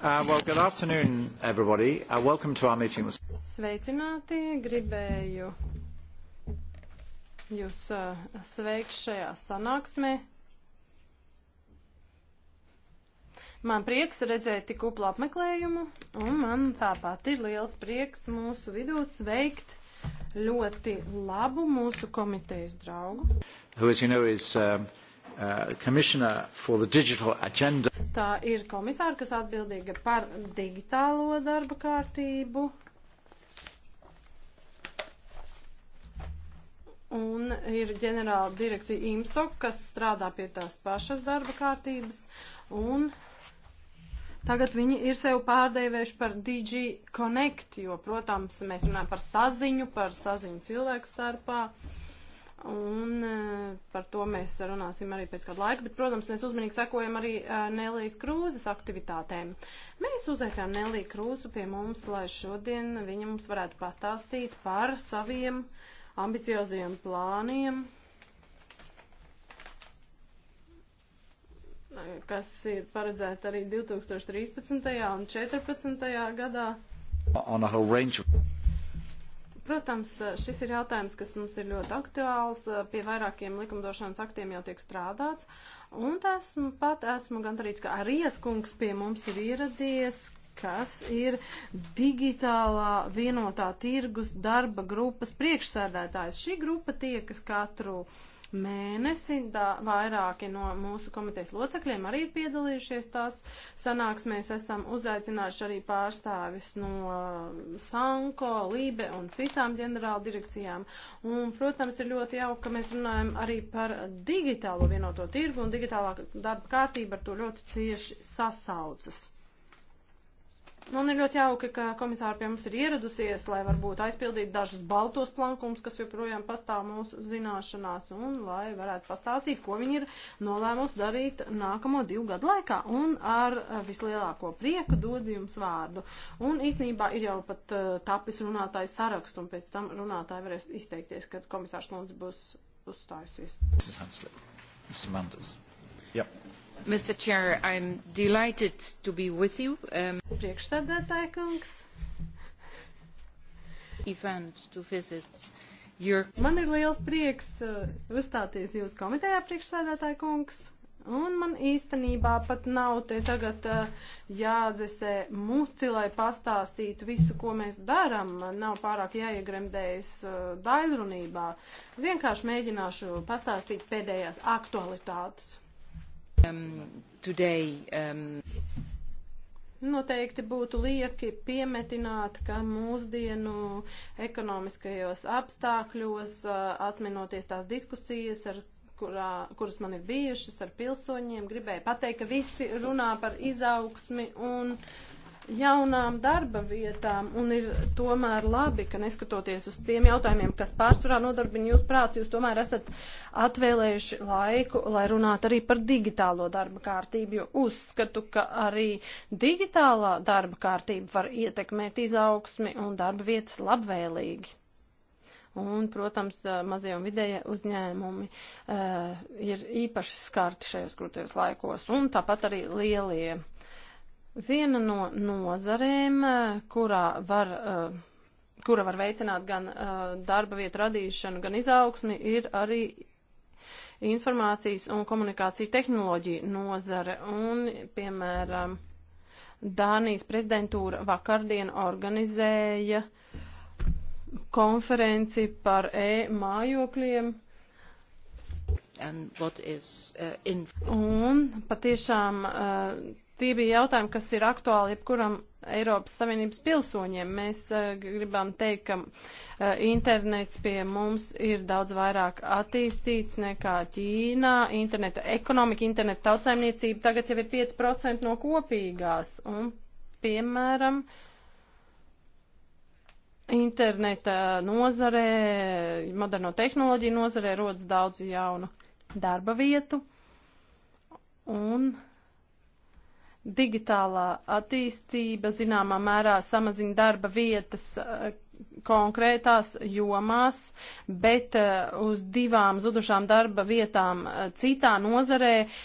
Uh, well, good afternoon, everybody. Uh, welcome to our meeting. Sveicināti, gribēju jūs uh, sveikt šajā sanāksmē. Man prieks redzēt tik uplu apmeklējumu, un man tāpat ir liels prieks mūsu vidū sveikt ļoti labu mūsu komitejas draugu. Who, as you know, is, um, uh Uh, Tā ir komisāra, kas atbildīga par digitālo darba kārtību. Un ir ģenerāla direkcija IMSO, kas strādā pie tās pašas darba kārtības. Un tagad viņi ir sev pārdēvējuši par DG Connect, jo, protams, mēs runājam par saziņu, par saziņu cilvēku starpā. Uh, Un e, par to mēs runāsim arī pēc kāda laika, bet, protams, mēs uzmanīgi sekojam arī e, Nelijas Krūzes aktivitātēm. Mēs uzaicinām Neliju Krūzu pie mums, lai šodien viņa mums varētu pastāstīt par saviem ambiciozajiem plāniem, e, kas ir paredzēti arī 2013. un 2014. gadā. On a whole range of Protams, eh, šis ir jautājums, kas mums ir ļoti aktuāls, eh, pie vairākiem likumdošanas aktiem jau tiek strādāts, un esmu pat, esmu gandarīts, ka arī ieskungs pie mums ir ieradies, kas ir digitālā vienotā tirgus darba grupas priekšsēdētājs. Šī grupa tiekas katru uh, mēnesi. Da, vairāki no mūsu komitejas locekļiem arī ir piedalījušies tās sanāksmēs. Esam uzaicinājuši arī pārstāvis no uh, Sanko, Lībe un citām ģenerāla direkcijām. Un, protams, ir ļoti jauki, ka mēs runājam arī par digitālo vienoto tirgu un digitālā darba kārtība ar to ļoti cieši sasaucas. Nu, un ir ļoti jauki, ka komisāri pie mums ir ieradusies, lai varbūt aizpildītu dažus baltos plankums, kas joprojām pastāv mūsu zināšanās, un lai varētu pastāstīt, ko viņi ir nolēmusi darīt nākamo divu gadu laikā. Un ar vislielāko prieku dod jums vārdu. Un īsnībā ir jau pat uh, tapis runātājs saraksts, un pēc tam runātāji varēs izteikties, kad komisārs Lundze būs uzstājusies. Mrs. Hansley, Mr. Manders. Yep. Mr. Chair, I'm delighted to be with you. Um, Priekšsēdētāja kungs. Event to visit your... Man ir liels prieks uh, uzstāties jūsu komitejā, priekšsēdētāja kungs. Un man īstenībā pat nav te tagad uh, jādzesē muti, lai pastāstītu visu, ko mēs darām. Nav pārāk jāiegremdējas uh, daļrunībā. Vienkārši mēģināšu pastāstīt pēdējās aktualitātes. Um, today, um... Noteikti būtu lieki piemetināt, ka mūsdienu ekonomiskajos apstākļos, uh, atminoties tās diskusijas, ar kurā, kuras man ir bijušas ar pilsoņiem, gribēju pateikt, ka visi runā par izaugsmi un uh, jaunām darba vietām, un ir tomēr labi, ka neskatoties uz tiem jautājumiem, kas pārsvarā nodarbina jūs prāts, jūs tomēr esat atvēlējuši laiku, lai runātu arī par digitālo darba kārtību, jo uzskatu, ka arī digitālā darba kārtība var ietekmēt izaugsmi un darba vietas labvēlīgi. Un, protams, mazie un vidējie uzņēmumi uh, ir īpaši skarti šajos grūtajos laikos, un tāpat arī lielie. Viena no nozarēm, kurā var, eh, kura var veicināt gan eh, darba vietu radīšanu, gan izaugsmi, ir arī informācijas un komunikāciju tehnoloģija nozare. Un, piemēram, Dānijas prezidentūra vakardien organizēja konferenci par e-mājokļiem. Is, uh, in... Un patiešām uh, Tie bija jautājumi, kas ir aktuāli jebkuram Eiropas Savienības pilsoņiem. Mēs uh, gribam teikt, ka uh, internets pie mums ir daudz vairāk attīstīts nekā Ķīnā. Interneta ekonomika, interneta tautsaimniecība tagad jau ir 5% no kopīgās. Un, piemēram, interneta nozarē, moderno tehnoloģiju nozarē rodas daudz jaunu darba vietu. Un Digitālā attīstība zināmā mērā samazina darba vietas eh, konkrētās jomās, bet eh, uz divām zudušām darba vietām eh, citā nozarē uh,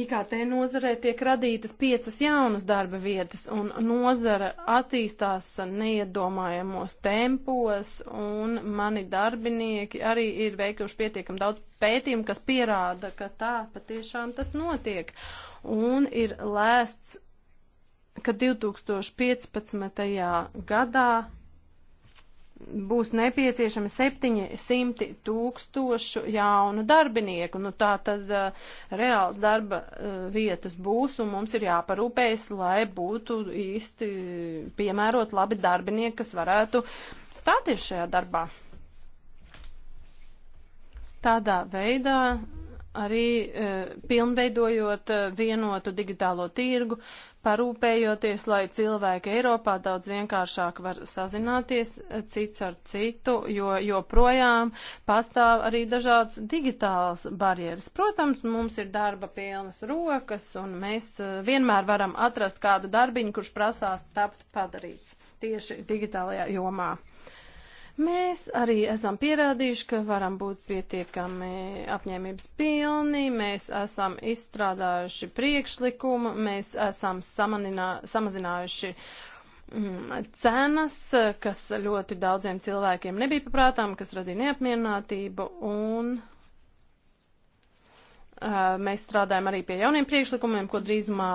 IKT nozarē tiek radītas piecas jaunas darba vietas, un nozara attīstās neiedomājamos tempos, un mani darbinieki arī ir veikuši pietiekami daudz pētījumu, kas pierāda, ka tā patiešām tas notiek. Un ir lēsts, ka 2015. gadā būs nepieciešami 700 tūkstošu jaunu darbinieku. Nu, tā tad uh, reāls darba uh, vietas būs, un mums ir jāparūpējas, lai būtu īsti piemērot labi darbinieki, kas varētu stāties šajā darbā. Tādā veidā arī e, pilnveidojot e, vienotu digitālo tirgu, parūpējoties, lai cilvēki Eiropā daudz vienkāršāk var sazināties e, cits ar citu, jo joprojām pastāv arī dažādas digitālas barjeras. Protams, mums ir darba pilnas rokas, un mēs e, vienmēr varam atrast kādu darbiņu, kurš prasās tapt padarīts tieši digitālajā jomā. Uh, Mēs arī esam pierādījuši, ka varam būt pietiekami apņēmības pilni, mēs esam izstrādājuši priekšlikumu, mēs esam samazinājuši mm, cenas, kas ļoti daudziem cilvēkiem nebija paprātām, kas radīja neapmierinātību un Eh, mēs strādājam arī pie jauniem priekšlikumiem, ko drīzumā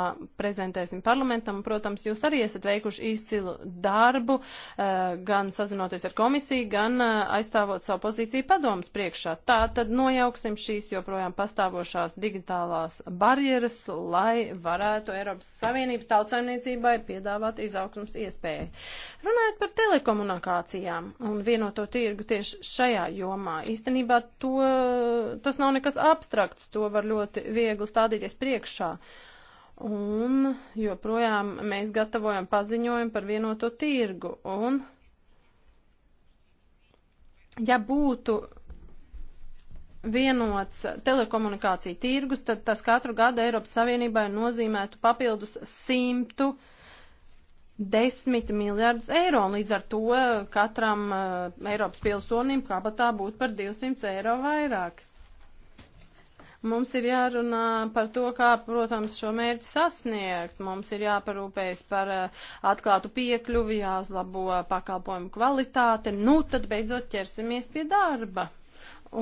prezentēsim parlamentam. Protams, jūs arī esat veikuši izcilu darbu, eh, gan sazinoties ar komisiju, gan eh, aizstāvot savu pozīciju padomus priekšā. Tā tad nojauksim šīs joprojām pastāvošās digitālās barjeras, lai varētu Eiropas Savienības tautsaimniecībai piedāvāt izaugsmas iespēju. Runājot par telekomunikācijām un vienoto tirgu tieši šajā jomā, īstenībā to, tas nav nekas abstrakts. To var ļoti viegli stādīties priekšā. Un joprojām mēs gatavojam paziņojumu par vienoto tirgu. Un ja būtu vienots telekomunikāciju tirgus, tad tas katru gadu Eiropas Savienībai nozīmētu papildus 110 miljardus eiro. Un līdz ar to katram uh, Eiropas pilsonim kabatā būtu par 200 eiro vairāk. Mums ir jārunā par to, kā, protams, šo mērķi sasniegt. Mums ir jāparūpējas par eh, atklātu piekļuvi, jāuzlabo pakalpojumu kvalitāte. Nu, tad beidzot ķersimies pie darba.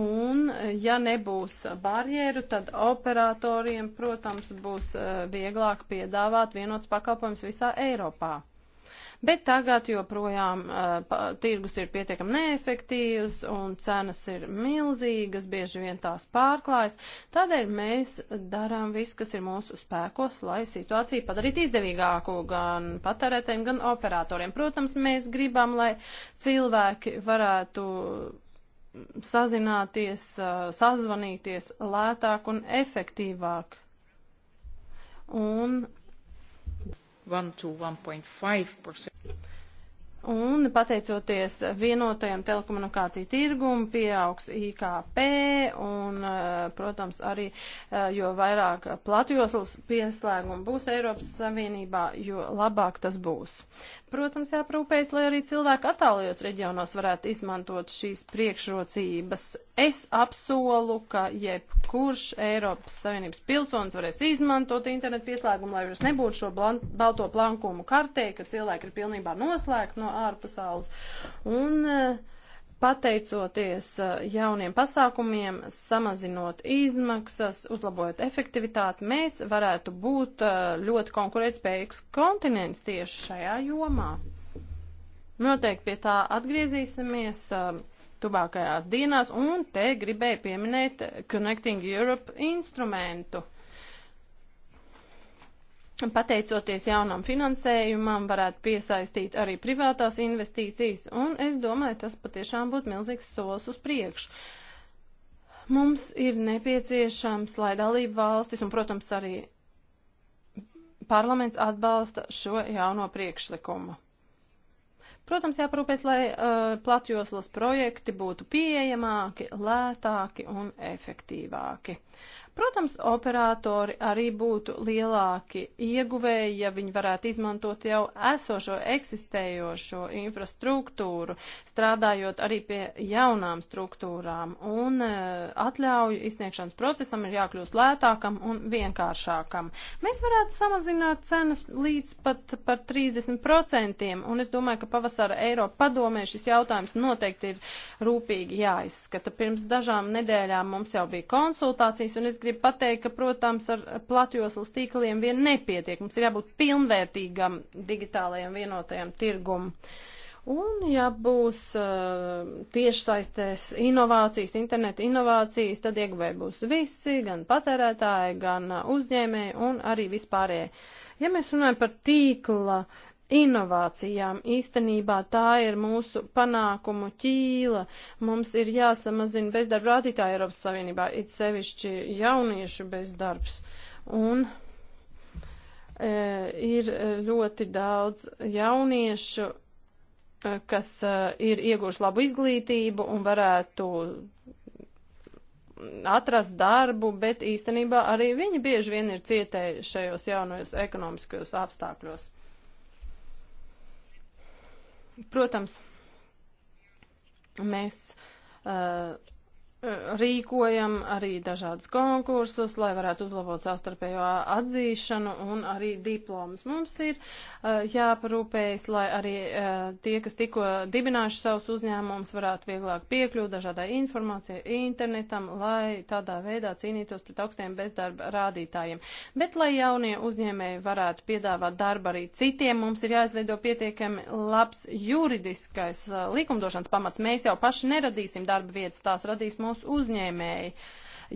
Un, ja nebūs barjeru, tad operatoriem, protams, būs eh, vieglāk piedāvāt vienots pakalpojums visā Eiropā. Bet tagad joprojām uh, tirgus ir pietiekami neefektīvs un cenas ir milzīgas, bieži vien tās pārklājas. Tādēļ mēs darām visu, kas ir mūsu spēkos, lai situāciju padarītu izdevīgāku gan patērētēm, gan operatoriem. Protams, mēs gribam, lai cilvēki varētu sazināties, uh, sazvanīties lētāk un efektīvāk. Un 1-1.5%. Un pateicoties vienotajam telekomunikāciju tirgumu, pieaugs IKP un, eh, protams, arī eh, jo vairāk platjoslas pieslēgumu būs Eiropas Savienībā, jo labāk tas būs protams, jāprūpējas, lai arī cilvēki attālajos reģionos varētu izmantot šīs priekšrocības. Es apsolu, ka jebkurš Eiropas Savienības pilsonis varēs izmantot internetu pieslēgumu, lai vairs nebūtu šo blan balto plankumu kartē, ka cilvēki ir pilnībā noslēgti no ārpasaules. Un, uh, pateicoties eh, jauniem pasākumiem, samazinot izmaksas, uzlabojot efektivitāti, mēs varētu būt eh, ļoti konkurētspējīgs kontinents tieši šajā jomā. Noteikti pie tā atgriezīsimies eh, tuvākajās dienās, un te gribēju pieminēt Connecting Europe instrumentu pateicoties jaunam finansējumam, varētu piesaistīt arī privātās investīcijas, un es domāju, tas patiešām būtu milzīgs solis uz priekšu. Mums ir nepieciešams, lai dalība valstis un, protams, arī parlaments atbalsta šo jauno priekšlikumu. Protams, jāparūpēs, lai uh, platjoslas projekti būtu pieejamāki, lētāki un efektīvāki. Protams, operatori arī būtu lielāki ieguvēji, ja viņi varētu izmantot jau esošo eksistējošo infrastruktūru, strādājot arī pie jaunām struktūrām. Un e, atļauju izsniegšanas procesam ir jākļūst lētākam un vienkāršākam. Mēs varētu samazināt cenas līdz pat par 30%, un es domāju, ka pavasara Eiropa padomē šis jautājums noteikti ir rūpīgi jāizskata. Pirms dažām nedēļām mums jau bija konsultācijas, un es gribu pateikt, ka, protams, ar platjoslas tīkliem vien nepietiek. Mums ir jābūt pilnvērtīgam digitālajam vienotajam tirgumam. Un, ja būs uh, tiešsaistēs inovācijas, interneta inovācijas, tad ieguvēji būs visi, gan patērētāji, gan uh, uzņēmēji un arī vispārējie. Ja mēs runājam par tīkla inovācijām. Īstenībā tā ir mūsu panākumu ķīla. Mums ir jāsamazina bezdarba rādītāji Eiropas Savienībā, it sevišķi jauniešu bezdarbs. Un e, ir ļoti daudz jauniešu, e, kas e, ir ieguvuši labu izglītību un varētu atrast darbu, bet īstenībā arī viņi bieži vien ir cietēji šajos jaunajos ekonomiskajos apstākļos. Protams, mēs uh, rīkojam arī dažādus konkursus, lai varētu uzlabot savstarpējo atzīšanu un arī diplomas. Mums ir uh, jāparūpējas, lai arī uh, tie, kas tikko dibinājuši savus uzņēmumus, varētu vieglāk piekļūt dažādai informācijai internetam, lai tādā veidā cīnītos pret augstiem bezdarba rādītājiem. Bet, lai jaunie uzņēmēji varētu piedāvāt darbu arī citiem, mums ir jāizveido pietiekami labs juridiskais uh, likumdošanas pamats. Mēs jau paši neradīsim darba vietas, tās radīs mūsu mūsu uzņēmēji.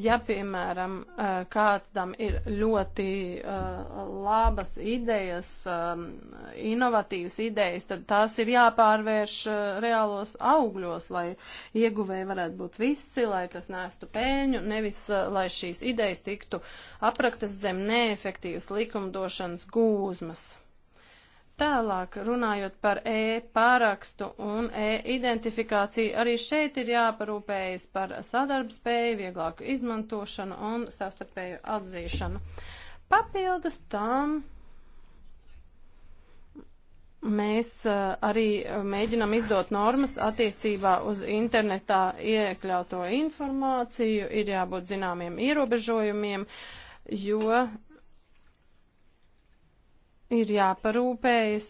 Ja, piemēram, eh, kādam ir ļoti eh, labas idejas, eh, inovatīvas idejas, tad tās ir jāpārvērš reālos augļos, lai ieguvēji varētu būt visi, lai tas nestu pēļņu, nevis lai šīs idejas tiktu apraktas zem neefektīvas likumdošanas gūzmas. Tālāk, runājot par e-pārakstu un e-identifikāciju, arī šeit ir jāparūpējas par sadarbspēju, vieglāku izmantošanu un savstarpēju atzīšanu. Papildus tam mēs uh, arī mēģinam izdot normas attiecībā uz internetā iekļauto informāciju, ir jābūt zināmiem ierobežojumiem, jo ir jāparūpējas,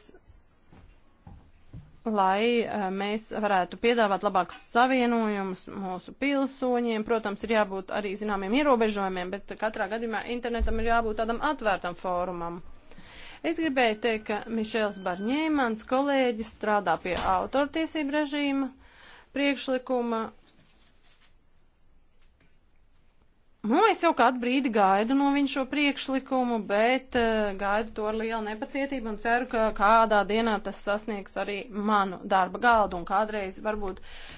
lai eh, mēs varētu piedāvāt labākus savienojumus mūsu pilsoņiem. Protams, ir jābūt arī zināmiem ierobežojumiem, bet katrā gadījumā internetam ir jābūt tādam atvērtam fórumam. Es gribēju teikt, ka Mišels Barņē, mans kolēģis, strādā pie autortiesību režīma priekšlikuma Nu, es jau kādu brīdi gaidu no viņa šo priekšlikumu, bet uh, gaidu to ar lielu nepacietību un ceru, ka kādā dienā tas sasniegs arī manu darba galdu un kādreiz varbūt uh,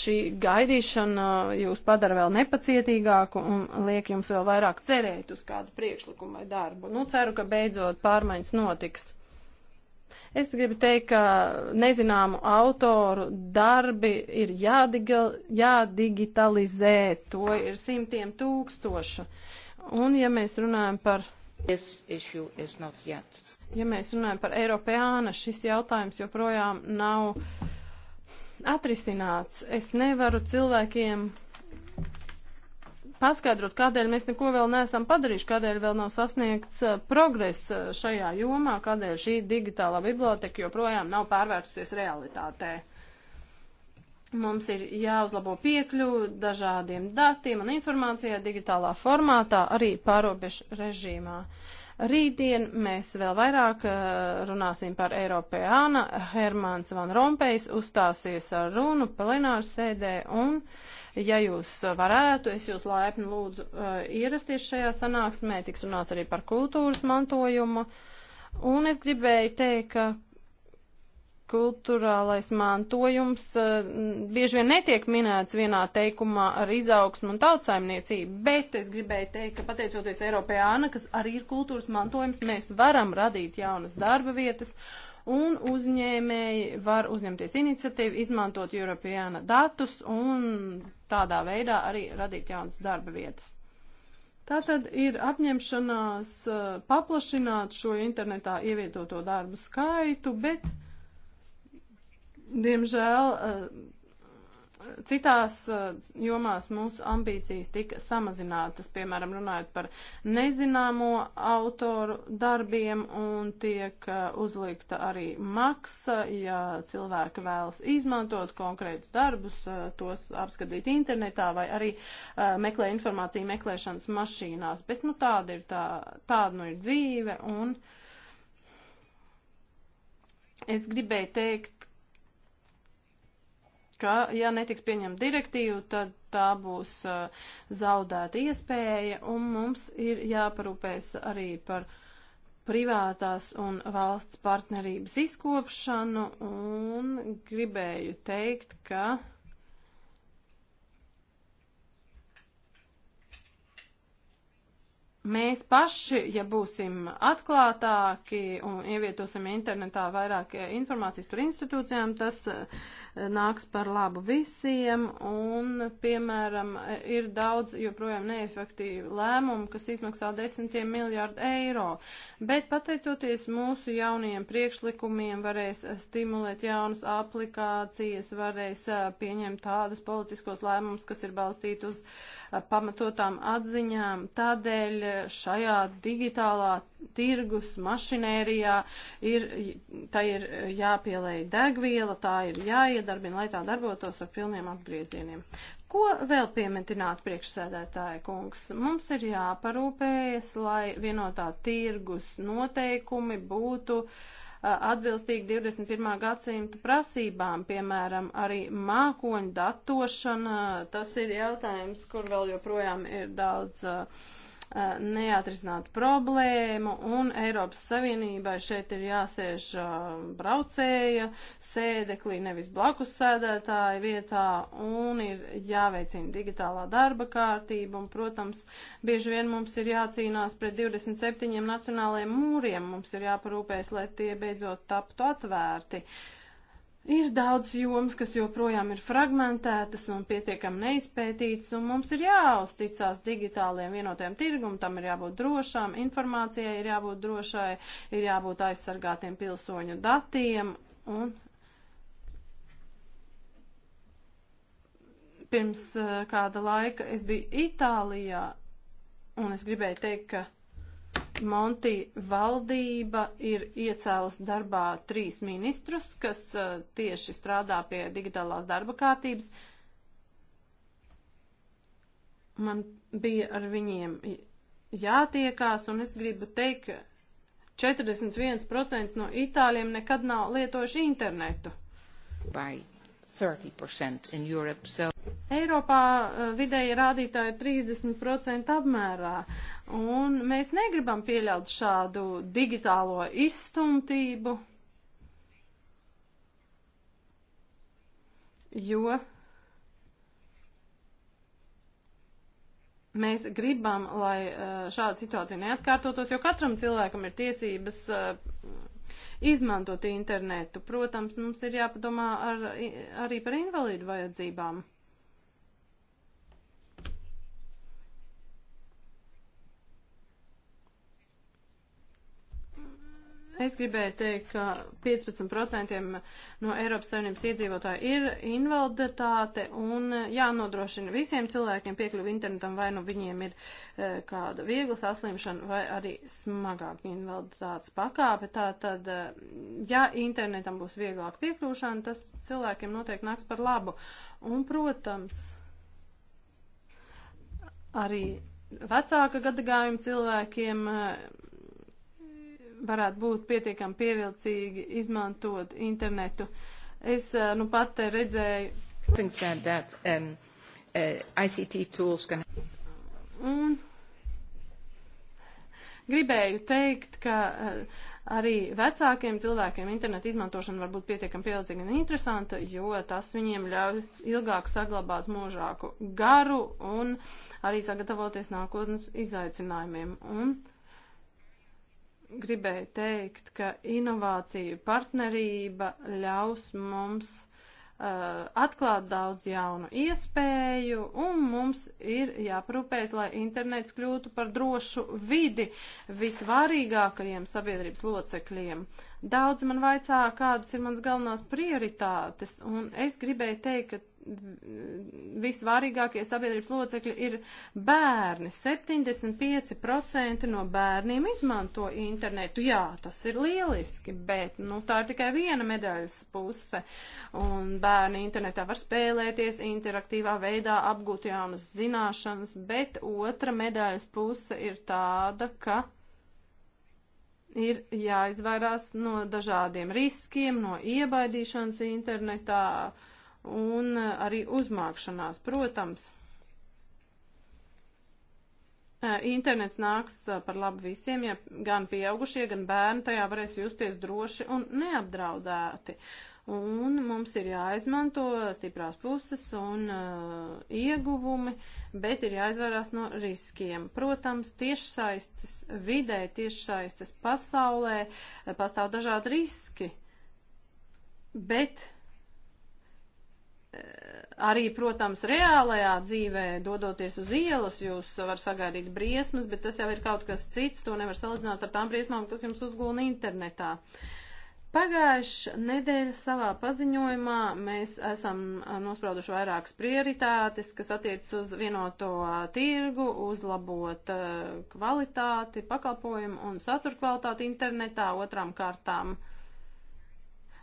šī gaidīšana eh, jūs padara vēl nepacietīgāku un liek jums vēl vairāk cerēt uz kādu priekšlikumu vai darbu. Nu, ceru, ka beidzot pārmaiņas notiks. Es gribu teikt, ka nezināmu autoru darbi ir jādigal, jādigitalizē. To ir simtiem tūkstošu. Un ja mēs runājam par. Ja mēs runājam par Eiropānu, šis jautājums joprojām nav atrisināts. Es nevaru cilvēkiem paskaidrot, kādēļ mēs neko vēl neesam padarījuši, kādēļ vēl nav sasniegts eh, progress eh, šajā jomā, kādēļ šī digitālā biblioteka joprojām nav pārvērtusies realitātē. Mums ir jāuzlabo piekļuvu dažādiem datiem un informācijai digitālā formātā, arī pārobežu režīmā. Uh, Rītdien mēs vēl vairāk eh, runāsim par Eiropēāna. Hermāns Van Rompējs uzstāsies ar runu plenāru sēdē un, ja jūs varētu, es jūs laipni lūdzu eh, ierasties šajā sanāksmē, tiks runāts arī par kultūras mantojumu. Un es gribēju teikt, ka kultūrālais mantojums eh, bieži vien netiek minēts vienā teikumā ar izaugsmu un tautsaimniecību, bet es gribēju teikt, ka pateicoties Eiropēāna, kas arī ir kultūras mantojums, mēs varam radīt jaunas darba vietas un uzņēmēji var uzņemties iniciatīvu, izmantot Eiropēāna datus un tādā veidā arī radīt jaunas darba vietas. Tā tad ir apņemšanās eh, paplašināt šo internetā ievietoto darbu skaitu, bet Diemžēl eh, citās eh, jomās mūsu ambīcijas tika samazinātas, piemēram, runājot par nezināmo autoru darbiem un tiek eh, uzlikta arī maksa, ja cilvēki vēlas izmantot konkrētus darbus, tos apskatīt internetā vai arī meklē informāciju meklēšanas mašīnās, bet nu tāda ir tā, tāda nu ir dzīve un. Es gribēju teikt, ka, ja netiks pieņemta direktīva, tad tā būs uh, zaudēta iespēja, un mums ir jāparūpēs arī par privātās un valsts partnerības izkopšanu, un gribēju teikt, ka mēs paši, ja būsim atklātāki un ievietosim internetā vairāk eh, informācijas par institūcijām, tas eh, nāks par labu visiem, un, piemēram, ir daudz joprojām neefektīvu lēmumu, kas izmaksā desmitiem miljārdu eiro. Bet pateicoties mūsu jaunajiem priekšlikumiem, varēs stimulēt jaunas aplikācijas, varēs pieņemt tādas politiskos lēmumus, kas ir balstīti uz pamatotām atziņām. Tādēļ šajā digitālā tirgus mašinērijā, ir, tā ir jāpielēja degviela, tā ir jāiedarbina, lai tā darbotos ar pilniem apgriezieniem. Ko vēl piemetināt priekšsēdētāja kungs? Mums ir jāparūpējas, lai vienotā tirgus noteikumi būtu atbilstīgi 21. gadsimta prasībām, piemēram, arī mākoņu datošana. Tas ir jautājums, kur vēl joprojām ir daudz uh, Eh, neatrisināt problēmu, un Eiropas Savienībai šeit ir jāsēž eh, braucēja sēdeklī, nevis blakus sēdētāja vietā, un ir jāveicina digitālā darba kārtība, un, protams, bieži vien mums ir jācīnās pret 27 nacionālajiem mūriem, mums ir jāparūpēs, lai tie beidzot taptu atvērti. Uh, Ir daudz jomas, kas joprojām ir fragmentētas un pietiekami neizpētītas, un mums ir jāuzticās digitāliem vienotajam tirgumam, tam ir jābūt drošām, informācijai ir jābūt drošai, ir jābūt aizsargātiem pilsoņu datiem, un pirms eh, kāda laika es biju Itālijā, un es gribēju teikt, ka Monti valdība ir iecēlus darbā trīs ministrus, kas uh, tieši strādā pie digitālās darba kārtības. Man bija ar viņiem jātiekās, un es gribu teikt, ka 41% no itāļiem nekad nav lietojuši internetu. Bye. 30% in Europe. So Eiropā eh, vidēji rādītāji ir 30% apmērā, un mēs negribam pieļaut šādu digitālo izstumtību, jo mēs gribam, lai eh, šāda situācija neatkārtotos, jo katram cilvēkam ir tiesības eh, izmantot internetu. Protams, mums ir jāpadomā ar, arī par invalīdu vajadzībām. Es gribēju teikt, ka 15% no Eiropas Savienības iedzīvotāju ir invaliditāte un jānodrošina visiem cilvēkiem piekļuvi internetam, vai nu viņiem ir e, kāda viegla saslimšana vai arī smagāka invaliditātes pakāpe. Tā tad, e, ja internetam būs vieglāk piekļūšana, tas cilvēkiem noteikti nāks par labu. Un, protams, arī vecāka gadagājuma cilvēkiem. E, varētu būt pietiekami pievilcīgi izmantot internetu. Es eh, nu pat te redzēju. That, um, uh, ICT tools can... Un gribēju teikt, ka uh, arī vecākiem cilvēkiem interneta izmantošana var būt pietiekami pievilcīga un interesanta, jo tas viņiem ļauj ilgāk saglabāt mūžāku garu un arī sagatavoties nākotnes izaicinājumiem. Un gribēju teikt, ka inovāciju partnerība ļaus mums uh, atklāt daudz jaunu iespēju, un mums ir jāparūpējas, lai internets kļūtu par drošu vidi visvarīgākajiem sabiedrības locekļiem. Daudz man vaicā, kādas ir mans galvenās prioritātes, un es gribēju teikt, ka visvarīgākie sabiedrības locekļi ir bērni. 75% no bērniem izmanto internetu. Jā, tas ir lieliski, bet nu, tā ir tikai viena medaļas puse. Un bērni internetā var spēlēties, interaktīvā veidā apgūt jaunas zināšanas, bet otra medaļas puse ir tāda, ka ir jāizvairās no dažādiem riskiem, no iebaidīšanas internetā. Uh, un eh, arī uzmākšanās, protams. Eh, internets nāks eh, par labu visiem, ja gan pieaugušie, gan bērni tajā varēs justies droši un neapdraudēti. Un mums ir jāizmanto stiprās puses un uh, ieguvumi, bet ir jāizvairās no riskiem. Protams, tiešsaistes vidē, tiešsaistes pasaulē pastāv dažādi riski, bet arī, protams, reālajā dzīvē, dodoties uz ielas, jūs var sagaidīt briesmas, bet tas jau ir kaut kas cits, to nevar salīdzināt ar tām briesmām, kas jums uzgūna internetā. Pagājuši nedēļa savā paziņojumā mēs esam nosprauduši vairākas prioritātes, kas attiecas uz vienoto tirgu, uzlabot kvalitāti, pakalpojumu un satura kvalitāti internetā, otrām kārtām uh,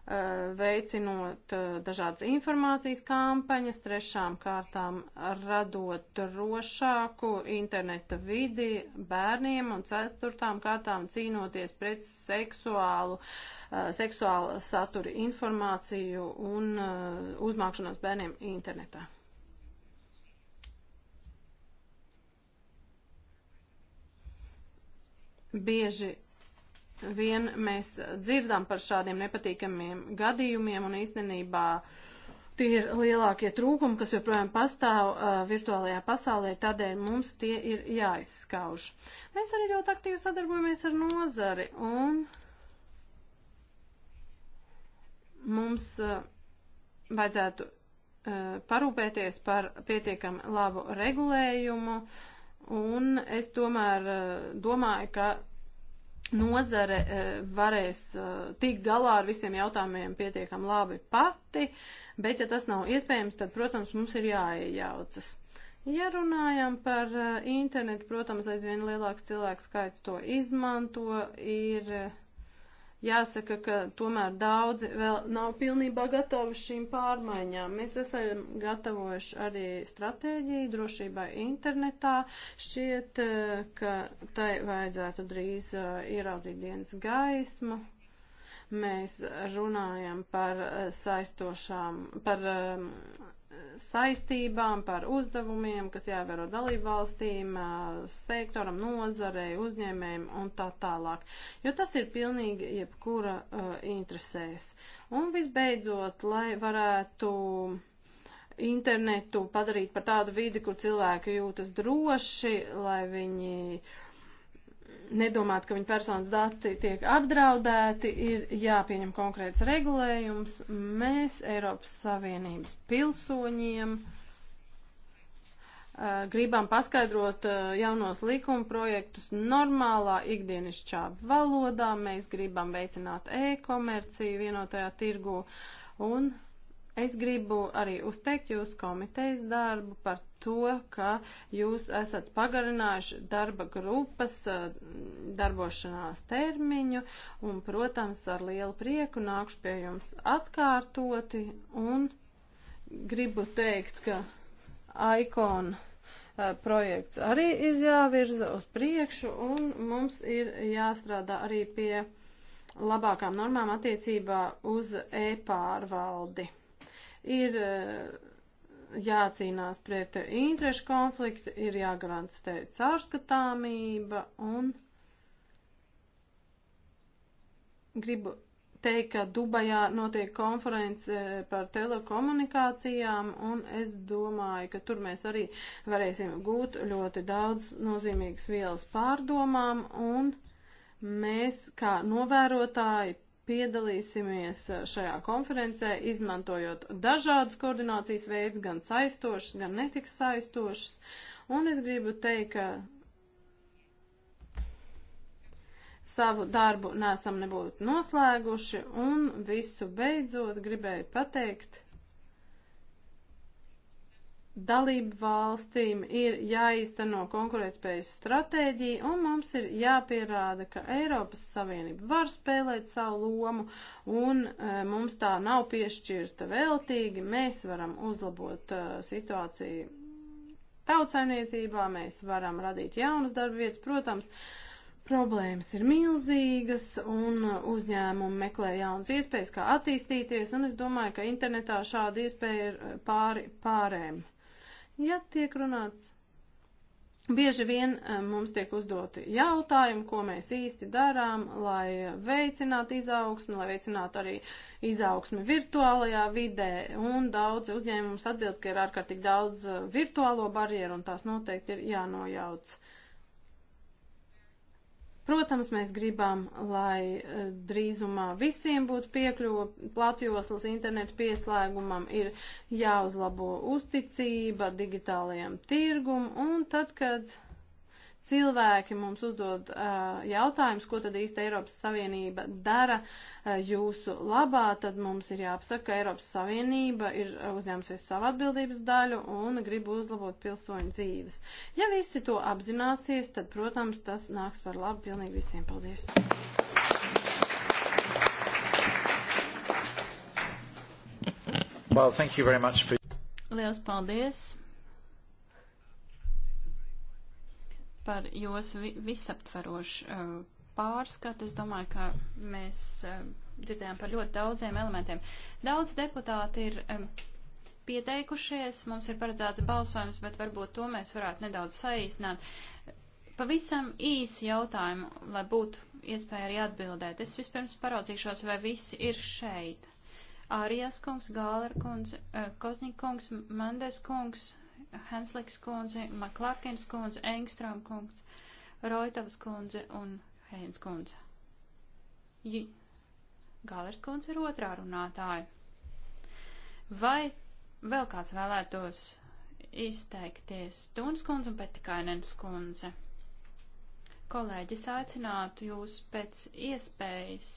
Eh, veicinot eh, dažādas informācijas kampaņas, trešām kārtām radot drošāku interneta vidi bērniem un ceturtām kārtām cīnoties pret seksuālu, eh, seksuālu saturu informāciju un uzmākšanos bērniem internetā. Bieži vien mēs dzirdam par šādiem nepatīkamiem gadījumiem un īstenībā tie ir lielākie trūkumi, kas joprojām pastāv uh, virtuālajā pasaulē, tādēļ mums tie ir jāizskauž. Mēs arī ļoti aktīvi sadarbojamies ar nozari un mums uh, vajadzētu uh, parūpēties par pietiekami labu regulējumu, un es tomēr uh, domāju, ka nozare e, varēs e, tikt galā ar visiem jautājumiem pietiekam labi pati, bet ja tas nav iespējams, tad, protams, mums ir jāiejaucas. Ja runājam par e, internetu, protams, aizvien lielāks cilvēku skaits to izmanto, ir Jāsaka, ka tomēr daudzi vēl nav pilnībā gatavi šīm pārmaiņām. Mēs esam gatavojuši arī stratēģiju drošībai internetā. Šķiet, eh, ka tai vajadzētu drīz eh, ieraudzīt dienas gaismu. Mēs runājam par eh, saistošām, par ehm, saistībām, par uzdevumiem, kas jāievēro dalību valstīm, sektoram, nozarei, uzņēmējiem un tā tālāk. Jo tas ir pilnīgi jebkura uh, interesēs. Un visbeidzot, lai varētu internetu padarīt par tādu vidi, kur cilvēki jūtas droši, lai viņi uh, nedomāt, ka viņa personas dati tiek apdraudēti, ir jāpieņem konkrēts regulējums. Mēs Eiropas Savienības pilsoņiem eh, gribam paskaidrot eh, jaunos likuma projektus normālā ikdienišķā valodā. Mēs gribam veicināt e-komerciju vienotajā tirgu un Es gribu arī uzteikt jūsu komitejas darbu par to, ka jūs esat pagarinājuši darba grupas eh, darbošanās termiņu un, protams, ar lielu prieku nākšu pie jums atkārtoti un gribu teikt, ka ikona eh, projekts arī izjāvirza uz priekšu un mums ir jāstrādā arī pie labākām normām attiecībā uz e-pārvaldi ir eh, jācīnās pret interešu konfliktu, ir jāgarantē caurskatāmība un gribu teikt, ka Dubajā notiek konference par telekomunikācijām, un es domāju, ka tur mēs arī varēsim gūt ļoti daudz nozīmīgas vielas pārdomām, un mēs kā novērotāji piedalīsimies eh, šajā konferencē, izmantojot dažādus koordinācijas veids, gan saistošus, gan netiks saistošus. Un es gribu teikt, ka savu darbu nesam nebūtu noslēguši, un visu beidzot gribēju pateikt, Dalību valstīm ir jāīsteno konkurētspējas stratēģija, un mums ir jāpierāda, ka Eiropas Savienība var spēlēt savu lomu, un e, mums tā nav piešķirta veltīgi. Mēs varam uzlabot e, situāciju tautsaimniecībā, mēs varam radīt jaunas darba vietas, protams. Problēmas ir milzīgas, un uzņēmumi meklē jaunas iespējas, kā attīstīties, un es domāju, ka internetā šāda iespēja ir e, pāri pārēm. Ja tiek runāts, bieži vien eh, mums tiek uzdoti jautājumi, ko mēs īsti darām, lai veicinātu izaugsmu, lai veicinātu arī izaugsmi virtuālajā vidē, un daudz uzņēmums atbild, ka ir ārkārtīgi daudz eh, virtuālo barjeru, un tās noteikti ir jānojauc. Uh, Protams, mēs gribam, lai e, drīzumā visiem būtu piekļuva platjoslas internetu pieslēgumam, ir jāuzlabo uzticība digitālajam tirgum, un tad, kad cilvēki mums uzdod uh, jautājumus, ko tad īsti Eiropas Savienība dara uh, jūsu labā, tad mums ir jāapsaka, ka Eiropas Savienība ir uzņēmusies savu atbildības daļu un grib uzlabot pilsoņu dzīves. Ja visi to apzināsies, tad, protams, tas nāks par labu pilnīgi visiem. Paldies! Well, thank you very much for... Liels paldies! par jūsu visaptverošu uh, pārskatu. Es domāju, ka mēs uh, dzirdējām par ļoti daudziem elementiem. Daudz deputāti ir um, pieteikušies, mums ir paredzēts balsojums, bet varbūt to mēs varētu nedaudz saīsināt. Pavisam īsi jautājumu, lai būtu iespēja arī atbildēt. Es vispirms paraudzīšos, vai visi ir šeit. Ārijas kungs, Gāler kungs, uh, Kozņik kungs, Mendes kungs, Hansliks kundzi, Maklārkins kundzi, Engstrām kungs, Roitavas kundzi un Heins kundzi. J Galers kundze ir otrā runātāja. Vai vēl kāds vēlētos izteikties? Tūnas kundze un Petikainens kundze. Kolēģis aicinātu jūs pēc iespējas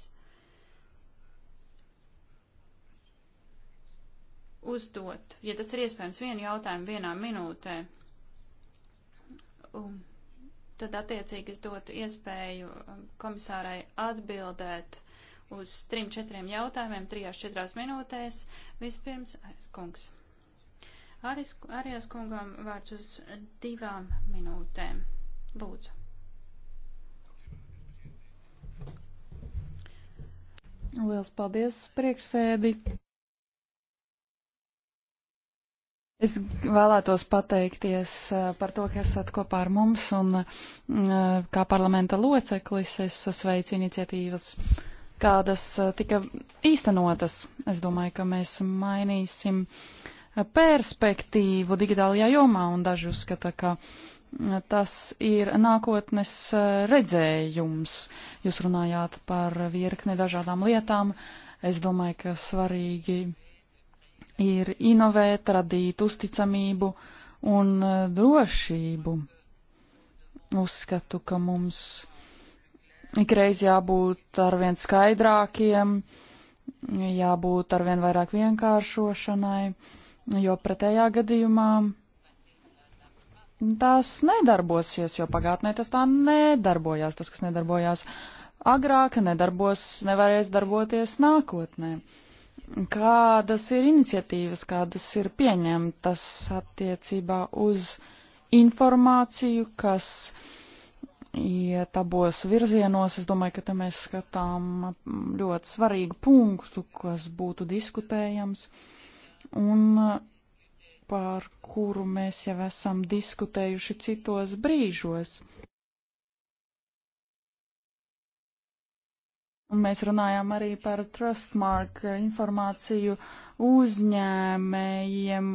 uzdot, ja tas ir iespējams, vienu jautājumu vienā minūtē. Un um, tad attiecīgi es dotu iespēju um, komisārai atbildēt uz trim, četriem jautājumiem, trijās, četrās minūtēs. Vispirms, aizkungs. Aris, Arijas kungam vārds uz divām minūtēm. Lūdzu. Liels paldies, priekšsēdi! Es vēlētos pateikties par to, ka esat kopā ar mums un kā parlamenta loceklis es sveicu iniciatīvas, kādas tika īstenotas. Es domāju, ka mēs mainīsim perspektīvu digitālajā jomā un daži uzskata, ka tas ir nākotnes redzējums. Jūs runājāt par virkni dažādām lietām. Es domāju, ka svarīgi ir inovēt, radīt uzticamību un e, drošību. Uzskatu, ka mums ikreiz jābūt arvien skaidrākiem, jābūt arvien vairāk vienkāršošanai, jo pretējā gadījumā tas nedarbosies, jo pagātnē tas tā nedarbojās. Tas, kas nedarbojās agrāk, nedarbos, nevarēs darboties nākotnē. Uh, Kādas ir iniciatīvas, kādas ir pieņemtas attiecībā uz informāciju, kas iet abos virzienos? Es domāju, ka te mēs skatām ļoti svarīgu punktu, kas būtu diskutējams un par kuru mēs jau esam diskutējuši citos brīžos. Mēs runājām arī par Trustmark informāciju uzņēmējiem,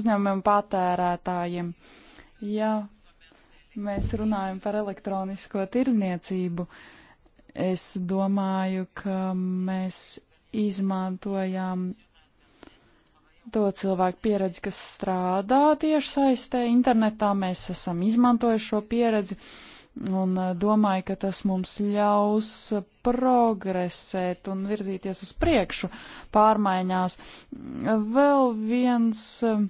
uzņēmumiem patērētājiem. Ja mēs runājam par elektronisko tirzniecību, es domāju, ka mēs izmantojām to cilvēku pieredzi, kas strādā tieši saistē internetā. Mēs esam izmantojuši šo pieredzi. Uh, un eh, domāju, ka tas mums ļaus progresēt un virzīties uz priekšu pārmaiņās. Vēl viens eh,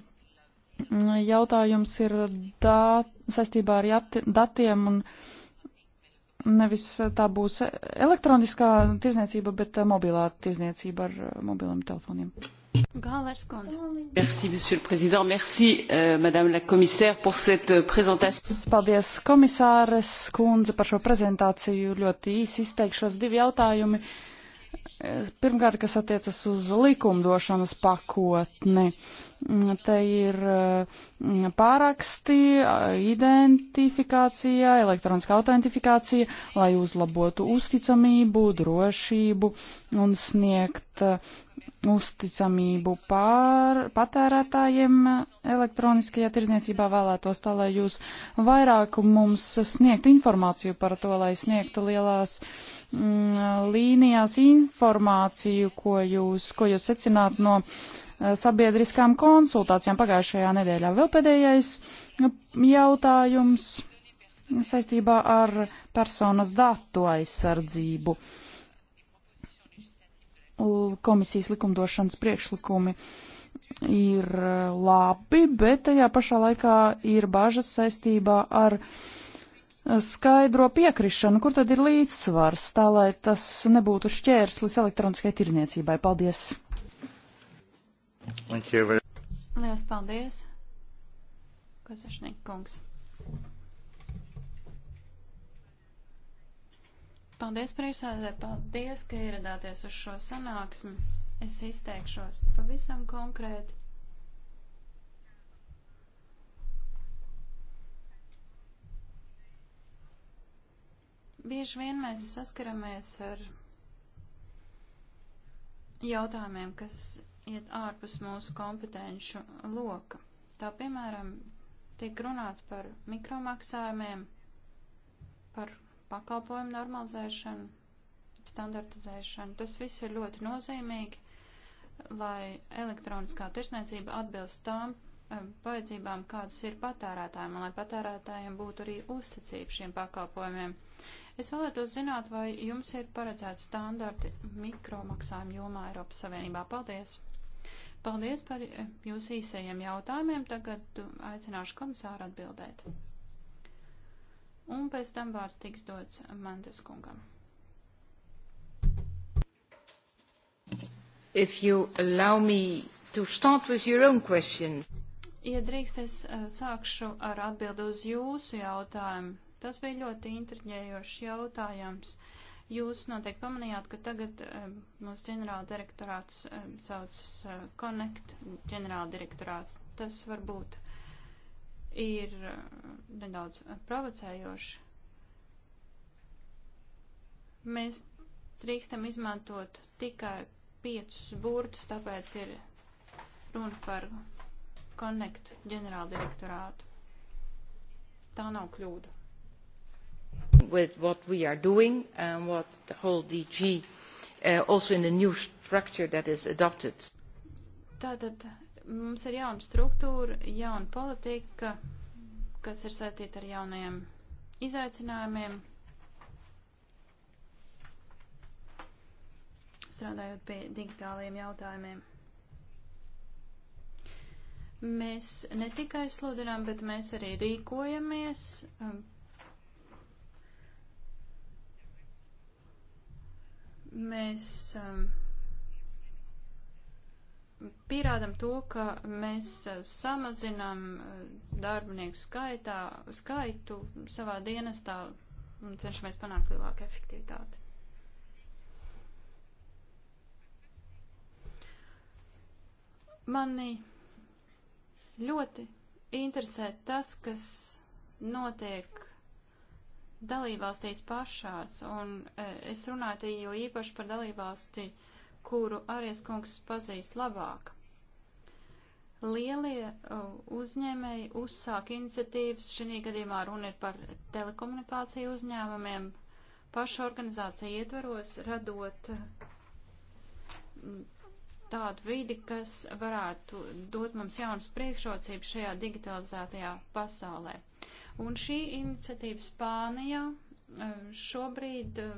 jautājums ir dā, saistībā ar jati, datiem un nevis tā būs elektroniskā tirzniecība, bet eh, mobilā tirzniecība ar mobiliem telefoniem. Gālērs kundze. Merci, monsieur le président. Merci, euh, madame la commissaire, pour cette euh, présentation. Paldies, komisāres kundze, par šo prezentāciju. Ļoti īsi izteikšos divi jautājumi. Eh, pirmkārt, kas attiecas uz likumdošanas pakotni, mm, te ir eh, pāraksti, eh, identifikācija, elektroniskā autentifikācija, lai uzlabotu uzticamību, drošību un sniegt uzticamību pār patērētājiem elektroniskajā tirdzniecībā vēlētos tā, lai jūs vairāk mums sniegt informāciju par to, lai sniegtu lielās mm, līnijās informāciju, ko jūs, ko jūs secināt no eh, sabiedriskām konsultācijām pagājušajā nedēļā. Vēl pēdējais jautājums saistībā ar personas datu aizsardzību. Uh, komisijas likumdošanas priekšlikumi ir eh, labi, bet tajā pašā laikā ir bažas saistībā ar eh, skaidro piekrišanu, kur tad ir līdzsvars, tā lai tas nebūtu šķērslis elektroniskai tirniecībai. Paldies! Lielas paldies! Kazašnieks kungs! Paldies, priekšsēdē, paldies, ka ieradāties uz šo sanāksmi. Es izteikšos pavisam konkrēti. Bieži vien mēs saskaramies ar jautājumiem, kas iet ārpus mūsu kompetenšu loka. Tā piemēram, tiek runāts par mikromaksājumiem, par pakalpojumu normalizēšanu, standartizēšanu. Tas viss ir ļoti nozīmīgi, lai elektroniskā tirsniecība atbilst tām eh, vajadzībām, kādas ir patērētājiem, un lai patērētājiem būtu arī uzticība šiem pakalpojumiem. Es vēlētos zināt, vai jums ir paredzēti standarti mikromaksājumu jomā Eiropas Savienībā. Paldies! Paldies par eh, jūsu īsajiem jautājumiem. Tagad eh, aicināšu komisāru atbildēt un pēc tam vārds tiks dots Mantas kungam. If you allow me to start with your own question. Ja drīkst, es eh, sākšu ar atbildu uz jūsu jautājumu. Tas bija ļoti intriģējošs jautājums. Jūs noteikti pamanījāt, ka tagad um, mūsu ģenerāla direktorāts um, eh, sauc uh, Connect ģenerāla direktorāts. Tas varbūt uh, ir uh, nedaudz uh, provocējoši. Mēs drīkstam izmantot tikai piecus burtus, tāpēc ir runa par Connect ģenerāldirektorātu. Tā nav kļūda. With what we are doing and what the whole DG uh, also in the new structure that is adopted. Tātad Mums ir jauna struktūra, jauna politika, kas ir saistīta ar jaunajiem izaicinājumiem. Strādājot pie digitāliem jautājumiem. Mēs ne tikai sludinām, bet mēs arī rīkojamies. Um, mēs um, pierādam to, ka mēs samazinām eh, darbinieku skaitā, skaitu savā dienestā un cenšamies panākt lielāku efektivitāti. Mani ļoti interesē tas, kas notiek dalībvalstīs pašās, un eh, es runāju te jau īpaši par dalībvalsti uh, kuru Aries kungs pazīst labāk. Lielie uh, uzņēmēji uzsāk iniciatīvas, šī gadījumā runa ir par telekomunikāciju uzņēmumiem, pašu organizāciju ietveros, radot mm, tādu vidi, kas varētu dot mums jaunas priekšrocības šajā digitalizētajā pasaulē. Un šī iniciatīva Spānijā uh, šobrīd uh,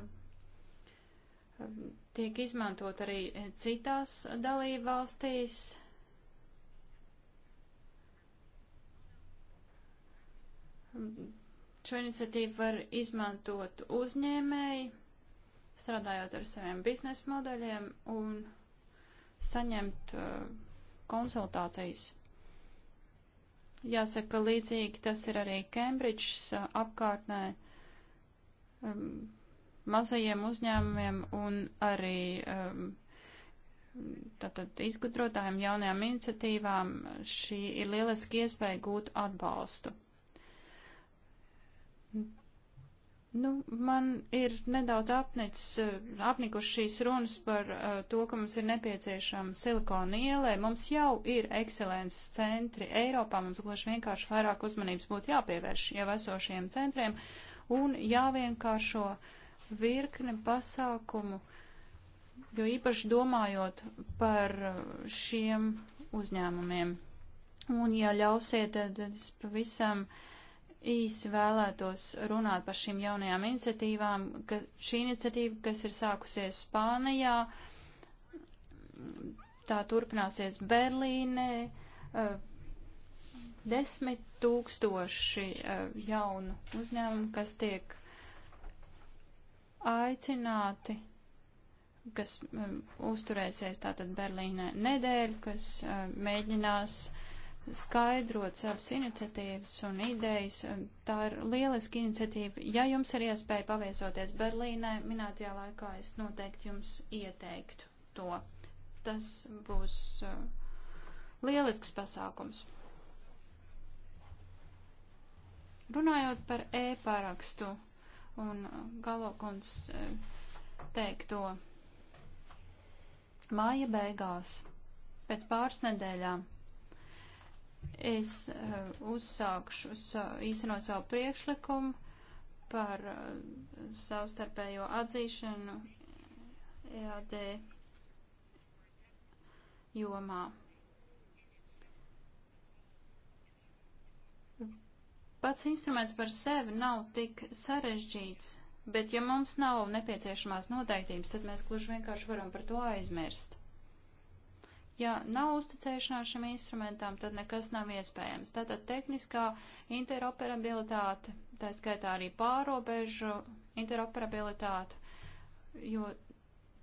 tiek izmantot arī eh, citās dalību valstīs. Šo iniciatīvu var izmantot uzņēmēji, strādājot ar saviem biznesa modeļiem un saņemt uh, konsultācijas. Jāsaka, ka līdzīgi tas ir arī Kembridžas eh, apkārtnē. Um, mazajiem uzņēmumiem un arī um, tātad izgudrotājiem jaunajām iniciatīvām šī ir lieliski iespēja gūt atbalstu. Nu, man ir nedaudz apnicis, apnikuši šīs runas par uh, to, ka mums ir nepieciešama silikona ielē. Mums jau ir ekscelences centri Eiropā, mums gluži vienkārši vairāk uzmanības būtu jāpievērš jau esošiem centriem un jāvienkāršo uh, virkni pasākumu, jo īpaši domājot par šiem uzņēmumiem. Un, ja ļausiet, tad es pavisam īsi vēlētos runāt par šīm jaunajām iniciatīvām, ka šī iniciatīva, kas ir sākusies Spānijā, tā turpināsies Berlīnē, eh, desmit tūkstoši eh, jaunu uzņēmumu, kas tiek aicināti, kas um, uzturēsies tātad Berlīnē nedēļu, kas um, mēģinās skaidrot savas iniciatīvas un idejas. Um, tā ir lieliska iniciatīva. Ja jums ir iespēja paviesoties Berlīnē, minētajā laikā es noteikti jums ieteiktu to. Tas būs uh, lielisks pasākums. Runājot par e-parakstu un uh, Galokunds uh, teikto. Māja beigās, pēc pāris nedēļām, es uh, uzsākšu īstenot savu priekšlikumu par savstarpējo atzīšanu EAD jomā. Pats instruments par sevi nav tik sarežģīts, bet ja mums nav nepieciešamās noteiktības, tad mēs gluži vienkārši varam par to aizmirst. Ja nav uzticēšanās šim instrumentam, tad nekas nav iespējams. Tātad tehniskā interoperabilitāte, tā skaitā arī pārobežu interoperabilitāte, jo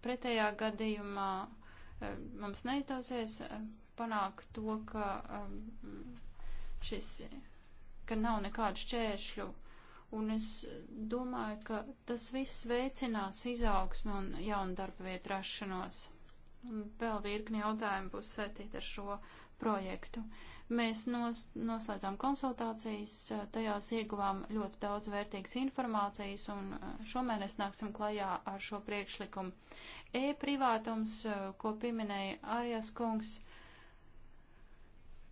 pretējā gadījumā eh, mums neizdosies eh, panākt to, ka eh, šis ka nav nekādu šķēršļu. Un es domāju, ka tas viss veicinās izaugsmu un jaunu darba vietu rašanos. Un vēl virkni jautājumi būs saistīti ar šo projektu. Mēs nos, noslēdzām konsultācijas, tajās ieguvām ļoti daudz vērtīgas informācijas un šomēnes nāksim klajā ar šo priekšlikumu. E-privātums, ko pieminēja Arijas kungs,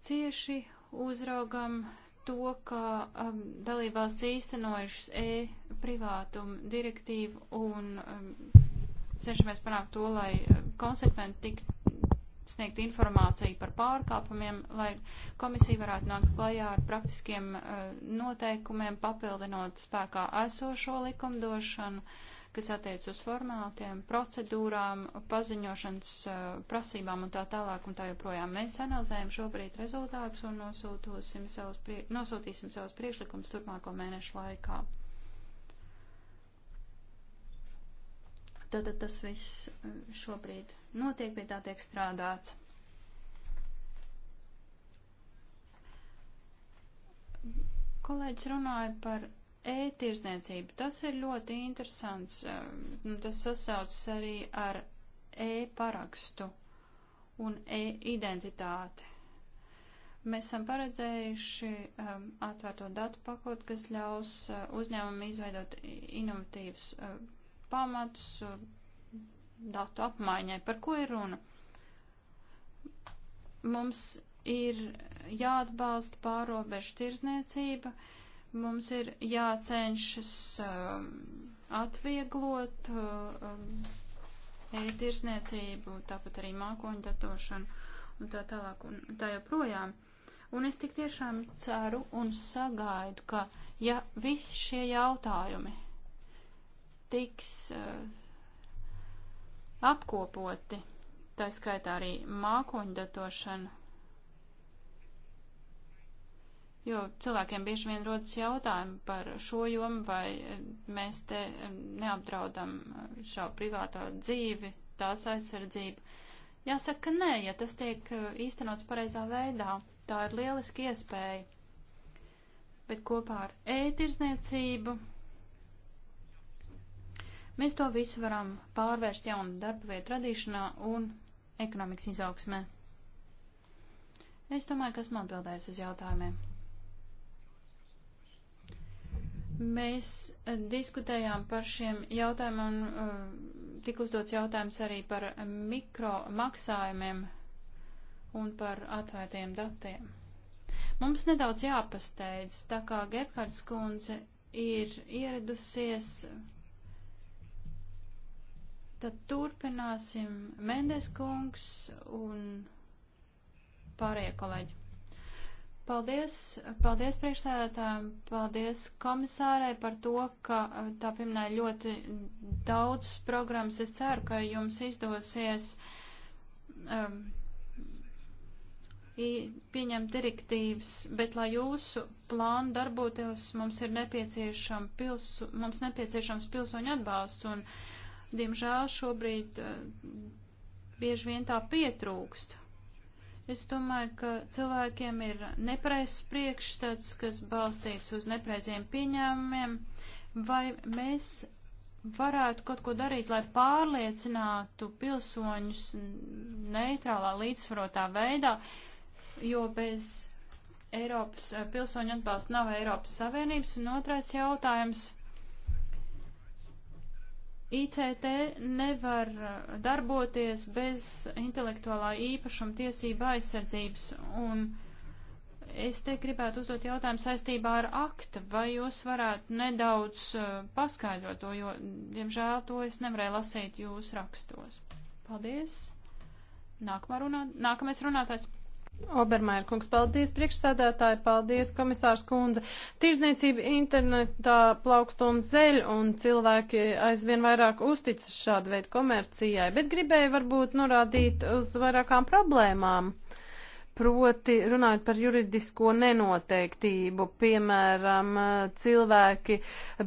cieši uzraugam to, ka um, dalībvalsts īstenojušas e-privātuma direktīvu un um, cenšamies panākt to, lai um, konsekventi tik sniegt informāciju par pārkāpumiem, lai komisija varētu nākt klajā ar praktiskiem uh, noteikumiem, papildinot spēkā esošo likumdošanu. Uh, kas attiec uz formātiem, procedūrām, paziņošanas eh, prasībām un tā tālāk un tā joprojām. Mēs analizējam šobrīd rezultātus un savus prie, nosūtīsim savus priekšlikumus turpmāko mēnešu laikā. Tātad tas viss eh, šobrīd notiek, pie tā tiek strādāts. Kolēģis runāja par e-tirzniecību. Tas ir ļoti interesants. Um, tas sasaucas arī ar e-parakstu un e-identitāti. Mēs esam paredzējuši um, atvērto datu pakotu, kas ļaus uh, uzņēmumam izveidot inovatīvus uh, pamatus uh, datu apmaiņai. Par ko ir runa? Mums ir jāatbalsta pārobežu tirzniecība. Uh, Mums ir jācenšas um, atvieglot uh, um, e-tirsniecību, tāpat arī mākoņu datošanu un tā tālāk un tā joprojām. Un es tik tiešām ceru un sagaidu, ka ja visi šie jautājumi tiks uh, apkopoti, tā skaitā arī mākoņu datošana jo cilvēkiem bieži vien rodas jautājumi par šo jomu, vai mēs te neapdraudam šā eh, privātā dzīvi, tās aizsardzību. Jāsaka, ka nē, ja tas tiek eh, īstenots pareizā veidā, tā ir lieliski iespēja. Bet kopā ar ētirzniecību mēs to visu varam pārvērst jaunu darba vietu radīšanā un ekonomikas izaugsmē. Es domāju, ka esmu atbildējis uz jautājumiem. Mēs eh, diskutējām par šiem jautājumiem un uh, tika uzdots jautājums arī par mikromaksājumiem un par atvērtiem datiem. Mums nedaudz jāpasteidz, tā kā Gerhards kundze ir ieradusies, tad turpināsim Mendes kungs un pārējie kolēģi. Paldies, paldies priekšsēdētājiem, paldies komisārai par to, ka eh, tā pieminēja ļoti daudz programmas. Es ceru, ka jums izdosies um, pieņemt direktīvas, bet lai jūsu plānu darbotos, mums ir nepieciešam pilsu, mums nepieciešams pilsoņu atbalsts un, diemžēl, šobrīd uh, bieži vien tā pietrūkst. Es domāju, ka cilvēkiem ir nepreizs priekšstats, kas balstīts uz nepreiziem pieņēmumiem, vai mēs varētu kaut ko darīt, lai pārliecinātu pilsoņus neitrālā līdzsvarotā veidā, jo bez Eiropas eh, pilsoņu atbalsta nav Eiropas Savienības. Un otrais jautājums ICT nevar eh, darboties bez intelektuālā īpašuma tiesība aizsardzības, un es te gribētu uzdot jautājumu saistībā ar akta, vai jūs varētu nedaudz eh, paskaidrot to, jo, diemžēl, to es nevarēju lasīt jūsu rakstos. Paldies! Nākamā runā, nākamais runātājs. Obermair kungs, paldies priekšsēdētāji, paldies komisārs kundze. Tirzniecība internetā plaukst un zeļ, un cilvēki aizvien vairāk uzticas šādu veidu komercijai, bet gribēju varbūt norādīt uz vairākām problēmām. Proti, runājot par juridisko nenoteiktību, piemēram, cilvēki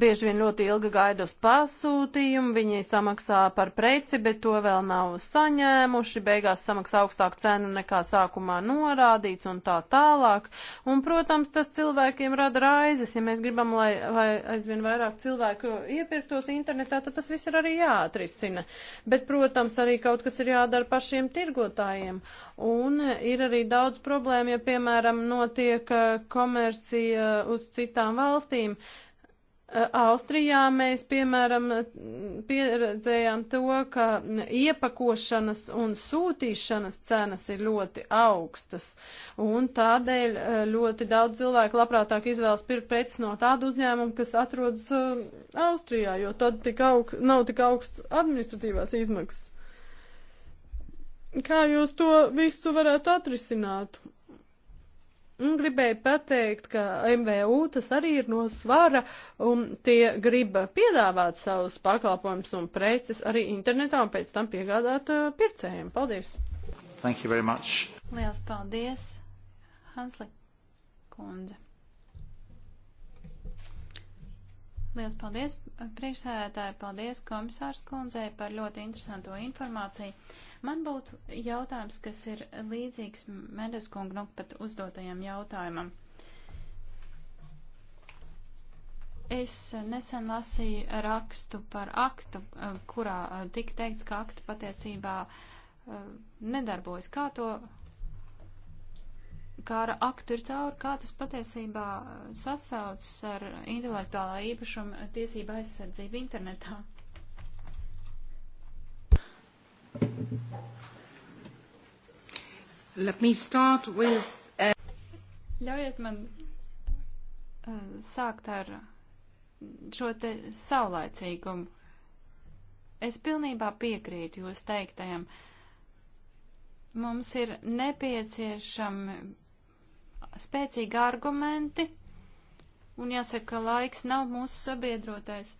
bieži vien ļoti ilgi gaida uz pasūtījumu, viņi samaksā par preci, bet to vēl nav saņēmuši, beigās samaksā augstāku cenu nekā sākumā norādīts un tā tālāk. Un, protams, tas cilvēkiem rada raizes, ja mēs gribam, lai vai aizvien vairāk cilvēku iepirktos internetā, tad tas viss ir arī jāatrisina. Bet, protams, arī kaut kas ir jādara pašiem tirgotājiem. Un ir arī daudz daudz problēmu, ja, piemēram, notiek eh, komercija eh, uz citām valstīm. Eh, Austrijā mēs, piemēram, pieredzējām to, ka iepakošanas un sūtīšanas cenas ir ļoti augstas, un tādēļ ļoti daudz cilvēku labprātāk izvēlas pirkt preces no tādu uzņēmumu, kas atrodas Austrijā, jo tad tik aug, nav tik augsts administratīvās izmaksas. Kā jūs to visu varētu atrisināt? Un gribēju pateikt, ka MVU tas arī ir no svara, un tie grib piedāvāt savus pakalpojumus un preces arī internetā un pēc tam piegādāt uh, pircējiem. Paldies! Thank you very much! Liels paldies, Hansli kundze! Liels paldies, priekšsēdētāji, paldies komisārs kundzei par ļoti interesanto informāciju. Man būtu jautājums, kas ir līdzīgs Medeskunga nu pat uzdotajam jautājumam. Es nesen lasīju rakstu par aktu, eh, kurā eh, tika teikts, ka aktu patiesībā eh, nedarbojas. Kā to kā ar aktu ir cauri, kā tas patiesībā sasaucas ar intelektuālā īpašuma tiesība aizsardzību internetā. Let me start with. Uh... Ļaujiet man uh, sākt ar šo te saulaicīgumu. Es pilnībā piekrītu jūs teiktajam. Mums ir nepieciešami spēcīgi argumenti, un jāsaka, ka laiks nav mūsu sabiedrotais.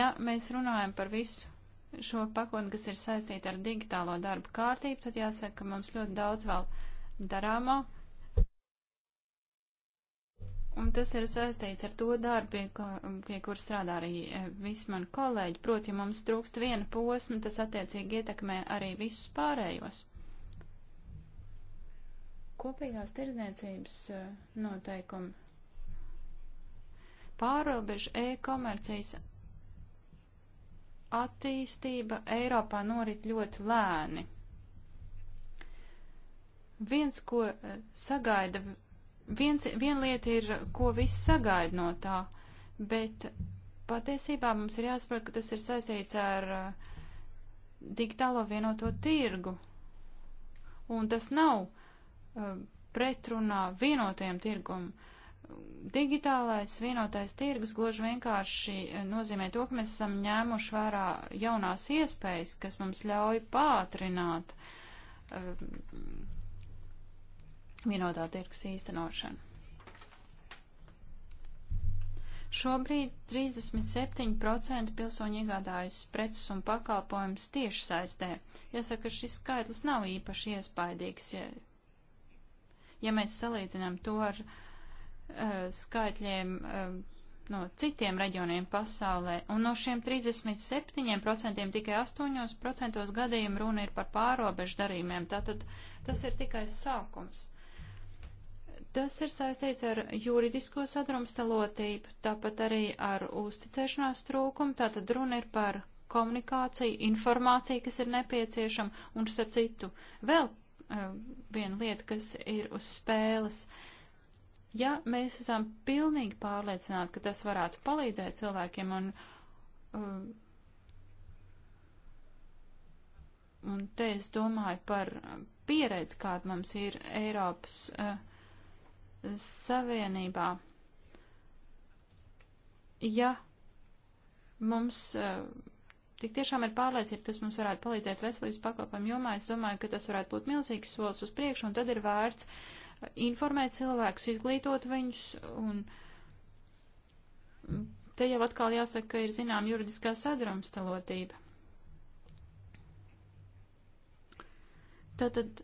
Ja mēs runājam par visu šo pakotni, kas ir saistīta ar digitālo darbu kārtību, tad jāsaka, ka mums ļoti daudz vēl darāmā. Un tas ir saistīts ar to darbu, pie, ko, pie kur strādā arī eh, visi mani kolēģi. Proti, ja mums trūkst viena posma, tas attiecīgi ietekmē arī visus pārējos. Kopīgās tirdzniecības eh, noteikumi. Pārobežu e-komercijas attīstība Eiropā norit ļoti lēni. Viens, ko eh, sagaida, viens, viena lieta ir, ko viss sagaida no tā, bet patiesībā mums ir jāsaprot, ka tas ir saistīts ar eh, digitālo vienoto tirgu. Un tas nav eh, pretrunā vienotajam tirgumam Digitālais vienotais tirgus gluži vienkārši eh, nozīmē to, ka mēs esam ņēmuši vērā jaunās iespējas, kas mums ļauj pātrināt um, vienotā tirgus īstenošanu. Šobrīd 37% pilsoņu iegādājas preces un pakalpojumus tieši saistē. Jāsaka, šis skaitlis nav īpaši iespaidīgs, ja, ja mēs salīdzinām to ar uh, Eh, skaitļiem eh, no citiem reģioniem pasaulē, un no šiem 37% tikai 8% gadījumu runa ir par pārobežu darījumiem. Tātad tas ir tikai sākums. Tas ir saistīts ar juridisko sadrumstalotību, tāpat arī ar uzticēšanās trūkumu, tātad runa ir par komunikāciju, informāciju, kas ir nepieciešama, un starp citu vēl uh, viena lieta, kas ir uz spēles. Uh, Ja mēs esam pilnīgi pārliecināti, ka tas varētu palīdzēt cilvēkiem un, uh, un te es domāju par pieredzi, kāda mums ir Eiropas uh, Savienībā, ja mums uh, tik tiešām ir pārliecība, tas mums varētu palīdzēt veselības pakalpojumu jomā, es domāju, ka tas varētu būt milzīgs solis uz priekšu, un tad ir vērts informēt cilvēkus, izglītot viņus, un te jau atkal jāsaka, ka ir zinām juridiskā sadrumstalotība. Tātad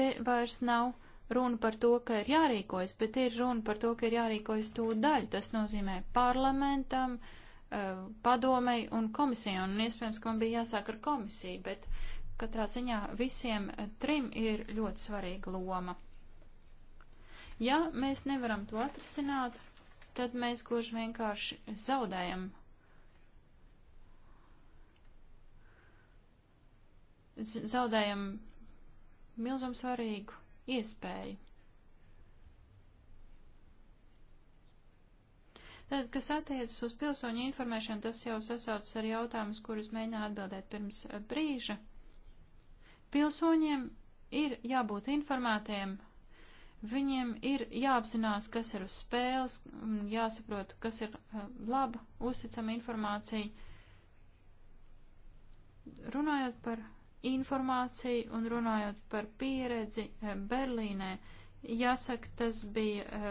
te vairs nav runa par to, ka ir jārīkojas, bet ir runa par to, ka ir jārīkojas to daļu. Tas nozīmē parlamentam, eh, padomei un komisijai, un iespējams, ka man bija jāsāk ar komisiju, bet uh, Katrā ziņā visiem trim ir ļoti svarīga loma. Ja mēs nevaram to atrisināt, tad mēs gluži vienkārši zaudējam zaudējam milzumu svarīgu iespēju. Tad, kas attiecas uz pilsoņu informēšanu, tas jau sasaucas ar jautājumus, kurus mēģināju atbildēt pirms brīža. Pilsoņiem ir jābūt informētiem, viņiem ir jāapzinās, kas ir uz spēles, jāsaprot, kas ir eh, laba, uzticama informācija. Runājot par informāciju un runājot par pieredzi eh, Berlīnē, jāsaka, tas bija eh,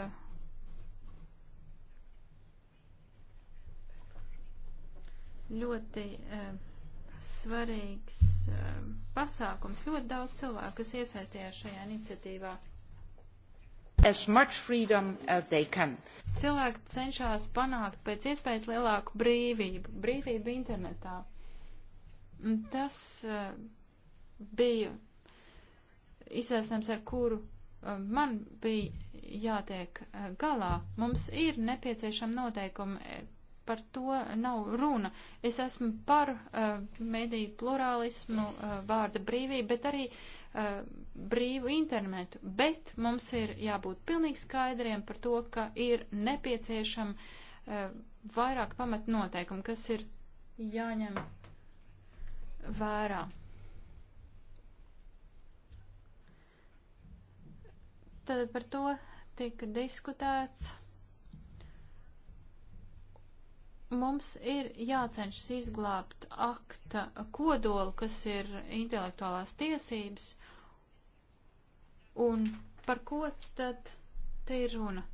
ļoti svarīgs um, pasākums. Ļoti daudz cilvēku, kas iesaistījās šajā iniciatīvā. Cilvēki cenšas panākt pēc iespējas lielāku brīvību, brīvību internetā. Un tas uh, bija izaicinājums, ar kuru uh, man bija jātiek uh, galā. Mums ir nepieciešama noteikuma par to nav runa. Es esmu par uh, mediju plurālismu, uh, vārda brīvību, bet arī uh, brīvu internetu. Bet mums ir jābūt pilnīgi skaidriem par to, ka ir nepieciešama uh, vairāk pamatnoteikumu, kas ir jāņem vērā. Tad par to tika diskutēts. mums ir jācenšas izglābt akta kodolu, kas ir intelektuālās tiesības, un par ko tad te ir runa?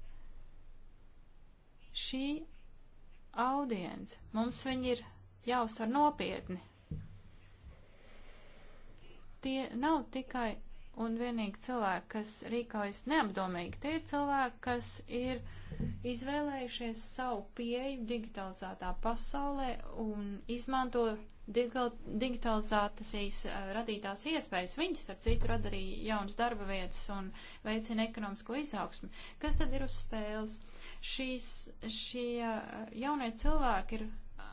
Šī audience, mums viņi ir jāuzsver nopietni. Tie nav tikai un vienīgi cilvēki, kas rīkojas neapdomīgi, tie ir cilvēki, kas ir izvēlējušies savu pieeju digitalizētā pasaulē un izmanto digitalizācijas eh, radītās iespējas. Viņi, starp citu, rada arī jaunas darba vietas un veicina ekonomisko izaugsmi. Kas tad ir uz spēles? Šīs, šie eh, jaunie cilvēki ir eh,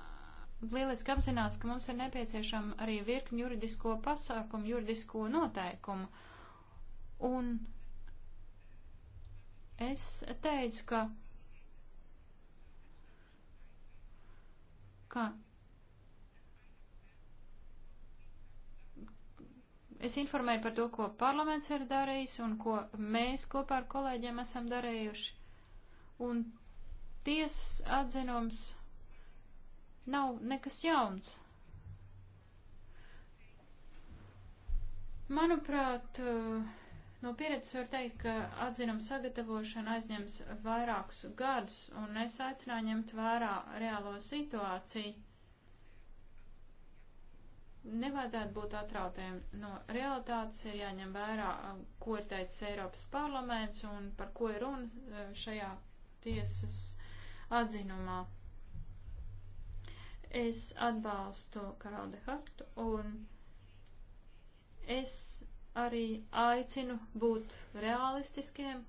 lieliski apzināts, ka mums ir nepieciešama arī virkni juridisko pasākumu, juridisko noteikumu. Un Es teicu, ka, ka es informēju par to, ko parlaments ir darījis un ko mēs kopā ar kolēģiem esam darījuši. Un tiesas atzinums nav nekas jauns. Manuprāt, uh, No pieredzes var teikt, ka atzinuma sagatavošana aizņems vairākus gadus, un es aicināju ņemt vērā reālo situāciju. Nevajadzētu būt atrautiem no realitātes, ir jāņem vērā, ko ir teicis Eiropas parlaments un par ko ir runa eh, šajā tiesas atzinumā. Es atbalstu Karalde Hartu un es arī aicinu būt realistiskiem.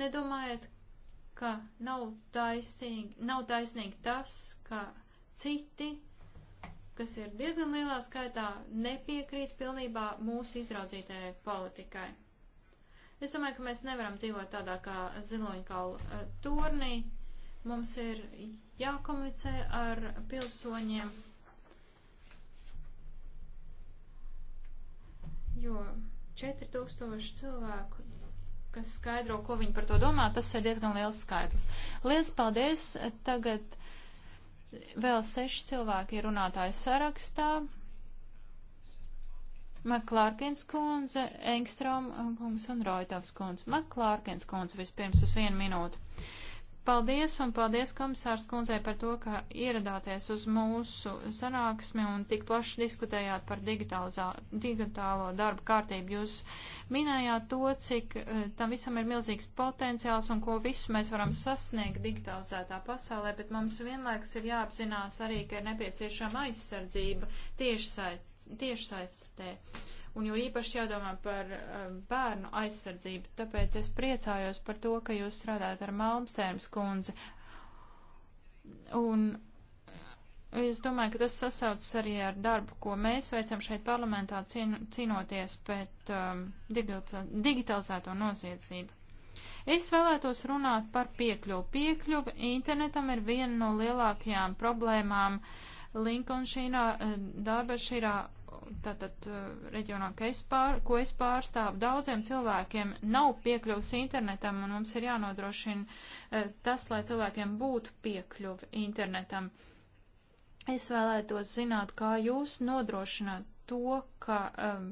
Nedomājiet, ka nav taisnīgi, nav taisnīgi tas, ka citi, kas ir diezgan lielā skaitā, nepiekrīt pilnībā mūsu izraudzītajai politikai. Es domāju, ka mēs nevaram dzīvot tādā kā ziloņkalu eh, turnī. Mums ir jākomunicē ar pilsoņiem jo 4000 cilvēku, kas skaidro, ko viņi par to domā, tas ir diezgan liels skaitlis. Liels paldies! Tagad vēl seši cilvēki ir runātāju sarakstā. Maklārkins kundze, Engstrom kungs un Roitovs kundze. Maklārkins kundze vispirms uz vienu minūtu. Paldies un paldies komisārs kundzei par to, ka ieradāties uz mūsu sanāksmi un tik plaši diskutējāt par digitālo darbu kārtību. Jūs minējāt to, cik eh, tam visam ir milzīgs potenciāls un ko visu mēs varam sasniegt digitalizētā pasaulē, bet mums vienlaiks ir jāapzinās arī, ka ir nepieciešama aizsardzība tiešsaistē. Tieši un jo īpaši jādomā par um, bērnu aizsardzību. Tāpēc es priecājos par to, ka jūs strādājat ar Malmstērmas kundzi. Un es domāju, ka tas sasaucas arī ar darbu, ko mēs veicam šeit parlamentā cīn cīnoties pret um, digitalizēto noziedzību. Es vēlētos runāt par piekļuvu. Piekļuva internetam ir viena no lielākajām problēmām Linkonšīnā, eh, Dārbašīrā tātad uh, reģionā, es pār, ko es pārstāvu, daudziem cilvēkiem nav piekļuvs internetam, un mums ir jānodrošina uh, tas, lai cilvēkiem būtu piekļuvi internetam. Es vēlētos zināt, kā jūs nodrošināt to, ka um,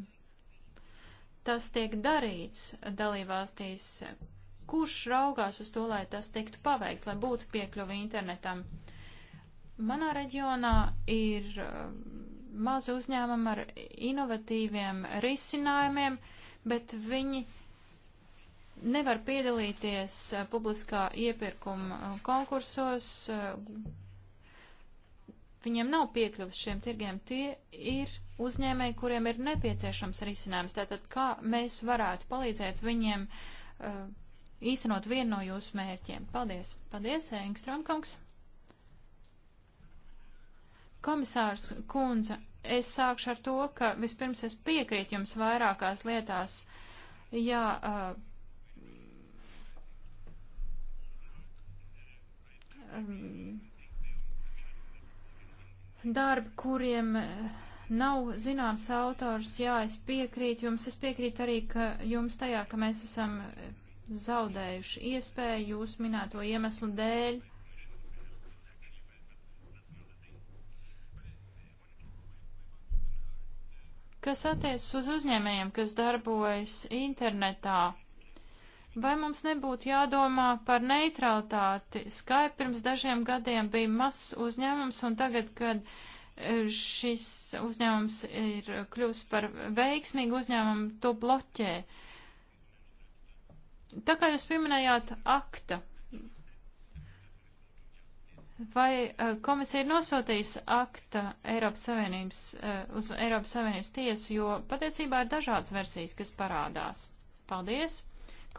tas tiek darīts dalībvalstīs, kurš raugās uz to, lai tas tiktu paveikts, lai būtu piekļuvi internetam. Manā reģionā ir um, mazi uzņēmumi ar inovatīviem risinājumiem, bet viņi nevar piedalīties eh, publiskā iepirkuma eh, konkursos. Eh, viņiem nav piekļuvis šiem tirgiem. Tie ir uzņēmēji, kuriem ir nepieciešams risinājums. Tātad, kā mēs varētu palīdzēt viņiem īstenot vienu no jūsu mērķiem? Paldies! Paldies, Engstrāmkungs! Komisārs Kunze, es sākšu ar to, ka vispirms es piekrītu jums vairākās lietās. Jā, uh, darbi, kuriem nav zināms autors, jā, es piekrītu jums, es piekrītu arī ka jums tajā, ka mēs esam zaudējuši iespēju jūsu minēto iemeslu dēļ. Uh, Kas attiecas uz uzņēmējiem, kas darbojas internetā, vai mums nebūtu jādomā par neutralitāti? Skype pirms dažiem gadiem bija mazs uzņēmums, un tagad, kad e, šis uzņēmums ir kļuvis par veiksmīgu uzņēmumu, to bloķē. Tā kā jūs pieminējāt akta Vai eh, komisija ir nosūtījusi akta Eiropas Savienības, eh, uz Eiropas Savienības tiesu, jo patiesībā ir dažādas versijas, kas parādās? Paldies,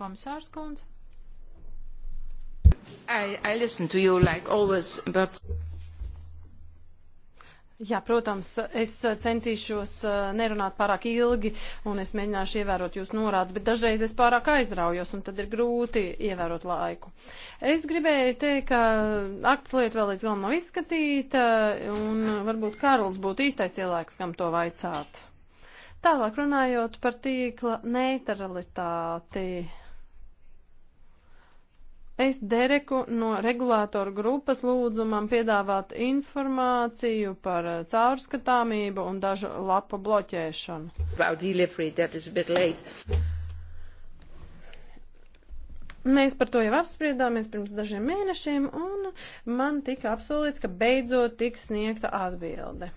komisārs kundze. I, I you, like always, but... Jā, protams, es eh, centīšos eh, nerunāt pārāk ilgi, un es mēģināšu ievērot jūs norādes, bet dažreiz es pārāk aizraujos, un tad ir grūti ievērot laiku. Es gribēju teikt, ka akts lieta vēl līdz galam nav izskatīta, un varbūt Kārls būtu īstais cilvēks, kam to vaicāt. Tālāk runājot par tīkla neutralitāti. Es Dereku no regulātoru grupas lūdzu man piedāvāt informāciju par eh, caurskatāmību un dažu lapu bloķēšanu. Delivery, Mēs par to jau apspriedāmies pirms dažiem mēnešiem, un man tika apsolīts, ka beidzot tiks sniegta atbilde.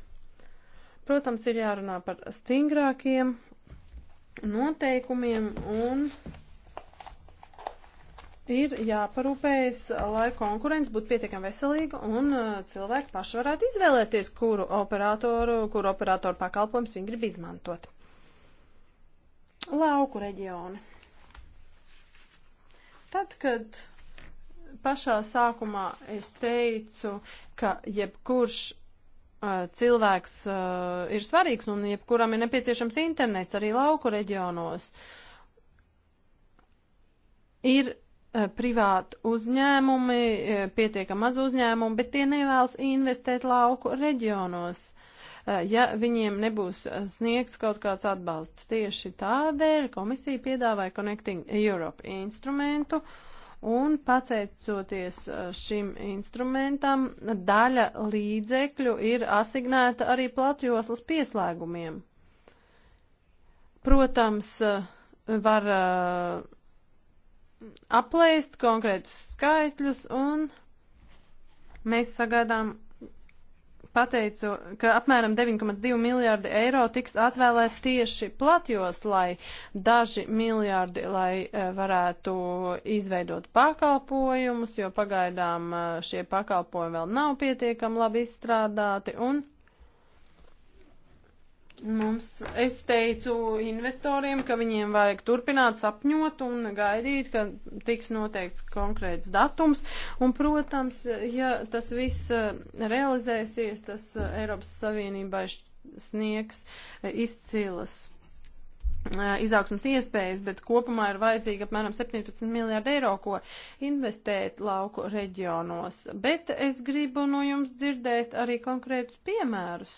Protams, ir jārunā par stingrākiem noteikumiem un ir jāparūpējas, lai konkurence būtu pietiekami veselīga un uh, cilvēki paši varētu izvēlēties, kuru operatoru, kuru operatoru pakalpojums viņi grib izmantot. Lauku reģioni. Tad, kad pašā sākumā es teicu, ka jebkurš uh, cilvēks uh, ir svarīgs un jebkuram ir nepieciešams internets arī lauku reģionos, ir Eh, privāti uzņēmumi, eh, pietiekam maz uzņēmumi, bet tie nevēlas investēt lauku reģionos, eh, ja viņiem nebūs sniegs kaut kāds atbalsts. Tieši tādēļ komisija piedāvāja Connecting Europe instrumentu. Un pateicoties šim instrumentam, daļa līdzekļu ir asignēta arī platjoslas pieslēgumiem. Protams, var uh, aplēst konkrētus skaitļus un mēs sagaidām pateicu, ka apmēram 9,2 miljārdi eiro tiks atvēlēt tieši platjos, lai daži miljārdi, lai eh, varētu izveidot pakalpojumus, jo pagaidām eh, šie pakalpojumi vēl nav pietiekami labi izstrādāti un Mums, es teicu investoriem, ka viņiem vajag turpināt sapņot un gaidīt, ka tiks noteikts konkrēts datums. Un, protams, ja tas viss eh, realizēsies, tas eh, Eiropas Savienībai sniegs eh, izcilas izaugsmas iespējas, bet kopumā ir vajadzīga apmēram 17 miljārdi eiro, ko investēt lauku reģionos. Bet es gribu no jums dzirdēt arī konkrētus piemērus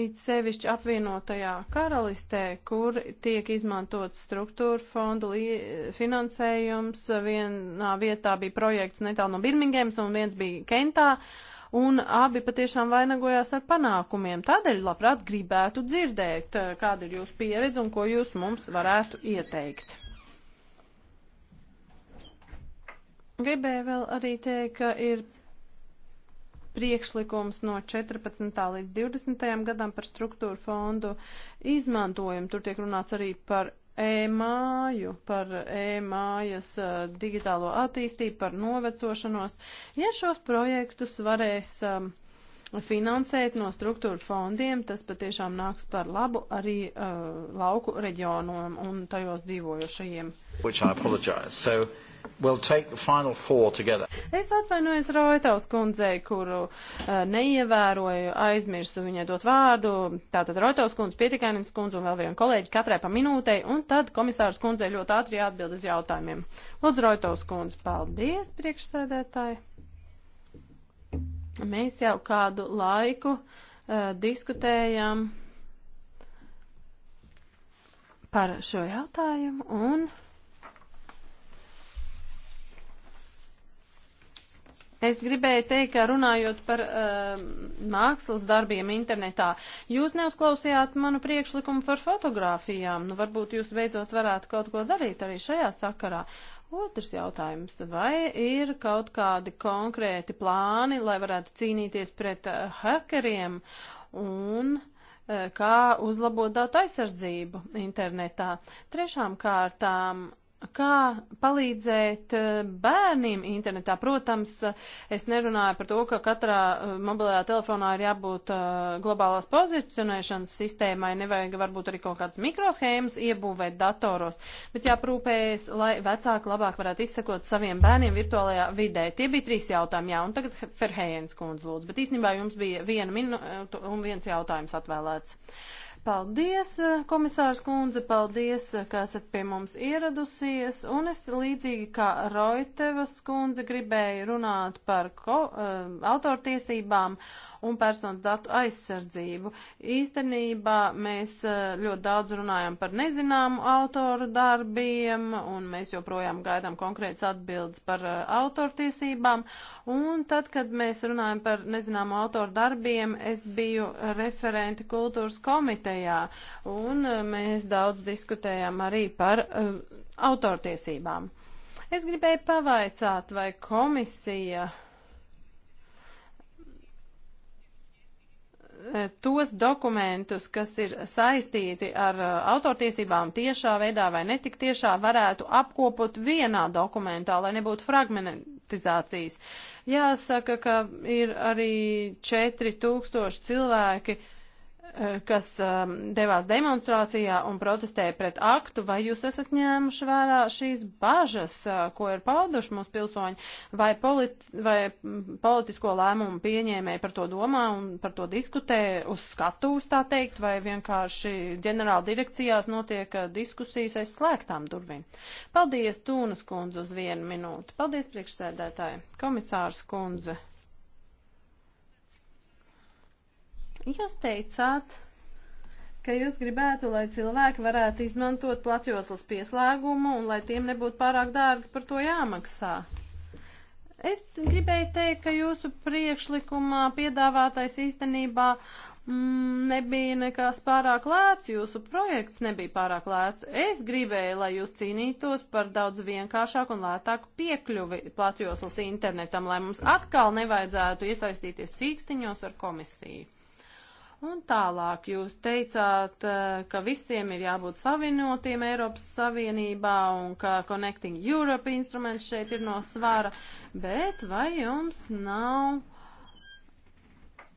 It sevišķi apvienotajā karalistē, kur tiek izmantots struktūra fondu finansējums, vienā vietā bija projekts netālu no Birmingemas un viens bija Kentā, un abi patiešām vainagojās ar panākumiem. Tādēļ labprāt gribētu dzirdēt, eh, kāda ir jūsu pieredze un ko jūs mums varētu ieteikt. Gribēju vēl arī teikt, ka ir priekšlikums no 14. līdz 20. gadam par struktūru fondu izmantojumu. Tur tiek runāts arī par e-māju, par e-mājas digitālo attīstību, par novecošanos. Ja šos projektus varēs um, finansēt no struktūra fondiem, tas patiešām nāks par labu arī uh, lauku reģioniem un tajos dzīvojošajiem. So, We'll take the final four together. Es atvainojos Roitavas kundzei, kuru uh, neievēroju, aizmirsu viņai dot vārdu. Tātad Roitavas kundze, Pietikainis kundze un vēl viena kolēģi katrai pa minūtei, un tad komisārs kundzei ļoti ātri jāatbild uz jautājumiem. Lūdzu, Roitavas kundze, paldies, priekšsēdētāji. Mēs jau kādu laiku uh, diskutējam par šo jautājumu un. Es gribēju teikt, ka runājot par uh, mākslas darbiem internetā, jūs neuzklausījāt manu priekšlikumu par fotografijām. Nu, varbūt jūs beidzot varētu kaut ko darīt arī šajā sakarā. Otrs jautājums. Vai ir kaut kādi konkrēti plāni, lai varētu cīnīties pret uh, hakeriem un uh, kā uzlabot datu aizsardzību internetā? Trešām kārtām. Uh, kā palīdzēt eh, bērniem internetā. Protams, eh, es nerunāju par to, ka katrā eh, mobilajā telefonā ir jābūt globālās pozicionēšanas sistēmai, nevajag varbūt arī kaut kādas mikroshēmas iebūvēt datoros, bet jāprūpējas, lai vecāki labāk varētu izsekot saviem bērniem virtuālajā vidē. Tie bija trīs jautājumi, jā, un tagad Ferhējens kundze lūdzu, bet īstenībā jums bija viena minūte un viens jautājums atvēlēts. Uh, Paldies, eh, komisārs kundze, paldies, eh, ka esat pie mums ieradusies, un es līdzīgi kā Roitevas kundze gribēju runāt par ko, uh, autortiesībām un personas datu aizsardzību. Īstenībā mēs eh, ļoti daudz runājam par nezināmu autoru darbiem, un mēs joprojām gaidām konkrētas atbildes par eh, autortiesībām. Un tad, kad mēs runājam par nezināmu autoru darbiem, es biju referenti kultūras komitejā, un eh, mēs daudz diskutējām arī par uh, autortiesībām. Es gribēju pavaicāt, vai komisija uh, E, tos dokumentus, kas ir saistīti ar e, autortiesībām tiešā veidā vai netik tiešā, varētu apkopot vienā dokumentā, lai nebūtu fragmentizācijas. Jāsaka, ka ir arī 4000 cilvēki, uh, kas um, devās demonstrācijā un protestēja pret aktu, vai jūs esat ņēmuši vērā šīs bažas, uh, ko ir pauduši mūsu pilsoņi, vai, politi vai mm, politisko lēmumu pieņēmēji par to domā un par to diskutē uz skatuves, tā teikt, vai vienkārši ģenerāla direkcijās notiek uh, diskusijas aiz slēgtām durvīm. Paldies, Tūnas kundze, uz vienu minūti. Paldies, priekšsēdētāji. Komisārs kundze. Jūs teicāt, ka jūs gribētu, lai cilvēki varētu izmantot platjoslas pieslēgumu un lai tiem nebūtu pārāk dārgi par to jāmaksā. Es gribēju teikt, ka jūsu priekšlikumā piedāvātais īstenībā mm, nebija nekas pārāk lēts, jūsu projekts nebija pārāk lēts. Es gribēju, lai jūs cīnītos par daudz vienkāršāku un lētāku piekļuvi platjoslas internetam, lai mums atkal nevajadzētu iesaistīties cīkstiņos ar komisiju. Un tālāk jūs teicāt, eh, ka visiem ir jābūt savienotiem Eiropas Savienībā un ka Connecting Europe instruments šeit ir no svara, bet vai jums nav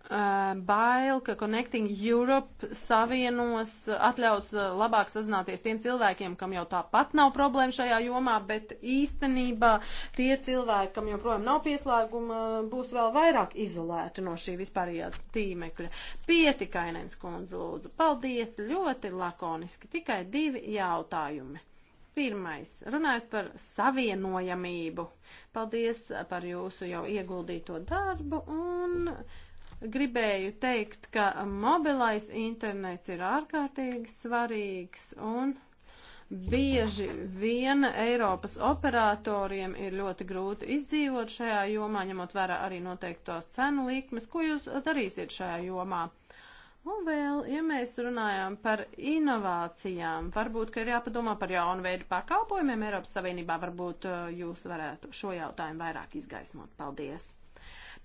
Eh, bail, ka Connecting Europe savienos atļaus eh, labāk sazināties tiem cilvēkiem, kam jau tāpat nav problēma šajā jomā, bet īstenībā tie cilvēki, kam joprojām nav pieslēguma, būs vēl vairāk izolēti no šī vispārējā tīmekļa. Pietikainens kundze lūdzu. Paldies, ļoti lakoniski, tikai divi jautājumi. Pirmais, runājot par savienojamību. Paldies par jūsu jau ieguldīto darbu un uh, gribēju teikt, ka mobilais internets ir ārkārtīgi svarīgs un bieži vien Eiropas operatoriem ir ļoti grūti izdzīvot šajā jomā, ņemot vērā arī noteiktos cenu likmes. Ko jūs darīsiet šajā jomā? Un vēl, ja mēs runājam par inovācijām, varbūt, ka ir jāpadomā par jaunu veidu pakalpojumiem Eiropas Savienībā, varbūt uh, jūs varētu šo jautājumu vairāk izgaismot. Paldies!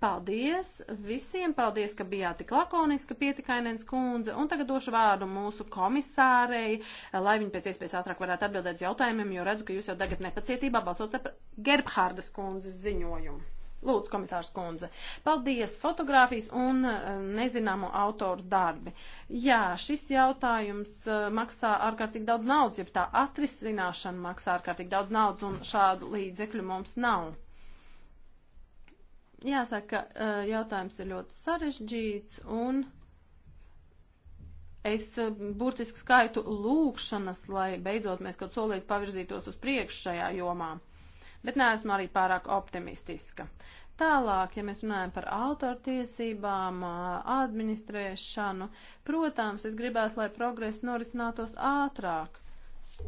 Paldies visiem, paldies, ka bijāt tik lakoniski, pietikainens kundze, un tagad došu vārdu mūsu komisārei, lai viņi pēc iespējas ātrāk varētu atbildēt uz jautājumiem, jo redzu, ka jūs jau tagad nepacietībā balsot par Gerbhārdas kundzes ziņojumu. Lūdzu, komisārs kundze, paldies fotografijas un eh, nezināmo autoru darbi. Jā, šis jautājums eh, maksā ārkārtīgi daudz naudas, ja tā atrisināšana maksā ārkārtīgi daudz naudas, un šādu līdzekļu mums nav. Jāsaka, eh, jautājums ir ļoti sarežģīts un es eh, burtiski skaitu lūkšanas, lai beidzot mēs kaut solīt pavirzītos uz priekšu šajā jomā. Bet neesmu arī pārāk optimistiska. Tālāk, ja mēs runājam par autortiesībām, eh, administrēšanu, protams, es gribētu, lai progress norisinātos ātrāk.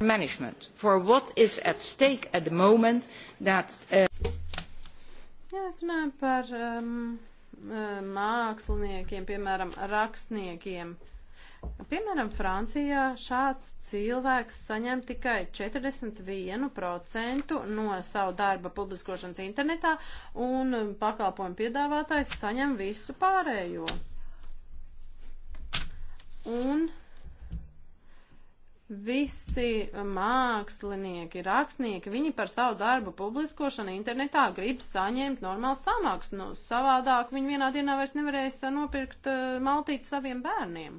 Management for what is at stake at the moment that uh... Jā, es runāju par um, uh, māksliniekiem, piemēram, rakstniekiem. Piemēram, Francijā šāds cilvēks saņem tikai 41% no savu darba publiskošanas internetā, un pakalpojumu piedāvātājs saņem visu pārējo. Un Visi mākslinieki, rakstnieki, viņi par savu darbu publiskošanu internetā grib saņemt normālu samaksu. Nu, savādāk viņi vienā dienā vairs nevarēs nopirkt uh, maltīt saviem bērniem.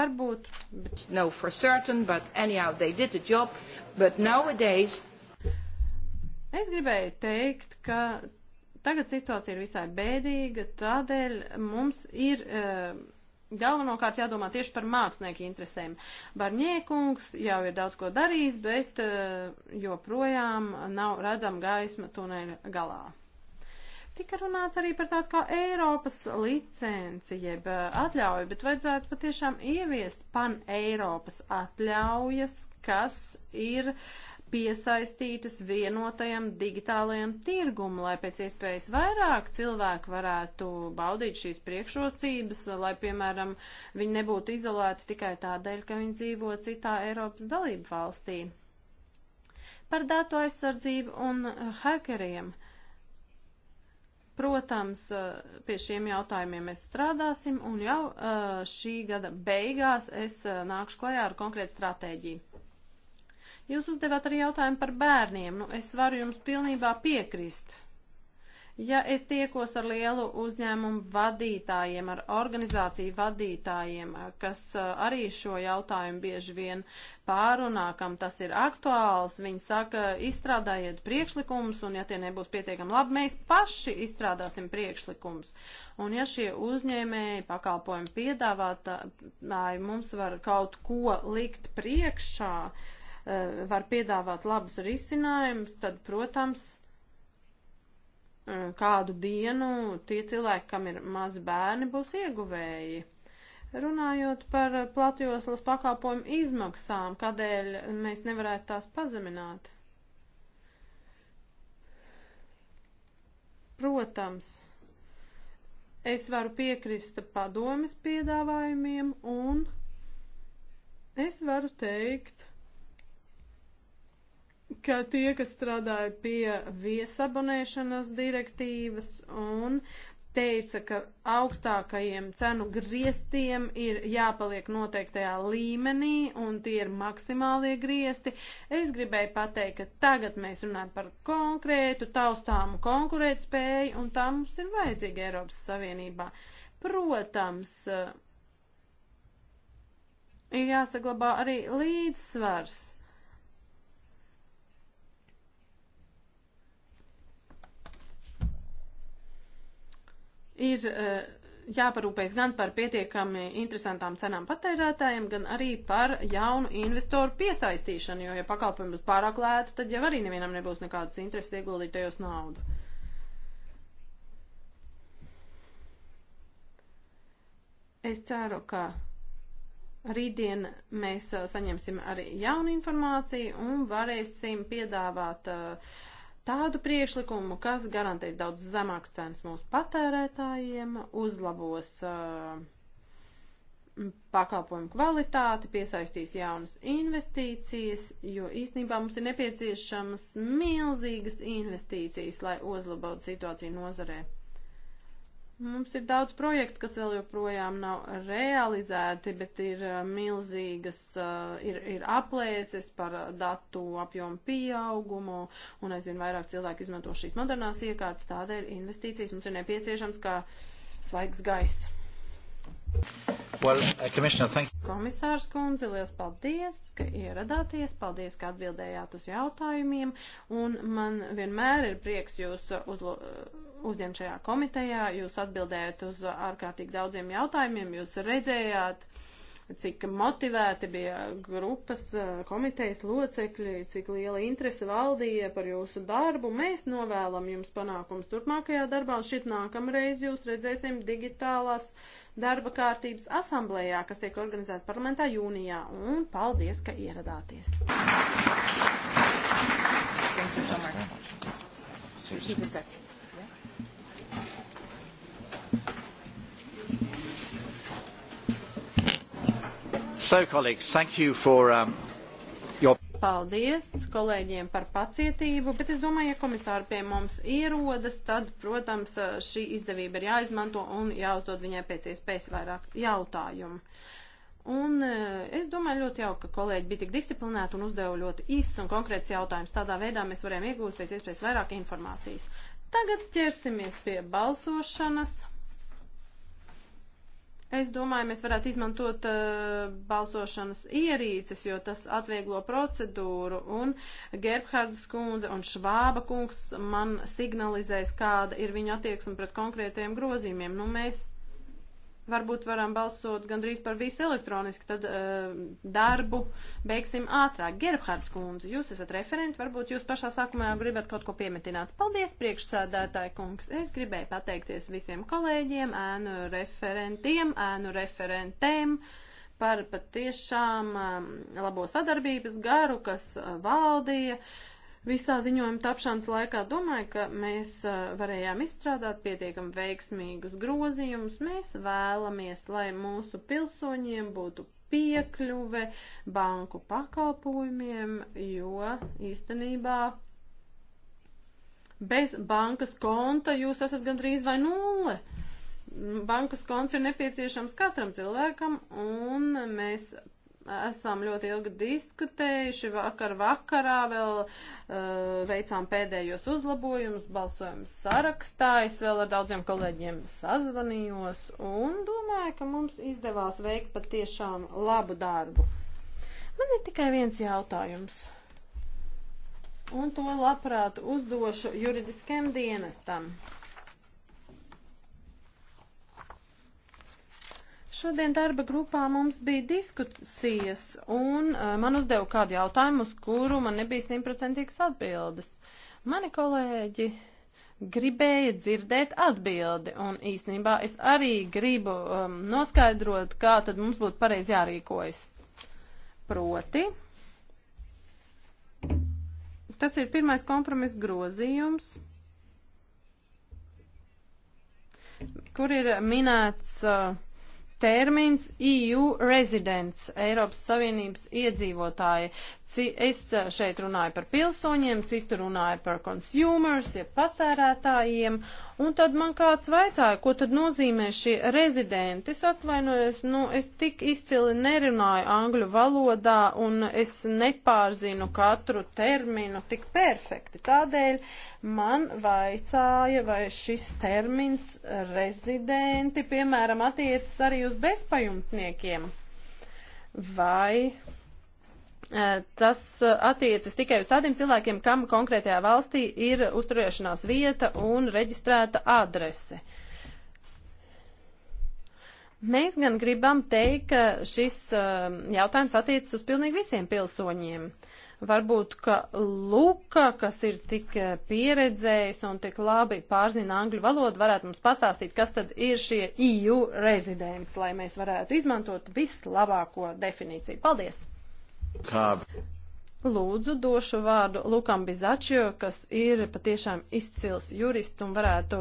Varbūt. But, no, for certain, but anyhow, they did the job, but nowadays. Es gribēju teikt, ka tagad situācija ir visai bēdīga, tādēļ mums ir. Uh, galvenokārt jādomā tieši par mākslinieku interesēm. Barņēkungs jau ir daudz ko darījis, bet eh, joprojām nav redzama gaisma tuneļa galā. Tika runāts arī par tādu kā Eiropas licenci, jeb eh, atļauju, bet vajadzētu patiešām ieviest pan-Eiropas atļaujas, kas ir uh, piesaistītas vienotajam digitālajam tirgum, lai pēc iespējas vairāk cilvēku varētu baudīt šīs priekšrocības, lai, piemēram, viņi nebūtu izolēti tikai tādēļ, ka viņi dzīvo citā Eiropas dalību valstī. Par datu aizsardzību un hakeriem. Protams, pie šiem jautājumiem mēs strādāsim, un jau šī gada beigās es nākšu klajā ar konkrētu stratēģiju. Jūs uzdevāt arī jautājumu par bērniem. Nu, es varu jums pilnībā piekrist. Ja es tiekos ar lielu uzņēmumu vadītājiem, ar organizāciju vadītājiem, kas arī šo jautājumu bieži vien pārunā, kam tas ir aktuāls, viņi saka, izstrādājiet priekšlikumus, un ja tie nebūs pietiekami labi, mēs paši izstrādāsim priekšlikumus. Un ja šie uzņēmēji pakalpojumu piedāvātāji mums var kaut ko likt priekšā, uh, Eh, var piedāvāt labus risinājumus, tad, protams, eh, kādu dienu tie cilvēki, kam ir mazi bērni, būs ieguvēji. Runājot par platjoslas pakalpojumu izmaksām, kādēļ mēs nevarētu tās pazemināt? Protams, es varu piekrist padomes piedāvājumiem un es varu teikt, ka tie, kas strādāja pie viesabonēšanas direktīvas un teica, ka augstākajiem cenu griestiem ir jāpaliek noteiktajā līmenī, un tie ir maksimālie griesti. Es gribēju pateikt, ka tagad mēs runājam par konkrētu taustāmu konkurētspēju, un tā mums ir vajadzīga Eiropas Savienībā. Protams, ir jāsaglabā arī līdzsvars ir eh, jāparūpējas gan par pietiekami interesantām cenām patērētājiem, gan arī par jaunu investoru piesaistīšanu, jo, ja pakalpojumi būs pārāk lēti, tad jau arī nevienam nebūs nekādas intereses ieguldīt tajos naudu. Es ceru, ka rītdien mēs eh, saņemsim arī jaunu informāciju un varēsim piedāvāt uh, tādu priešlikumu, kas garantēs daudz zemāks cenas mūsu patērētājiem, uzlabos uh, pakalpojumu kvalitāti, piesaistīs jaunas investīcijas, jo īstenībā mums ir nepieciešamas milzīgas investīcijas, lai uzlabotu situāciju nozarē. Mums ir daudz projektu, kas vēl joprojām nav realizēti, bet ir eh, milzīgas, eh, ir, ir aplēses par eh, datu apjomu pieaugumu, un aizvien vairāk cilvēku izmanto šīs modernās iekārtas, tādēļ investīcijas mums ir nepieciešams kā svaigs gaiss. Well, uh, Komisārs kundze, liels paldies, ka ieradāties, paldies, ka atbildējāt uz jautājumiem, un man vienmēr ir prieks jūs uh, uzlo, uh, uzņemt šajā komitejā, jūs atbildējat uz ārkārtīgi daudziem jautājumiem, jūs redzējāt, cik motivēti bija grupas komitejas locekļi, cik liela interese valdīja par jūsu darbu. Mēs novēlam jums panākums turpmākajā darbā, un šit nākamreiz jūs redzēsim digitālās darba kārtības asamblējā, kas tiek organizēta parlamentā jūnijā. Un paldies, ka ieradāties! Thank you so much. Seriously. Keep it up. So, colleagues, thank you for um, paldies kolēģiem par pacietību, bet es domāju, ja komisāri pie mums ierodas, tad, protams, šī izdevība ir jāizmanto un jāuzdod viņai pēc iespējas vairāk jautājumu. Un e, es domāju ļoti jauki, ka kolēģi bija tik disciplinēti un uzdeva ļoti īsts un konkrēts jautājums. Tādā veidā mēs varējām iegūt pēc iespējas vairāk informācijas. Tagad ķersimies pie balsošanas. Es domāju, mēs varētu izmantot uh, balsošanas ierīces, jo tas atvieglo procedūru. Un Gerbhardas kundze un Švāba kungs man signalizēs, kāda ir viņa attieksme pret konkrētajiem grozījumiem. Nu, mēs varbūt varam balsot gandrīz par visu elektroniski, tad uh, darbu beigsim ātrāk. Gerbhards kundze, jūs esat referenti, varbūt jūs pašā sākumā jau gribat kaut ko piemetināt. Paldies, priekšsādātāji kungs. Es gribēju pateikties visiem kolēģiem, ēnu referentiem, ēnu referentēm par patiešām um, labo sadarbības garu, kas uh, valdīja. Uh, visā ziņojuma tapšanas laikā domāju, ka mēs varējām izstrādāt pietiekam veiksmīgus grozījumus. Mēs vēlamies, lai mūsu pilsoņiem būtu piekļuve banku pakalpojumiem, jo īstenībā bez bankas konta jūs esat gandrīz vai nulle bankas konts ir nepieciešams katram cilvēkam, un mēs esam ļoti ilgi diskutējuši, vakar vakarā vēl uh, veicām pēdējos uzlabojumus, balsojums sarakstā, es vēl ar daudziem kolēģiem sazvanījos un domāju, ka mums izdevās veikt patiešām labu darbu. Man ir tikai viens jautājums. Un to labprāt uzdošu juridiskajam dienestam. Šodien darba grupā mums bija diskusijas, un uh, man uzdeva kādu jautājumu, uz kuru man nebija simtprocentīgas atbildes. Mani kolēģi gribēja dzirdēt atbildi, un īsnībā es arī gribu um, noskaidrot, kā tad mums būtu pareizi jārīkojas. Proti, tas ir pirmais kompromiss grozījums kur ir minēts uh, termins EU residents, Eiropas Savienības iedzīvotāji. Es šeit runāju par pilsoņiem, citu runāju par consumers, jeb patērētājiem, un tad man kāds vaicāja, ko tad nozīmē šie rezidenti. Es atvainojos, nu, es tik izcili nerunāju angļu valodā, un es nepārzinu katru terminu tik perfekti. Tādēļ man vaicāja, vai šis termins rezidenti, piemēram, attiecas arī uz bezpajumtniekiem. Vai tas attiecas tikai uz tādiem cilvēkiem, kam konkrētajā valstī ir uzturēšanās vieta un reģistrēta adrese. Mēs gan gribam teikt, ka šis jautājums attiecas uz pilnīgi visiem pilsoņiem. Varbūt, ka Luka, kas ir tik pieredzējis un tik labi pārzina angļu valodu, varētu mums pastāstīt, kas tad ir šie EU rezidents, lai mēs varētu izmantot vislabāko definīciju. Paldies! Kā? Lūdzu, došu vārdu Lukam Bizačio, kas ir patiešām izcils jurists un varētu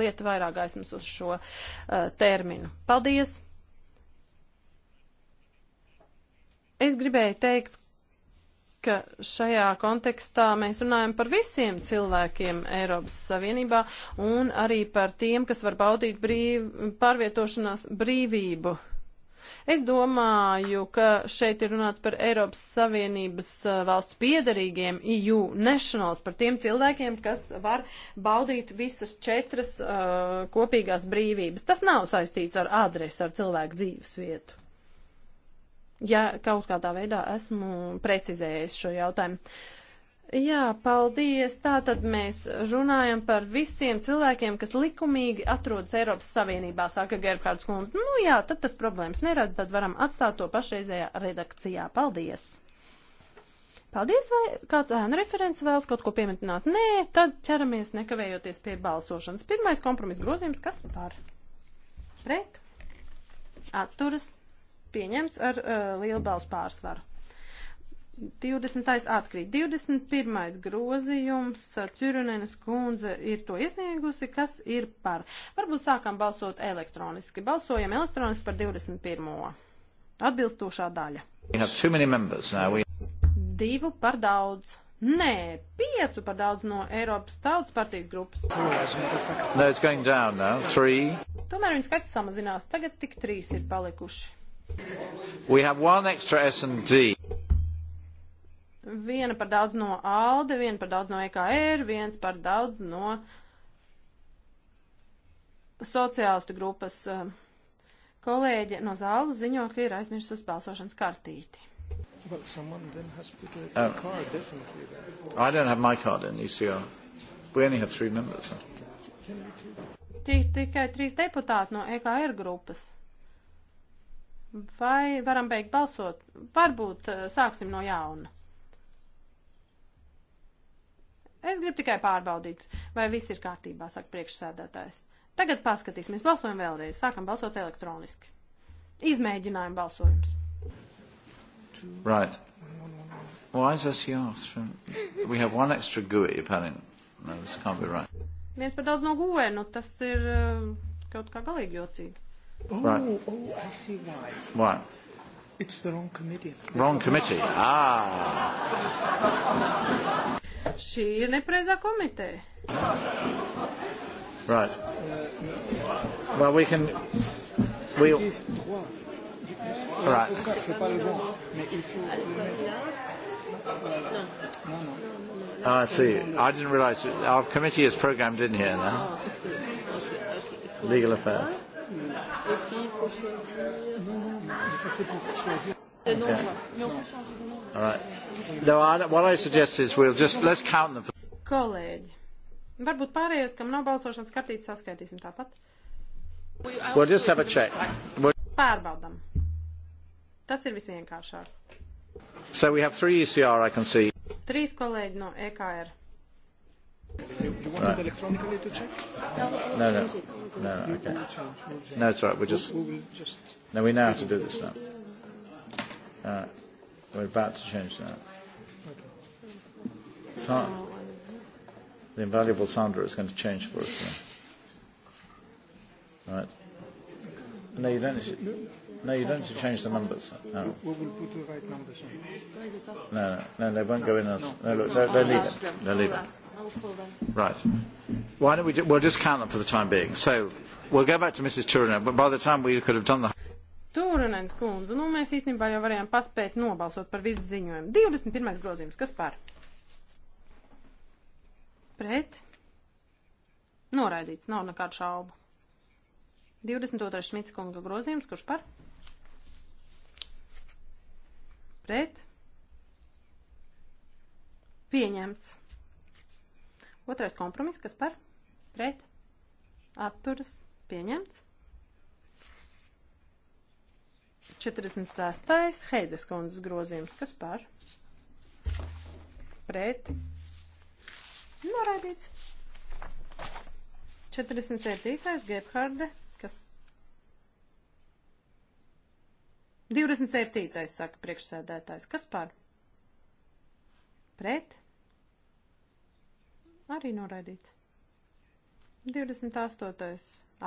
lietu vairāk gaismas uz šo uh, terminu. Paldies! Es gribēju teikt, ka šajā kontekstā mēs runājam par visiem cilvēkiem Eiropas Savienībā un arī par tiem, kas var baudīt brīv, pārvietošanās brīvību. Uh, Es domāju, ka šeit ir runāts par Eiropas Savienības eh, valsts piedarīgiem EU nationals, par tiem cilvēkiem, kas var baudīt visas četras uh, kopīgās brīvības. Tas nav saistīts ar adresi, ar cilvēku dzīves vietu ja kaut kādā veidā esmu precizējis šo jautājumu. Jā, paldies. Tātad mēs runājam par visiem cilvēkiem, kas likumīgi atrodas Eiropas Savienībā, saka Gerhards Kundze. Nu jā, tad tas problēmas nerada, tad varam atstāt to pašreizējā redakcijā. Paldies! Paldies, vai kāds ēna referents vēlas kaut ko pieminēt? Nē, tad ķeramies nekavējoties pie balsošanas. Pirmais kompromis grozījums, kas par? Pret? Atturas? Pieņemts ar uh, lielu balsu pārsvaru. 20. atkrīt. 21. grozījums Čurunenes kundze ir to iesniegusi, kas ir par. Varbūt sākam balsot elektroniski. Balsojam elektroniski par 21. Atbilstošā daļa. We... Divu par daudz. Nē, piecu par daudz no Eiropas tautas partijas grupas. No, down, no? Tomēr viņa skaits samazinās. Tagad tik trīs ir palikuši. Viena par daudz no ALDE, viena par daudz no EKR, viens par daudz no sociālistu grupas. Eh, kolēģi no zāles ziņo, ka ir aizmirsus balsošanas kartīti. Well, someone then has put oh. a oh. card, definitely. Then. I don't have my card in ECR. We only have three members. So. Tik, tikai trīs deputāti no EKR grupas. Vai varam beigt balsot? Varbūt eh, sāksim no jauna. Es gribu tikai pārbaudīt, vai viss ir kārtībā, saka priekšsēdētājs. Tagad paskatīsimies, balsojam vēlreiz, sākam balsot elektroniski. Izmēģinājumu balsojums. Right. Why is this yours? From... We have one extra GUI, apparently. No, this can't be right. Viens par daudz no GUI, nu tas ir eh, kaut kā galīgi jocīgi. Oh, right. oh, I see why. Why? It's the wrong committee. Wrong committee. Ah. Šī ir nepreizā komiteja. Right. Well, we can... We'll... Right. Oh, I see. I didn't realize it. our committee is programmed in here now. Legal affairs. Et puis, il faut choisir. Non, non, mais ça c'est pour choisir. The number. No, All right. No, I, what I suggest is we'll just let's count them. Kolēģi, varbūt pārējos, kam nav balsošanas kartītes, saskaitīsim tāpat. We'll just have a check. Pārbaudam. Tas ir visvienkāršāk. So we have three ECR, I can see. Trīs kolēģi no EKR. You, you want right. it electronically to check? No, no, no, no, okay. no. It's all right. We just. No, we know how to do this now. Uh, we're about to change that. Okay. Sa- the invaluable Sandra is going to change for us. Now. Right. No, you don't. Need to, no, you don't need to change the numbers. No. We will put the right numbers on. No, no, no they won't no, go in. As, no, no, look, they'll, they'll leave it. They'll leave it. Right. Why don't we? Do, we'll just count them for the time being. So we'll go back to Mrs. Turner. But by the time we could have done the Tūrenens kundze, nu mēs īstenībā jau varējām paspēt nobalsot par visu ziņojumu. 21. grozījums, kas par? Pret? Noraidīts, nav nekādu šaubu. 22. Šmits kunga grozījums, kurš par? Pret? Pieņemts. Otrais kompromiss, kas par? Pret? Atturas? Pieņemts. 46. Heides kundzes grozījums. Kas par? Pret. Noraidīts. 47. Gebharde. Kas? 27. saka priekšsēdētājs. Kas par? Pret. Arī noraidīts. 28.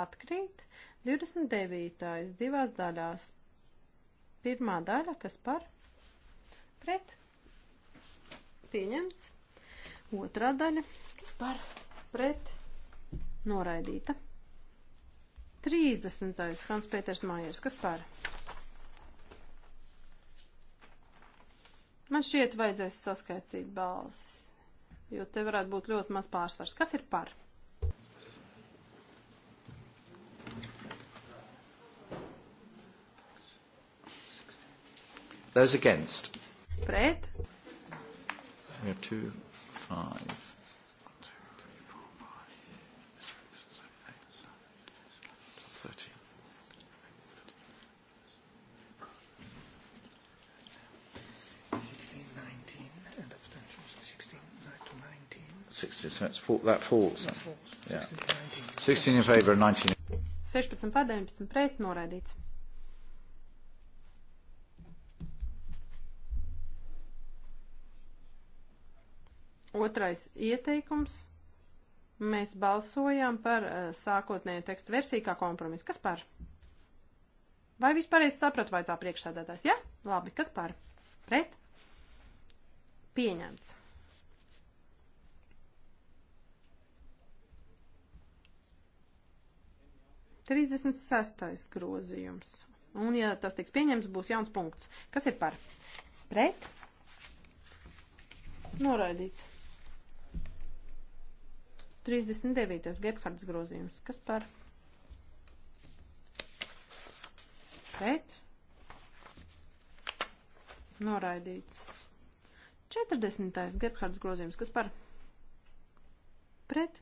atkrīt. 29. divās daļās Pirmā daļa, kas par pret pieņemts. Otrā daļa, kas par pret noraidīta. 30. Hans Pēters Mājers, kas par? Man šķiet vajadzēs saskaitīt balsis, jo te varētu būt ļoti maz pārsvars. Kas ir par? Par. Those against? Pret. We have two, five. Sixty. So it's four, that falls. Then. Yeah. Sixteen in favour and nineteen. 16 pār 19 pret noraidīts. Otrais ieteikums. Mēs balsojam par uh, eh, sākotnēju tekstu versiju kā kompromisu. Kas par? Vai vispār es sapratu, vajadzā priekšsēdētājs? Ja? Labi, kas par? Pret? Pieņemts. Trīsdesmit sastais grozījums. Un, ja tas tiks pieņemts, būs jauns punkts. Kas ir par? Pret? Noraidīts. 39. Gebhards grozījums. Kas par? Pret. Noraidīts. 40. Gebhards grozījums. Kas par? Pret.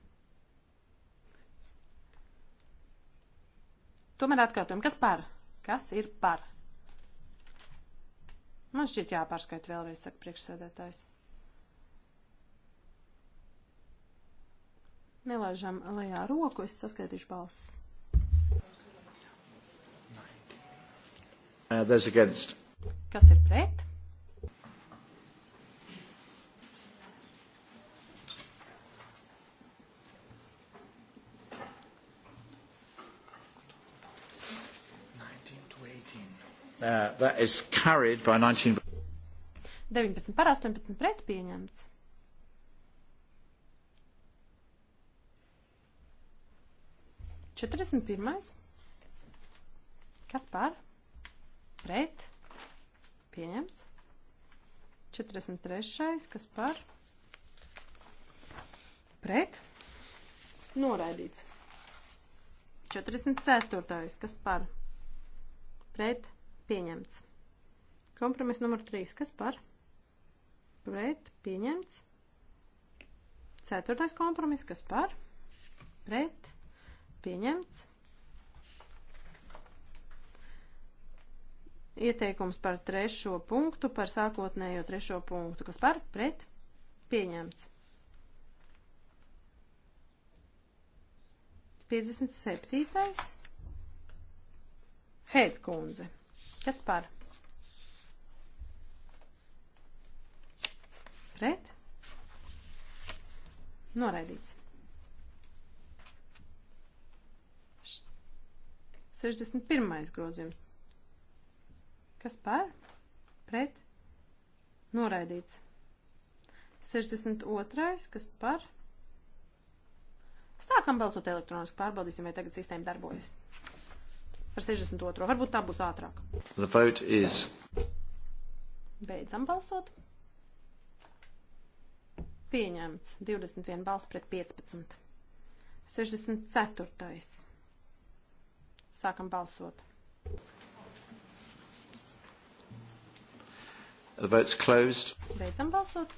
Tomēr atkārtojam. Kas par? Kas ir par? Man šķiet jāpārskait vēlreiz, saka priekšsēdētājs. Nelaižam lejā roku, es saskaitīšu balsis. Uh, Kas ir pret? Uh, 19 par 18 pret pieņemts. 41. Kas par? Pret. Pieņemts. 43. Kas par? Pret. Noraidīts. 44. Kas par? Pret. Pieņemts. Kompromiss numur 3. Kas par? Pret. Pieņemts. Ceturtais kompromiss. Kas par? Pret pieņemts. Ieteikums par trešo punktu, par sākotnējo trešo punktu, kas par pret pieņemts. 57. Heitkundze. Kas par? Pret? Noraidīts. 61. grozījums. Kas par? Pret? Noraidīts. 62. Kas par? Sākam balsot elektroniski, pārbaudīsim, vai tagad sistēma darbojas. Par 62. Varbūt tā būs ātrāk. The vote is. Beidzam balsot. Pieņemts. 21 balss pret 15. 64. Sākam balsot. The vote's closed. Beidzam balsot.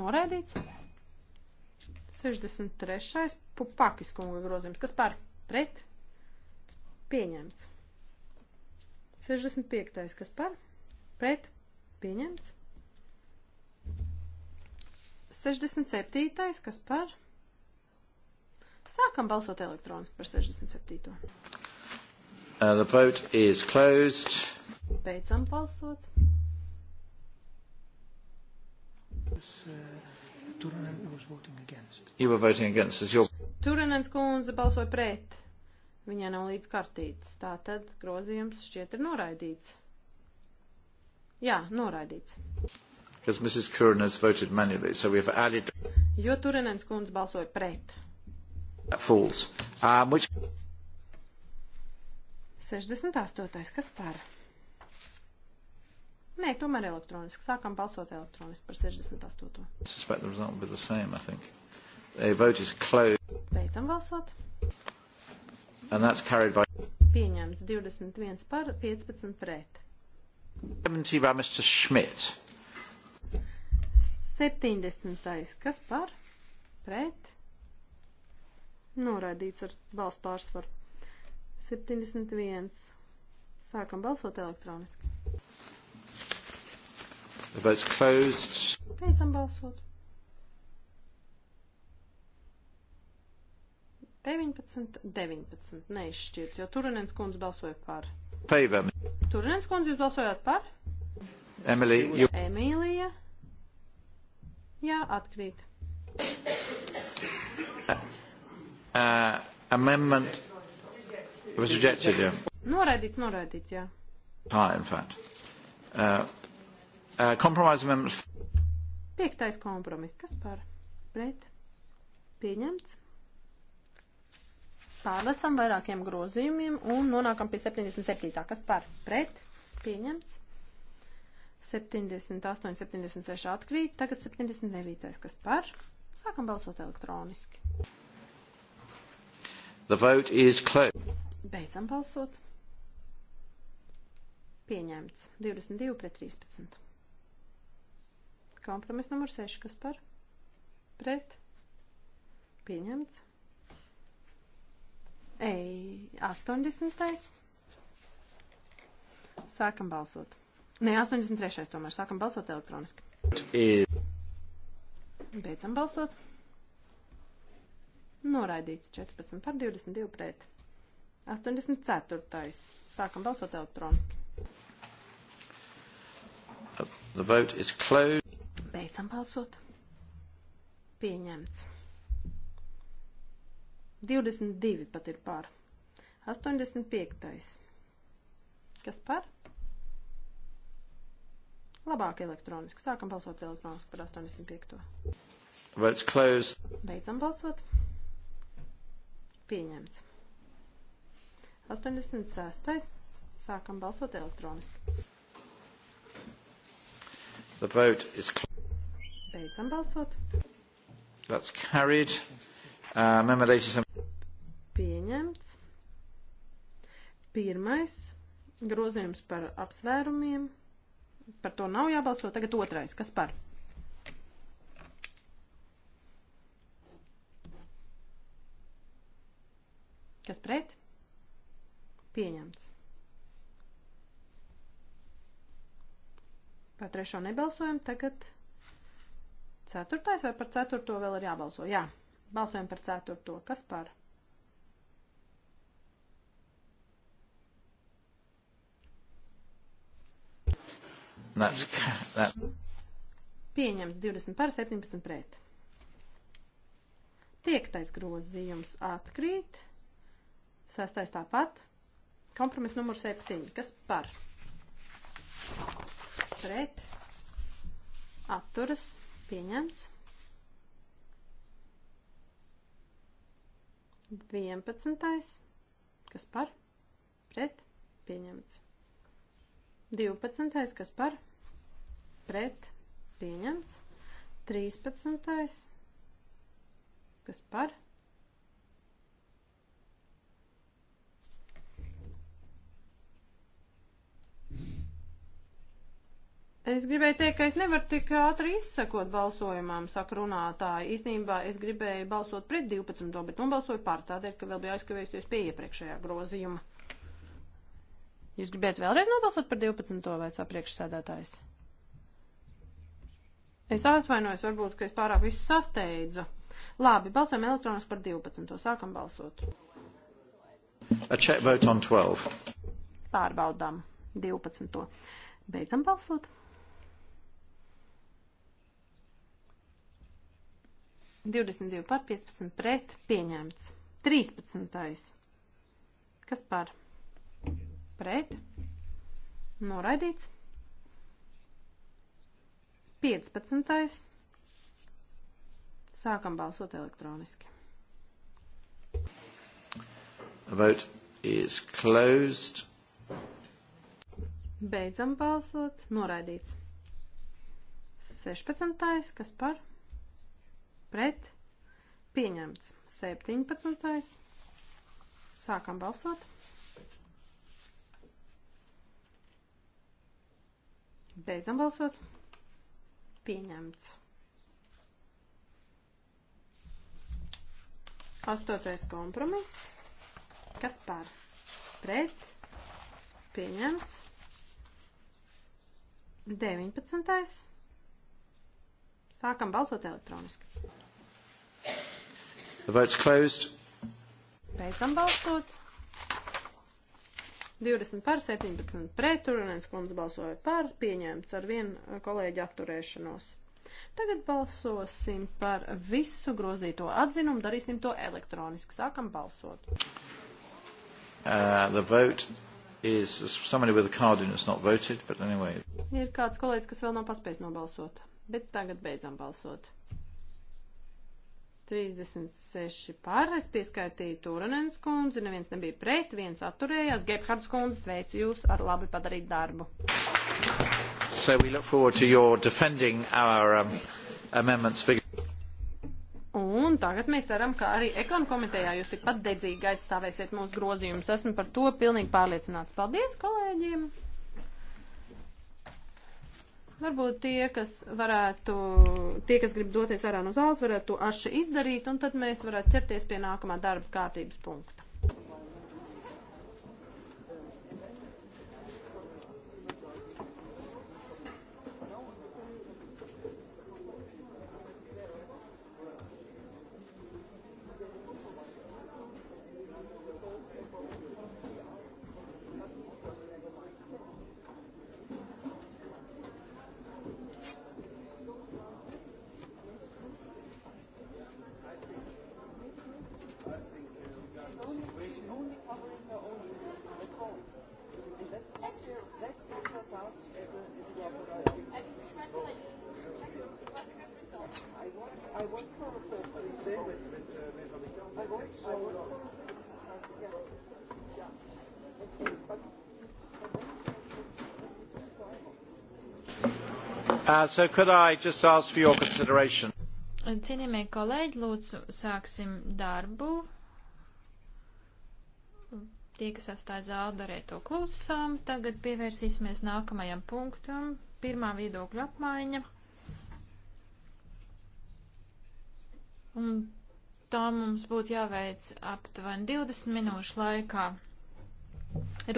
Noraidīts. 63. Pupakis kunga grozījums. Kas par? Pret? Pieņemts. 65. Kas par? Pret? Pieņemts. 67. Kas par? Sākam balsot elektroniski par 67. Uh, the vote is closed. Beidzam balsot. You were voting against as your... Turinens kundze balsoja pret. Viņai nav līdz kartītes. Tātad grozījums šķiet ir noraidīts. Jā, noraidīts. Because Mrs. Turinens voted manually, so we have added... Jo Turinens kundze balsoja pret. Falls. Um, which... 68. Kas par? Nē, tomēr elektroniski. Sākam balsot elektroniski par 68. Suspect the result will be the same, I think. The vote is closed. Beidzam balsot. And that's carried by... Pieņemts 21 par, 15 pret. 70 by Mr. Schmidt. 70. Kas par? Pret. Noraidīts ar balstu pārsvaru. 71. Sākam balsot elektroniski. Beidzam balsot. 19, 19, neizšķirts, jo Turinens kundze balsoja par. Favor. Turinens kundze, jūs balsojāt par? Emily, you... Emīlija. Jā, atkrīt. Uh, Uh, amendment it was rejected, yeah. Noraidīts, noraidīts, jā. High, in fact. Uh, uh, compromise amendment. Piektais kompromiss. Kas par? Pret? Pieņemts. Pārlecam vairākiem grozījumiem un nonākam pie 77. Kas par? Pret? Pieņemts. 78, 76 atkrīt, tagad 79. Kas par? Sākam balsot elektroniski. The vote is closed. Beidzam balsot. Pieņemts. 22 pret 13. Kompromis numur 6. Kas par? Pret. Pieņemts. Ei, 80. Sākam balsot. Nē, 83. tomēr. Sākam balsot elektroniski. Beidzam balsot. Noraidīts 14 par 22 pret. 84. Sākam balsot elektroniski. Uh, the vote is closed. Beidzam balsot. Pieņemts. 22 pat ir par. 85. Kas par? Labāk elektroniski. Sākam balsot elektroniski par 85. Votes closed. Beidzam balsot. Pieņemts. 86. Sākam balsot elektroniski. The vote is Beidzam balsot. That's carried. Uh, amendment 87. Pieņemts. Pirmais grozījums par apsvērumiem. Par to nav jābalso. Tagad otrais. Kas par? Kas pret? Pieņemts. Par trešo nebalsojam, tagad ceturtais vai par ceturto vēl ir jābalso? Jā, balsojam par ceturto. Kas par? That's, that's... Pieņemts 20 par 17 pret. Piektais grozījums atkrīt. Sastais tāpat. Kompromiss numur 7. Kas par? Pret. Atturas. Pieņemts. 11. Kas par? Pret. Pieņemts. 12. Kas par? Pret. Pieņemts. 13. Kas par? Es gribēju teikt, ka es nevaru tik ātri izsakot balsojumam, saka runātāji. Īstenībā es gribēju balsot pret 12, bet nobalsoju par tādēļ, ka vēl bija aizkavējusies pie iepriekšējā grozījuma. Jūs gribētu vēlreiz nobalsot par 12, vai sapriekšsēdētājs? Es atvainojos, varbūt, ka es pārāk visu sasteidzu. Labi, balsojam elektronis par 12. Sākam balsot. A check vote on 12. Pārbaudām 12. Beidzam balsot. 22 par 15 pret pieņemts. 13. Kas par? Pret. Noraidīts. 15. Sākam balsot elektroniski. Vote is closed. Beidzam balsot. Noraidīts. 16. Kas par? pret, pieņemts 17. Sākam balsot. Beidzam balsot. Pieņemts. Astotais kompromiss. Kas par? Pret. Pieņemts. 19. Sākam balsot elektroniski. The vote's closed. Beidzam balsot. 20 par 17 pret, Turunenes kundze balsoja par, pieņemts ar vienu eh, kolēģi atturēšanos. Tagad balsosim par visu grozīto atzinumu, darīsim to elektroniski. Sākam balsot. Uh, the vote is somebody with a card in that's not voted, but anyway. Ir kāds kolēģis, kas vēl nav paspējis nobalsot, bet tagad beidzam balsot. 36 par, es pieskaitīju Turanens kundzi, neviens nebija pret, viens atturējās. Gebhards kundze, sveicu jūs ar labi padarīt darbu. So we look forward to your defending our um, amendments. Un tagad mēs ceram, ka arī ekonu komitejā jūs tikpat dedzīgi aizstāvēsiet mūsu grozījumus. Esmu par to pilnīgi pārliecināts. Paldies kolēģiem! Varbūt tie, kas varētu, tie, kas grib doties ārā no zāles, varētu to aši izdarīt, un tad mēs varētu ķerties pie nākamā darba kārtības punkta. Uh, so could I just ask for your consideration? Cienījamie kolēģi, lūdzu, sāksim darbu. Tie, kas atstāja zāli, dariet to klusām. Tagad pievērsīsimies nākamajam punktam. Pirmā viedokļa apmaiņa. Un tā mums būtu jāveic aptuveni 20 minūšu laikā.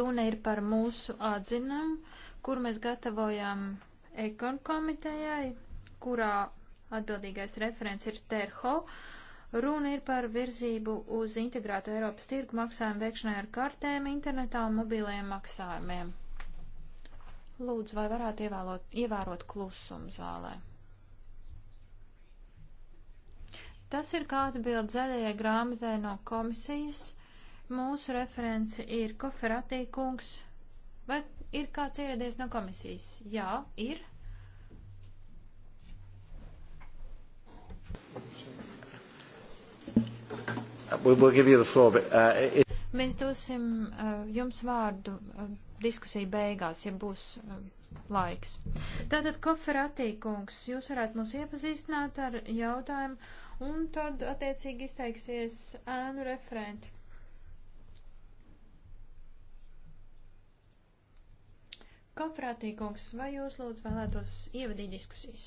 Runa ir par mūsu atzinumu, kur mēs gatavojam ekon komitejai, kurā atbildīgais referents ir Terho. Runa ir par virzību uz integrētu Eiropas tirgu maksājumu veikšanai ar kartēm, internetā un mobīliem maksājumiem. Lūdzu, vai varētu ievēlot, ievērot klusumu zālē? Tas ir kā atbild zaļajai grāmatai no komisijas. Mūsu referenci ir Koferatī kungs. Vai Ir kāds ieradies no komisijas? Jā, ir. We'll give you the floor, but, uh, it... Mēs dosim uh, jums vārdu uh, diskusiju beigās, ja būs uh, laiks. Tātad, Koferatī kungs, jūs varētu mūs iepazīstināt ar jautājumu, un tad attiecīgi izteiksies ēnu referenti. Kofrātī kungs, vai jūs lūdzu vēlētos ievadīt diskusijas?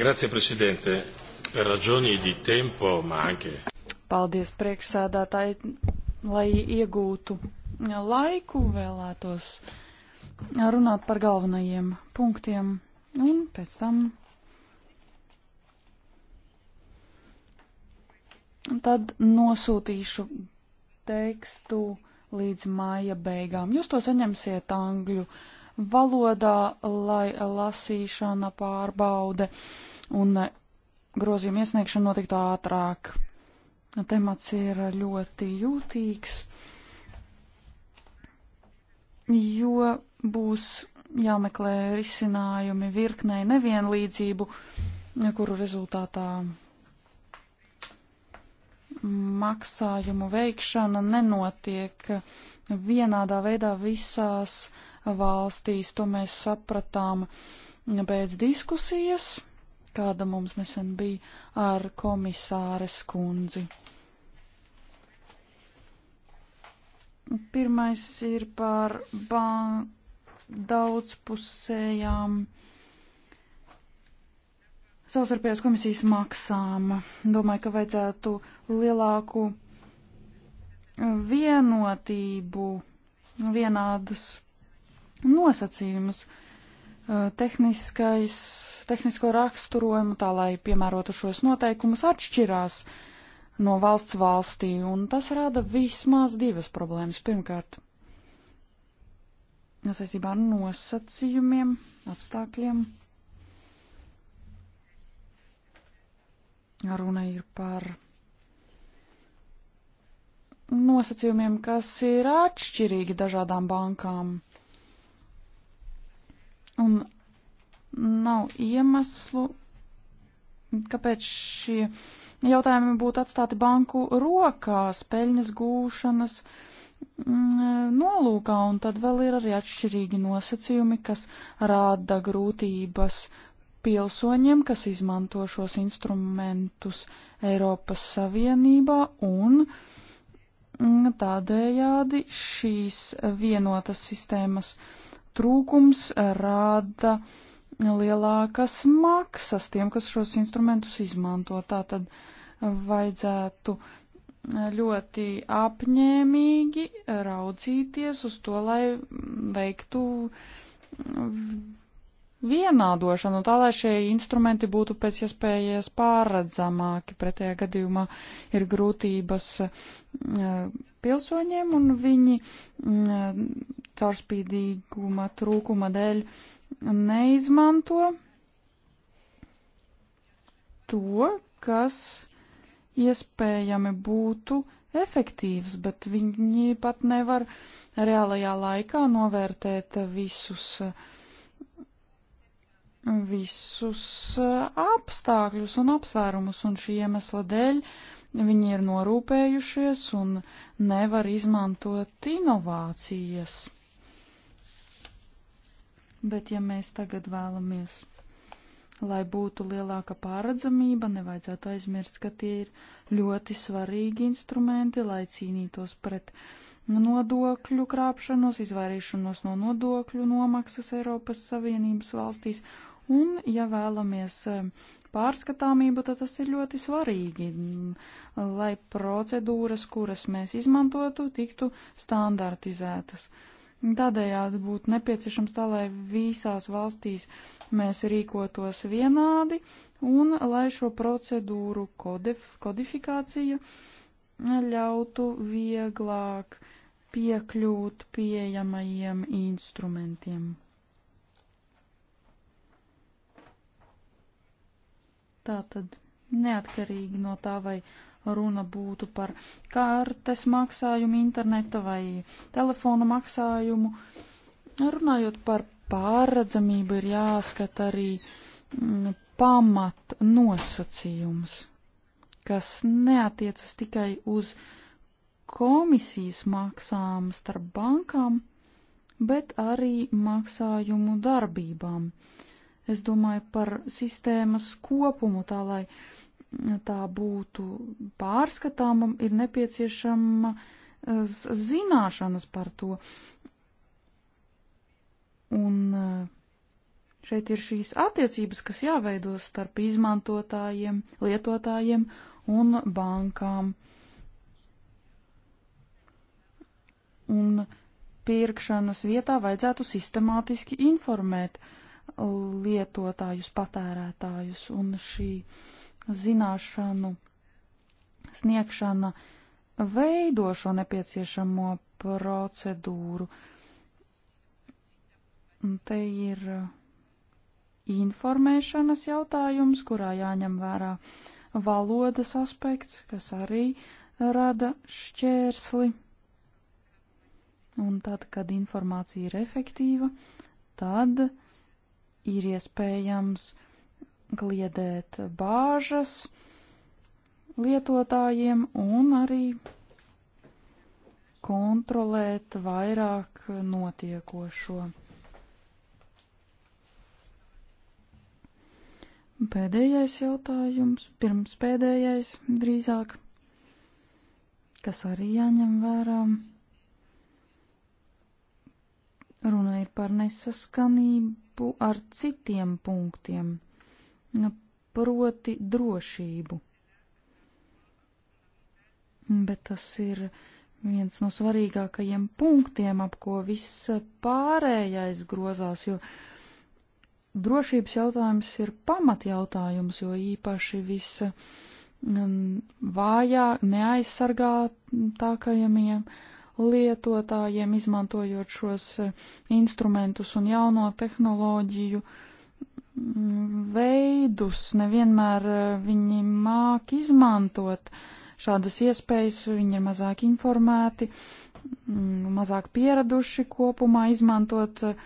Grazie, prezidente. Per ragioni di tempo, ma anche. Paldies, priekšsēdātāji, lai iegūtu laiku, vēlētos runāt par galvenajiem punktiem un pēc tam. Tad nosūtīšu tekstu līdz maija beigām. Jūs to saņemsiet angļu valodā, lai lasīšana, pārbaude un eh, grozījuma iesniegšana notiktu ātrāk. Temats ir ļoti jūtīgs, jo būs jāmeklē risinājumi virknei nevienlīdzību, kuru rezultātā maksājumu veikšana nenotiek vienādā veidā visās valstīs. To mēs sapratām pēc diskusijas, kāda mums nesen bija ar komisāres kundzi. Pirmais ir par ban daudzpusējām uh, savstarpējās komisijas maksām. Domāju, ka vajadzētu lielāku vienotību, vienādus nosacījumus, tehniskais, tehnisko raksturojumu, tā lai piemērotu šos noteikumus atšķirās no valsts valstī, un tas rada vismaz divas problēmas. Pirmkārt, saistībā ar nosacījumiem, apstākļiem Runa ir par nosacījumiem, kas ir atšķirīgi dažādām bankām. Un nav iemeslu, kāpēc šie jautājumi būtu atstāti banku rokās, peļņas gūšanas mm, nolūkā, un tad vēl ir arī atšķirīgi nosacījumi, kas rāda grūtības pilsoņiem, kas izmanto šos instrumentus Eiropas Savienībā un mm, tādējādi šīs vienotas sistēmas trūkums rada lielākas maksas tiem, kas šos instrumentus izmanto. Tātad vajadzētu ļoti apņēmīgi raudzīties uz to, lai veiktu vienādošanu, tā lai šie instrumenti būtu pēc iespējas pārredzamāki. Pretējā gadījumā ir grūtības mm, pilsoņiem un viņi mm, caurspīdīguma trūkuma dēļ neizmanto to, kas iespējami būtu efektīvs, bet viņi pat nevar reālajā laikā novērtēt visus uh, visus eh, apstākļus un apsvērumus, un šī iemesla dēļ viņi ir norūpējušies un nevar izmantot inovācijas. Bet ja mēs tagad vēlamies, lai būtu lielāka pārredzamība, nevajadzētu aizmirst, ka tie ir ļoti svarīgi instrumenti, lai cīnītos pret nodokļu krāpšanos, izvairīšanos no nodokļu nomaksas Eiropas Savienības valstīs Un, ja vēlamies eh, pārskatāmību, tad tas ir ļoti svarīgi, mm, lai procedūras, kuras mēs izmantotu, tiktu standartizētas. Tādējādi būtu nepieciešams tā, lai visās valstīs mēs rīkotos vienādi un lai šo procedūru kodif kodifikācija ļautu vieglāk piekļūt pieejamajiem instrumentiem. Tātad neatkarīgi no tā, vai runa būtu par kārtas maksājumu interneta vai telefona maksājumu, runājot par pārredzamību, ir jāskata arī mm, pamat nosacījums, kas neatiecas tikai uz komisijas maksām starp bankām, bet arī maksājumu darbībām. Uh, Es domāju par sistēmas kopumu, tā lai tā būtu pārskatāma, ir nepieciešama eh, zināšanas par to. Un eh, šeit ir šīs attiecības, kas jāveido starp izmantotājiem, lietotājiem un bankām. Un pirkšanas vietā vajadzētu sistemātiski informēt uh, lietotājus, patērētājus, un šī zināšanu sniegšana veido šo nepieciešamo procedūru. Un te ir informēšanas jautājums, kurā jāņem vērā valodas aspekts, kas arī rada šķērsli. Un tad, kad informācija ir efektīva, tad uh, ir iespējams kliedēt bāžas lietotājiem un arī kontrolēt vairāk notiekošo. Pēdējais jautājums, pirms pēdējais drīzāk, kas arī jāņem vērā. Runa ir par nesaskanību lapu ar citiem punktiem, proti drošību. Bet tas ir viens no svarīgākajiem punktiem, ap ko viss pārējais grozās, jo drošības jautājums ir pamatjautājums, jo īpaši viss mm, vājā, neaizsargātākajiem. Ja lietotājiem, izmantojot šos eh, instrumentus un jauno tehnoloģiju mm, veidus. Nevienmēr eh, viņi māk izmantot šādas iespējas, viņi ir mazāk informēti, mm, mazāk pieraduši kopumā izmantot eh,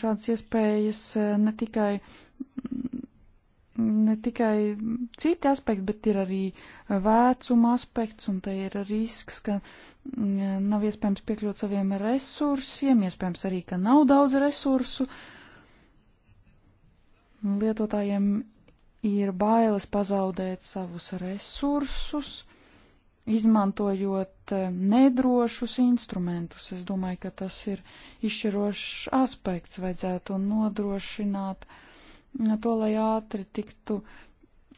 šādas iespējas ne tikai ne tikai citi aspekti, bet ir arī vecuma aspekts, un te ir risks, ka mm, nav iespējams piekļūt saviem resursiem, iespējams arī, ka nav daudz resursu. Lietotājiem ir bailes pazaudēt savus resursus, izmantojot eh, nedrošus instrumentus. Es domāju, ka tas ir izšķirošs aspekts, vajadzētu nodrošināt uh, to, lai ātri tiktu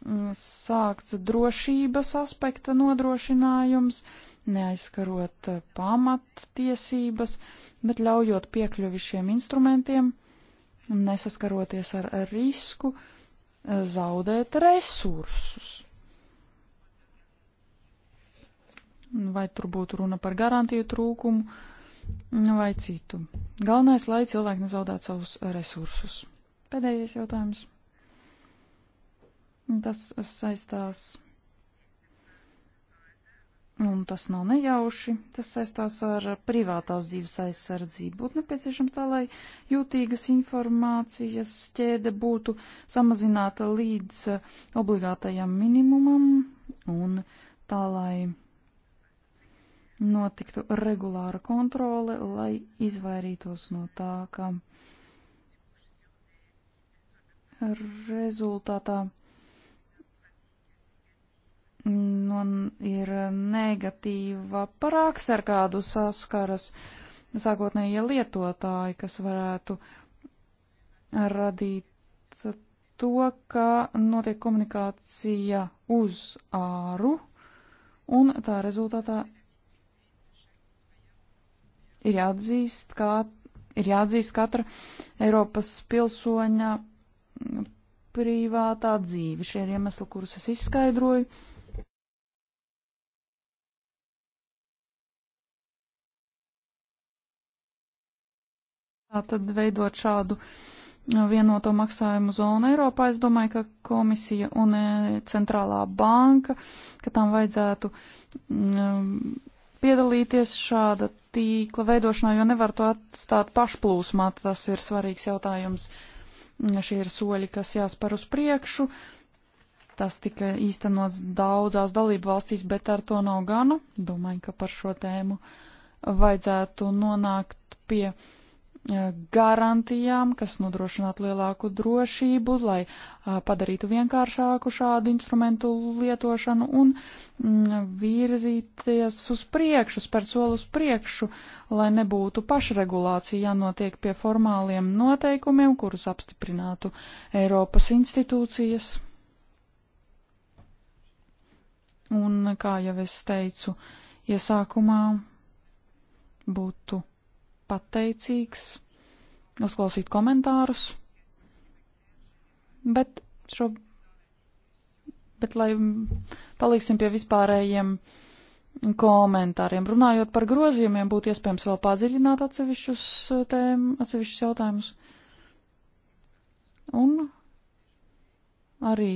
mm, sākts drošības aspekta nodrošinājums, neaizskarot eh, pamattiesības, bet ļaujot piekļuvi šiem instrumentiem, nesaskaroties ar risku eh, zaudēt resursus. Vai tur būtu runa par garantiju trūkumu vai citu. Galvenais, lai cilvēki nezaudētu savus resursus. Pēdējais jautājums. Tas saistās. Un tas nav nejauši. Tas saistās ar privātās dzīves aizsardzību. Būtu nepieciešams tā, lai jūtīgas informācijas ķēde būtu samazināta līdz obligātajam minimumam un tā, lai notiktu regulāra kontrole, lai izvairītos no tā, ka rezultātā nu, ir negatīva parāks, ar kādu saskaras sākotnējie lietotāji, kas varētu radīt to, ka notiek komunikācija uz āru, un tā rezultātā ir jāatzīst, kā, ir jāatzīst katra Eiropas pilsoņa privātā dzīve. Šie ir iemesli, kurus es izskaidroju. Tā tad veidot šādu vienoto maksājumu zonu Eiropā, es domāju, ka komisija un e, centrālā banka, ka tam vajadzētu um, piedalīties šāda tīkla veidošanā, jo nevar to atstāt pašplūsmā, tas ir svarīgs jautājums. Uh, Mm, šie ir soļi, kas jāspēr uz priekšu. Tas tika īstenots daudzās dalību valstīs, bet ar to nav gana. Domāju, ka par šo tēmu vajadzētu nonākt pie uh, garantijām, kas nodrošinātu lielāku drošību, lai padarītu vienkāršāku šādu instrumentu lietošanu un mm, virzīties uz priekšu, spērt soli uz priekšu, lai nebūtu pašregulācija jānotiek pie formāliem noteikumiem, kurus apstiprinātu Eiropas institūcijas. Un, kā jau es teicu, iesākumā būtu pateicīgs uzklausīt komentārus, bet šo, bet lai paliksim pie vispārējiem komentāriem. Runājot par grozījumiem, būtu iespējams vēl padziļināt atsevišķus uh, tēmu, atsevišķus jautājumus. Un arī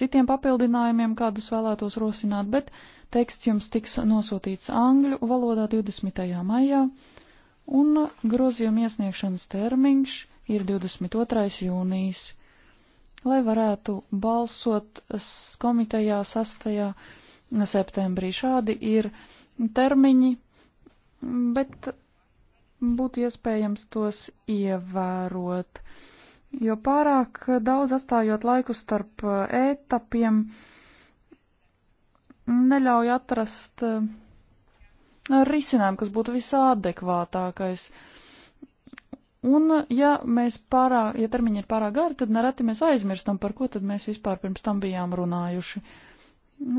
citiem papildinājumiem, kādus vēlētos rosināt, bet teksts jums tiks nosūtīts angļu valodā 20. maijā un grozījuma iesniegšanas termiņš ir 22. jūnijas, lai varētu balsot komitejā 6. septembrī. Šādi ir termiņi, bet būtu iespējams tos ievērot, jo pārāk daudz atstājot laiku starp e-, etapiem neļauj atrast uh, risinājumu, kas būtu visādekvātākais. Un, ja mēs pārāk, ja termiņi ir pārāk gari, tad nereti mēs aizmirstam, par ko tad mēs vispār pirms tam bijām runājuši.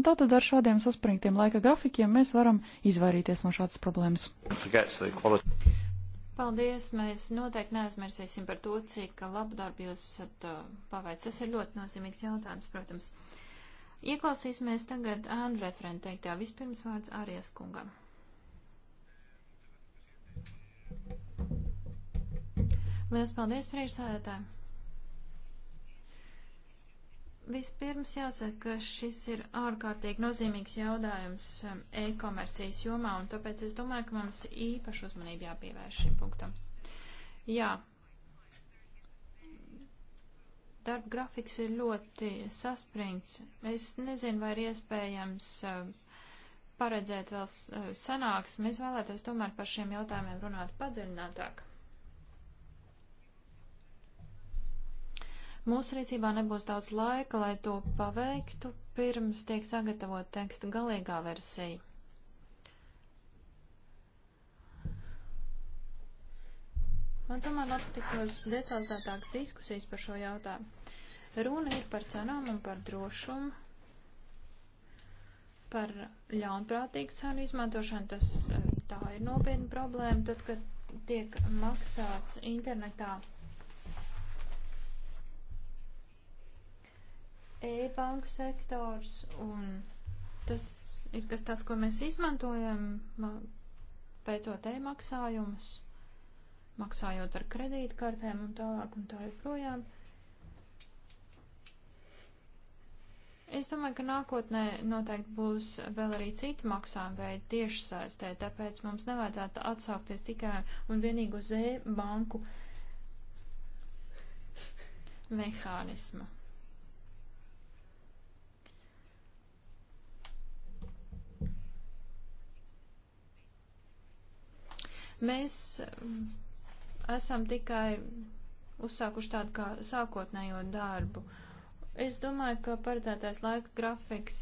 Tātad ar šādiem saspringtiem laika grafikiem mēs varam izvairīties no šādas problēmas. Paldies, mēs noteikti neaizmirsīsim par to, cik labdarbi jūs esat uh, paveicis. Tas ir ļoti nozīmīgs jautājums, protams. Ieklausīsimies tagad Andre Frenteiktā. Vispirms vārds Arijas kungam. Lielas paldies, priekšsēdētāji! Vispirms jāsaka, ka šis ir ārkārtīgi nozīmīgs jautājums um, e-komercijas jomā, un tāpēc es domāju, ka mums īpaši uzmanība jāpievērš šim punktam. Jā, darba grafiks ir ļoti saspringts. Es nezinu, vai ir iespējams um, paredzēt vēl uh, sanāksmi. Es vēlētos tomēr par šiem jautājumiem runāt padziļinātāk. Mūsu rīcībā nebūs daudz laika, lai to paveiktu, pirms tiek sagatavot teksta galīgā versija. Man tomēr notikos detalizētākas diskusijas par šo jautājumu. Runa ir par cenām un par drošumu, par ļaunprātīgu cenu izmantošanu. Tas eh, tā ir nopietna problēma, tad, kad tiek maksāts internetā e-banku sektors, un tas ir kas tāds, ko mēs izmantojam, veicot e-maksājumus, maksājot ar kredītkartēm un tālāk un tā joprojām. Es domāju, ka nākotnē noteikti būs vēl arī citi maksājumi veidi tieši saistē, tāpēc mums nevajadzētu atsaukties tikai un vienīgi uz e-banku mehānismu. Mēs mm, esam tikai uzsākuši tādu kā sākotnējo darbu. Es domāju, ka paredzētais laika grafiks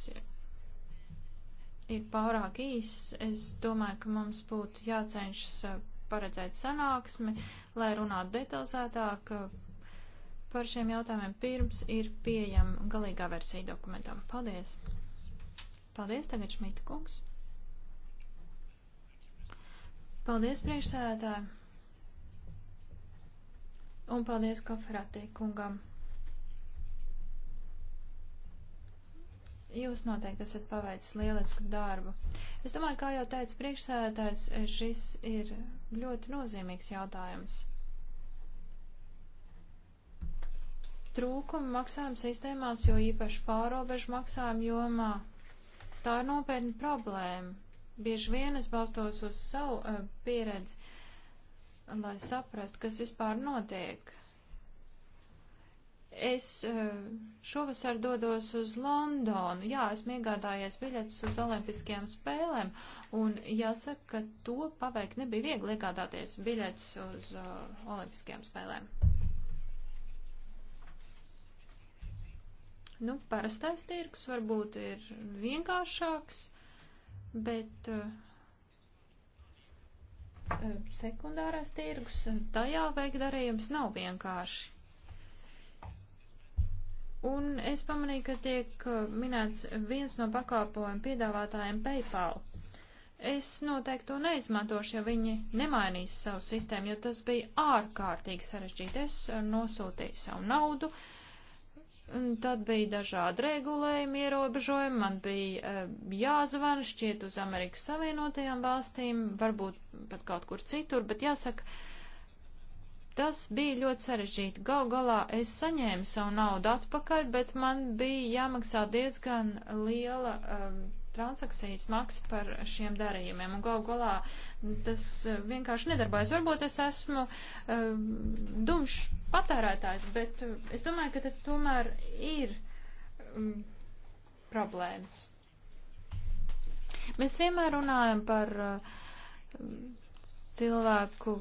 ir pārāk īss. Es domāju, ka mums būtu jācenšas eh, paredzēt sanāksmi, lai runātu detalizētāk eh, par šiem jautājumiem pirms ir pieejama galīgā versija dokumentam. Paldies! Paldies, tagad Šmita kungs! Paldies, priekšsēdētāji! Un paldies Kaferatī kungam. Jūs noteikti esat paveicis lielisku darbu. Es domāju, kā jau teica priekšsēdētājs, šis ir ļoti nozīmīgs jautājums. Trūkumi maksājuma sistēmās, jo īpaši pārobežu maksājuma jomā, tā ir nopietna problēma. Bieži vien es balstos uz savu uh, pieredzi, lai saprastu, kas vispār notiek. Es uh, šovasar dodos uz Londonu. Jā, esmu iegādājies biļetes uz Olimpiskajām spēlēm, un jāsaka, ka to paveikt nebija viegli iegādāties biļetes uz uh, Olimpiskajām spēlēm. Nu, parastais tirgus varbūt ir vienkāršāks, bet eh, eh, sekundārais tirgus, eh, tajā veikt darījums nav vienkārši. Un es pamanīju, ka tiek minēts viens no pakāpojumu piedāvātājiem PayPal. Es noteikti to neizmantošu, ja viņi nemainīs savu sistēmu, jo tas bija ārkārtīgi sarežģīti. Es nosūtīju savu naudu, uh, Un tad bija dažādi regulējumi, ierobežojumi, man bija e, jāzvan šķiet uz Amerikas Savienotajām valstīm, varbūt pat kaut kur citur, bet jāsaka, tas bija ļoti sarežģīti. Gal galā es saņēmu savu naudu atpakaļ, bet man bija jāmaksā diezgan liela. Um, e, transakcijas maksa par šiem darījumiem. Un gal galā tas eh, vienkārši nedarbojas. Varbūt es esmu uh, dumšs patērētājs, bet eh, es domāju, ka te tomēr ir um, problēmas. Mēs vienmēr runājam par uh, cilvēku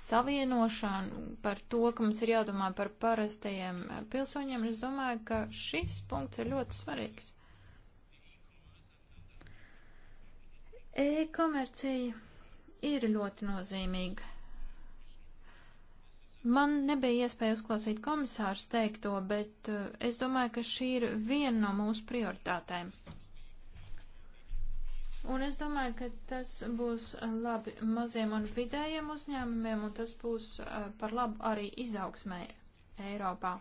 savienošanu, par to, ka mums ir jādomā par parastajiem pilsoņiem, es domāju, ka šis punkts ir ļoti svarīgs. E-komercija ir ļoti nozīmīga. Man nebija iespēja uzklausīt komisārs teikto, bet uh, es domāju, ka šī ir viena no mūsu prioritātēm. Un es domāju, ka tas būs labi maziem un vidējiem uzņēmumiem, un tas būs uh, par labu arī izaugsmē Eiropā.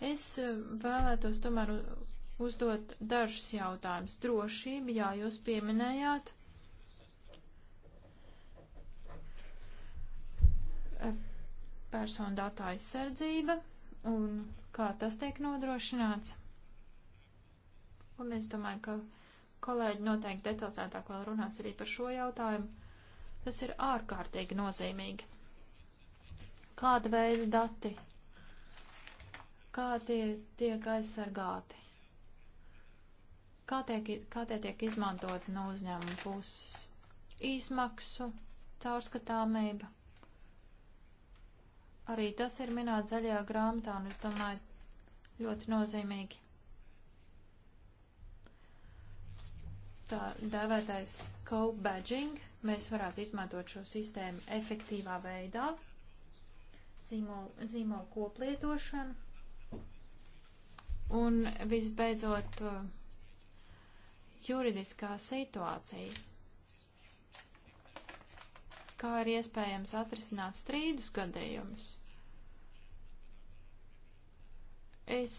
Es eh, vēlētos tomēr uzdot dažus jautājumus. Drošība, jā, jūs pieminējāt. Eh, personu datu aizsardzība un kā tas tiek nodrošināts. Un es domāju, ka kolēģi noteikti detalizētāk vēl runās arī par šo jautājumu. Tas ir ārkārtīgi nozīmīgi. Kāda veida dati kā tie tiek aizsargāti, kā, tiek, kā tie tiek izmantot no uzņēmuma puses. Izmaksu, caurskatāmība. Arī tas ir minēts zaļajā grāmatā, un es domāju, ļoti nozīmīgi. Tā dēvētais co-badging, mēs varētu izmantot šo sistēmu efektīvā veidā, zīmolu koplietošanu Un visbeidzot, eh, juridiskā situācija. Kā ir iespējams atrisināt strīdus gadījumus? Es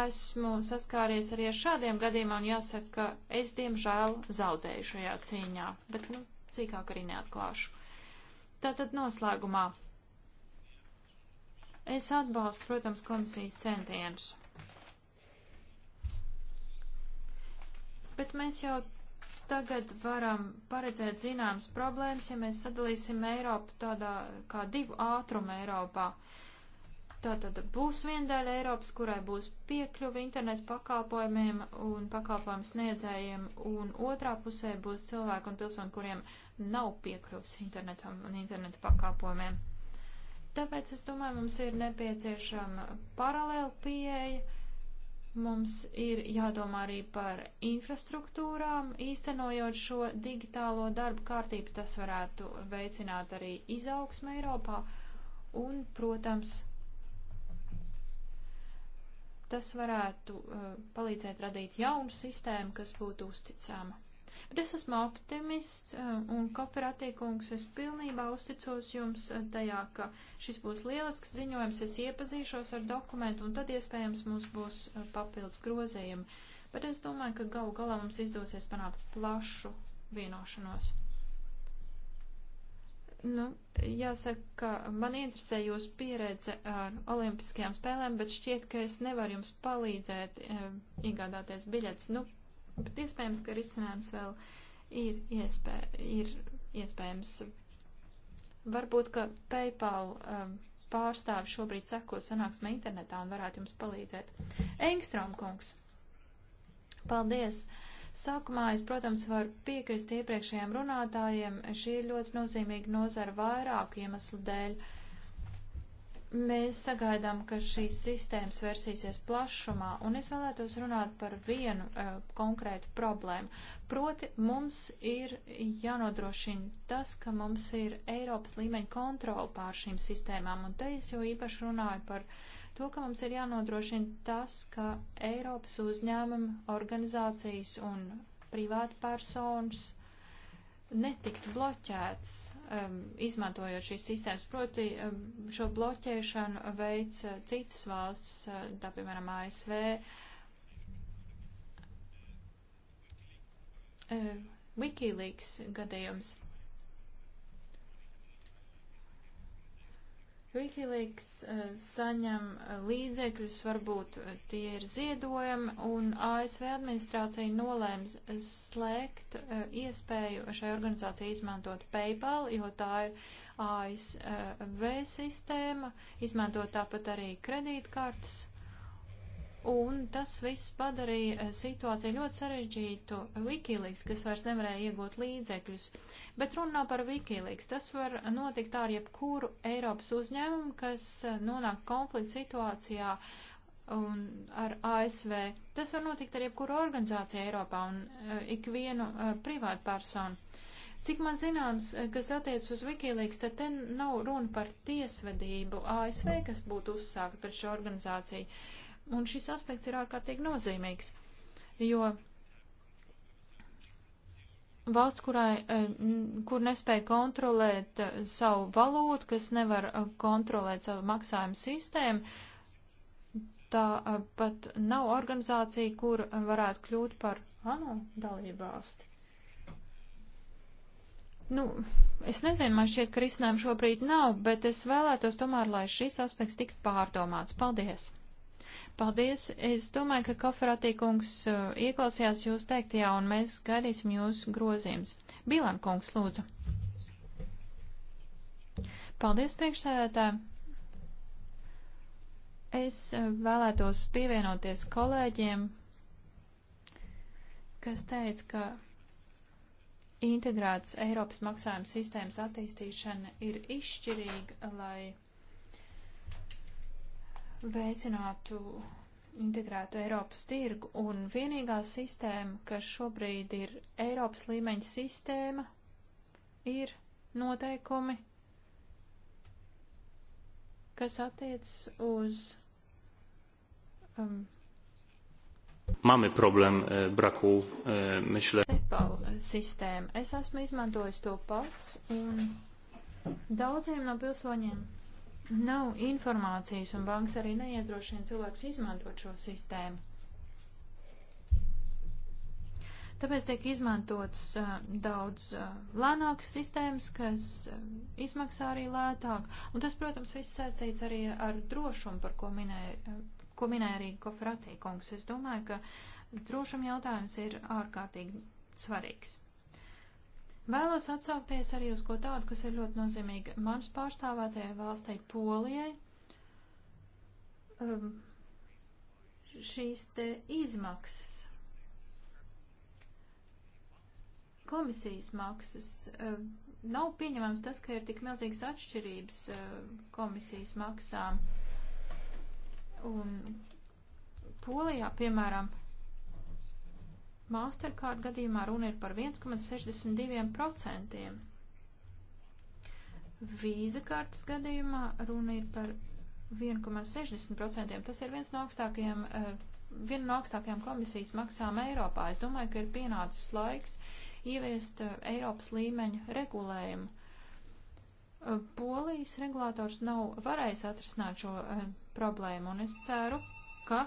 esmu saskāries arī ar šādiem gadījumiem, un jāsaka, ka es diemžēl zaudēju šajā cīņā, bet nu, cīkāk arī neatklāšu. Tātad noslēgumā. Es atbalstu, protams, komisijas centienus. bet mēs jau tagad varam paredzēt zināmas problēmas, ja mēs sadalīsim Eiropu tādā kā divu ātrumu Eiropā. Tātad būs viena daļa Eiropas, kurai būs piekļuva internetu pakalpojumiem un pakalpojumu sniedzējiem, un otrā pusē būs cilvēki un pilsoņi, kuriem nav piekļuvs internetam un internetu pakalpojumiem. Tāpēc es domāju, mums ir nepieciešama paralēla pieeja Mums ir jādomā arī par infrastruktūrām. Īstenojot šo digitālo darbu kārtību, tas varētu veicināt arī izaugsmu Eiropā. Un, protams, tas varētu uh, palīdzēt radīt jaunu sistēmu, kas būtu uzticama. Bet es esmu optimists eh, un kooperatīkungs, es pilnībā uzticos jums eh, tajā, ka šis būs lielisks ziņojums, es iepazīšos ar dokumentu un tad iespējams mums būs eh, papildus grozējumi. Bet es domāju, ka galu galā mums izdosies panākt plašu vienošanos. Nu, jāsaka, ka man interesē jūsu pieredze ar olimpiskajām spēlēm, bet šķiet, ka es nevaru jums palīdzēt e, iegādāties biļetes. Nu, bet iespējams, ka risinājums vēl ir, iespē, ir iespējams. Varbūt, ka PayPal um, pārstāvi šobrīd seko sanāksmē internetā un varētu jums palīdzēt. Engstrom kungs, paldies! Sākumā es, protams, varu piekrist iepriekšējiem runātājiem. Šī ir ļoti nozīmīga nozara vairāku iemeslu dēļ. Uh, Mēs sagaidām, ka šīs sistēmas versīsies plašumā, un es vēlētos runāt par vienu uh, konkrētu problēmu. Proti, mums ir jānodrošina tas, ka mums ir Eiropas līmeņa kontrola pār šīm sistēmām, un te es jau īpaši runāju par to, ka mums ir jānodrošina tas, ka Eiropas uzņēmumi, organizācijas un privātpersonas netiktu bloķētas um, izmantojot šīs sistēmas. Proti um, šo bloķēšanu veids uh, citas valsts, uh, tā piemēram ASV. Uh, Wikileaks gadījums. Wikileaks eh, saņem eh, līdzekļus, varbūt eh, tie ir ziedojami, un ASV administrācija nolēms slēgt iespēju šai organizācijai izmantot PayPal, jo tā ir ASV sistēma, izmantot tāpat arī kredītkartes Un tas viss padarīja eh, situāciju ļoti sarežģītu Wikileaks, kas vairs nevarēja iegūt līdzekļus. Bet runa nav par Wikileaks. Tas var notikt ar jebkuru Eiropas uzņēmumu, kas eh, nonāk konflikta situācijā un ar ASV. Tas var notikt ar jebkuru organizāciju Eiropā un eh, ikvienu privātu personu. Cik man zināms, kas attiec uz Wikileaks, tad te nav runa par tiesvedību ASV, kas būtu uzsākt pret šo organizāciju. Un šis aspekts ir ārkārtīgi nozīmīgs, jo valsts, kurai, eh, kur nespēja kontrolēt eh, savu valūtu, kas nevar eh, kontrolēt savu maksājumu sistēmu, tā pat nav organizācija, kur varētu kļūt par ANO dalību valsti. Nu, es nezinu, man šķiet, ka risinājumu šobrīd nav, bet es vēlētos tomēr, lai šis aspekts tiktu pārdomāts. Paldies! Paldies! Es domāju, ka Koferatī kungs uh, ieklausījās jūs teiktajā, un mēs gaidīsim jūsu grozījums. Bilan kungs, lūdzu! Paldies, priekšsēdētāji! Es uh, vēlētos pievienoties kolēģiem, kas teica, ka integrētas Eiropas maksājuma sistēmas attīstīšana ir izšķirīga, lai veicinātu integrētu Eiropas tirgu, un vienīgā sistēma, kas šobrīd ir Eiropas līmeņa sistēma, ir noteikumi, kas attiecas uz. Um, Mamy problem e, braku e, myślę. Cepal sistēma. Es esmu izmantojis to pats un daudziem no pilsoņiem nav informācijas, un banks arī neiedrošina cilvēkus izmantot šo sistēmu. Tāpēc tiek izmantots uh, daudz uh, lēnākas sistēmas, kas uh, izmaksā arī lētāk. Un tas, protams, viss saistīts arī ar drošumu, par ko minēja, uh, ko minēja arī Kofratī kungs. Es domāju, ka drošuma jautājums ir ārkārtīgi svarīgs. Vēlos atsaukties arī uz ko tādu, kas ir ļoti nozīmīgi manas pārstāvētajai valstei Polijai. Um, šīs te izmaksas, komisijas maksas, um, nav pieņemams tas, ka ir tik milzīgas atšķirības um, komisijas maksām. Un Polijā, piemēram, Mastercard gadījumā runa ir par 1,62%. Vīza kartes gadījumā runa ir par 1,60%. Tas ir viens no augstākajiem, eh, viena no augstākajām komisijas maksām Eiropā. Es domāju, ka ir pienācis laiks ieviest eh, Eiropas līmeņa regulējumu. Eh, Polijas regulators nav varējis atrisināt šo problēmu, un es ceru, ka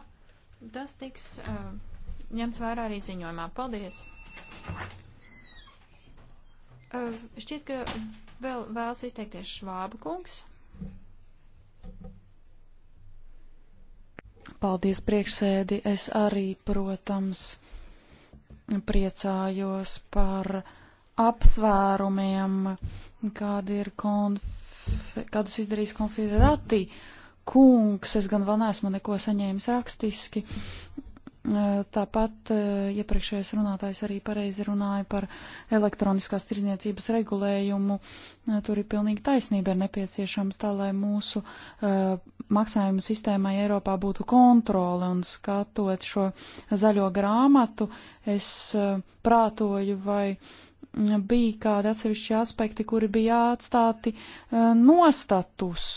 tas tiks uh, ņemts vērā arī ziņojumā. Paldies! Uh, šķiet, ka vēl vēlas izteikties Švāba kungs. Paldies priekšsēdi. Es arī, protams, priecājos par apsvērumiem, kādi ir konfi, kādus izdarījis konfirati kungs. Es gan vēl neesmu neko saņēmis rakstiski, Tāpat eh, iepriekšējais runātājs arī pareizi runāja par elektroniskās tirzniecības regulējumu. Eh, tur ir pilnīgi taisnība ir nepieciešams tā, lai mūsu uh, eh, maksājuma sistēmai Eiropā būtu kontrole un skatot šo zaļo grāmatu, es uh, prātoju vai mm, bija kādi atsevišķi aspekti, kuri bija atstāti uh, nostatus,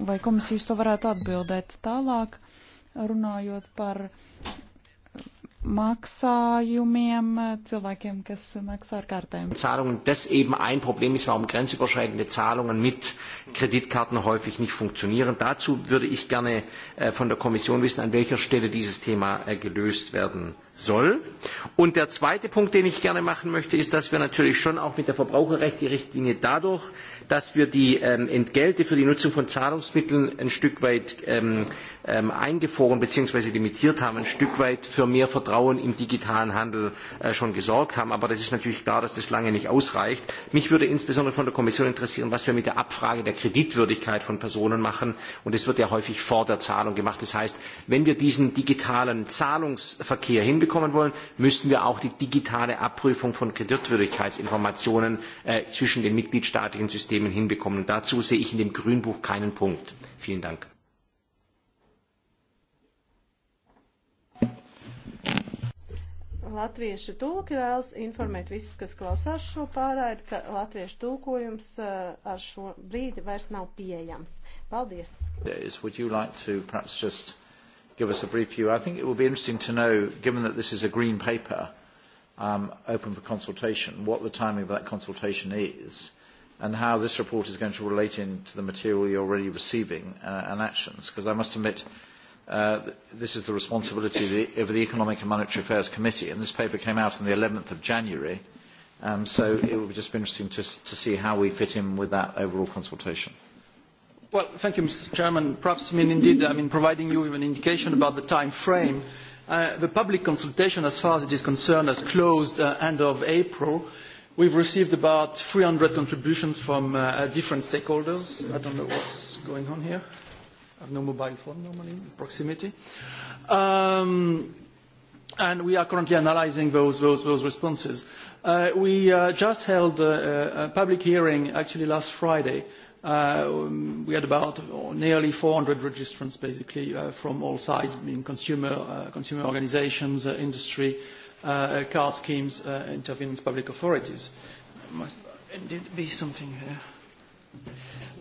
vai komisijas to varētu atbildēt tālāk. Uh, runājot par maksājumiem cilvēkiem, kas maksā ar kartēm. Zahlungen, das eben ein Problem ist, warum grenzüberschreitende Zahlungen mit Kreditkarten häufig nicht funktionieren. Dazu würde ich gerne äh, von der Kommission wissen, an welcher Stelle dieses Thema äh, gelöst werden soll. Und der zweite Punkt, den ich gerne machen möchte, ist, dass wir natürlich schon auch mit der Verbraucherrechte-Richtlinie dadurch, dass wir die ähm, Entgelte für die Nutzung von Zahlungsmitteln ein Stück weit ähm, ähm, eingefroren bzw. limitiert haben, ein Stück weit für mehr Vertrauen im digitalen Handel äh, schon gesorgt haben. Aber das ist natürlich klar, dass das lange nicht ausreicht. Mich würde insbesondere von der Kommission interessieren, was wir mit der Abfrage der Kreditwürdigkeit von Personen machen. Und das wird ja häufig vor der Zahlung gemacht. Das heißt, wenn wir diesen digitalen Zahlungsverkehr hin hinbekommen wollen, müssen wir auch die digitale Abprüfung von Kreditwürdigkeitsinformationen äh, zwischen den mitgliedstaatlichen Systemen hinbekommen. Und dazu sehe ich in dem Grünbuch keinen Punkt. Vielen Dank. latviešu tulki vēlas informēt visus, kas klausās šo pārraidi, ka latviešu tulkojums eh, ar šo brīdi vairs nav pieejams. Paldies! Is, would you like to perhaps just give us a brief view. I think it will be interesting to know, given that this is a green paper, um, open for consultation, what the timing of that consultation is and how this report is going to relate into the material you're already receiving uh, and actions. Because I must admit, uh, this is the responsibility of the, of the Economic and Monetary Affairs Committee, and this paper came out on the 11th of January, um, so it will be just be interesting to, to see how we fit in with that overall consultation. Well, thank you, Mr. Chairman. Perhaps, I mean, indeed, I mean, providing you with an indication about the time frame. Uh, the public consultation, as far as it is concerned, has closed uh, end of April. We've received about 300 contributions from uh, uh, different stakeholders. I don't know what's going on here. I have no mobile phone normally in proximity. Um, and we are currently analyzing those, those, those responses. Uh, we uh, just held a, a public hearing, actually last Friday, uh, Uh, um, we had about oh, nearly 400 registrants, basically, uh, from all sides, being consumer, uh, consumer organizations, uh, industry, uh, card schemes, uh, interveners, public authorities. Must indeed be something here.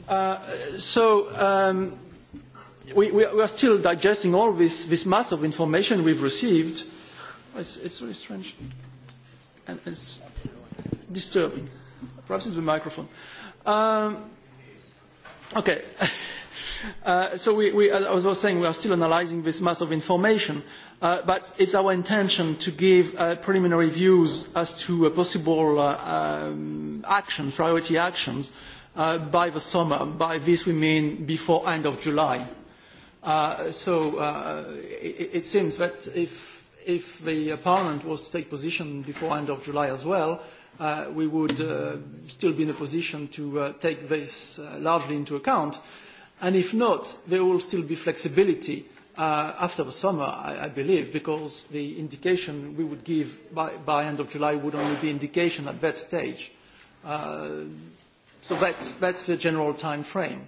Uh, so um, we, we are still digesting all this, this mass of information we've received. It's, it's really strange and it's disturbing. Perhaps it's the microphone. Um, Okay. Uh, so we, we, as I was saying, we are still analyzing this mass of information, uh, but it's our intention to give uh, preliminary views as to uh, possible uh, um, action, priority actions, uh, by the summer. By this we mean before end of July. Uh, so uh, it, it seems that if, if the uh, Parliament was to take position before end of July as well, uh, uh, we would uh, still be in a position to uh, take this uh, largely into account. And if not, there will still be flexibility uh, after the summer, I, I believe, because the indication we would give by, by end of July would only be indication at that stage. Uh, so that's, that's the general time frame.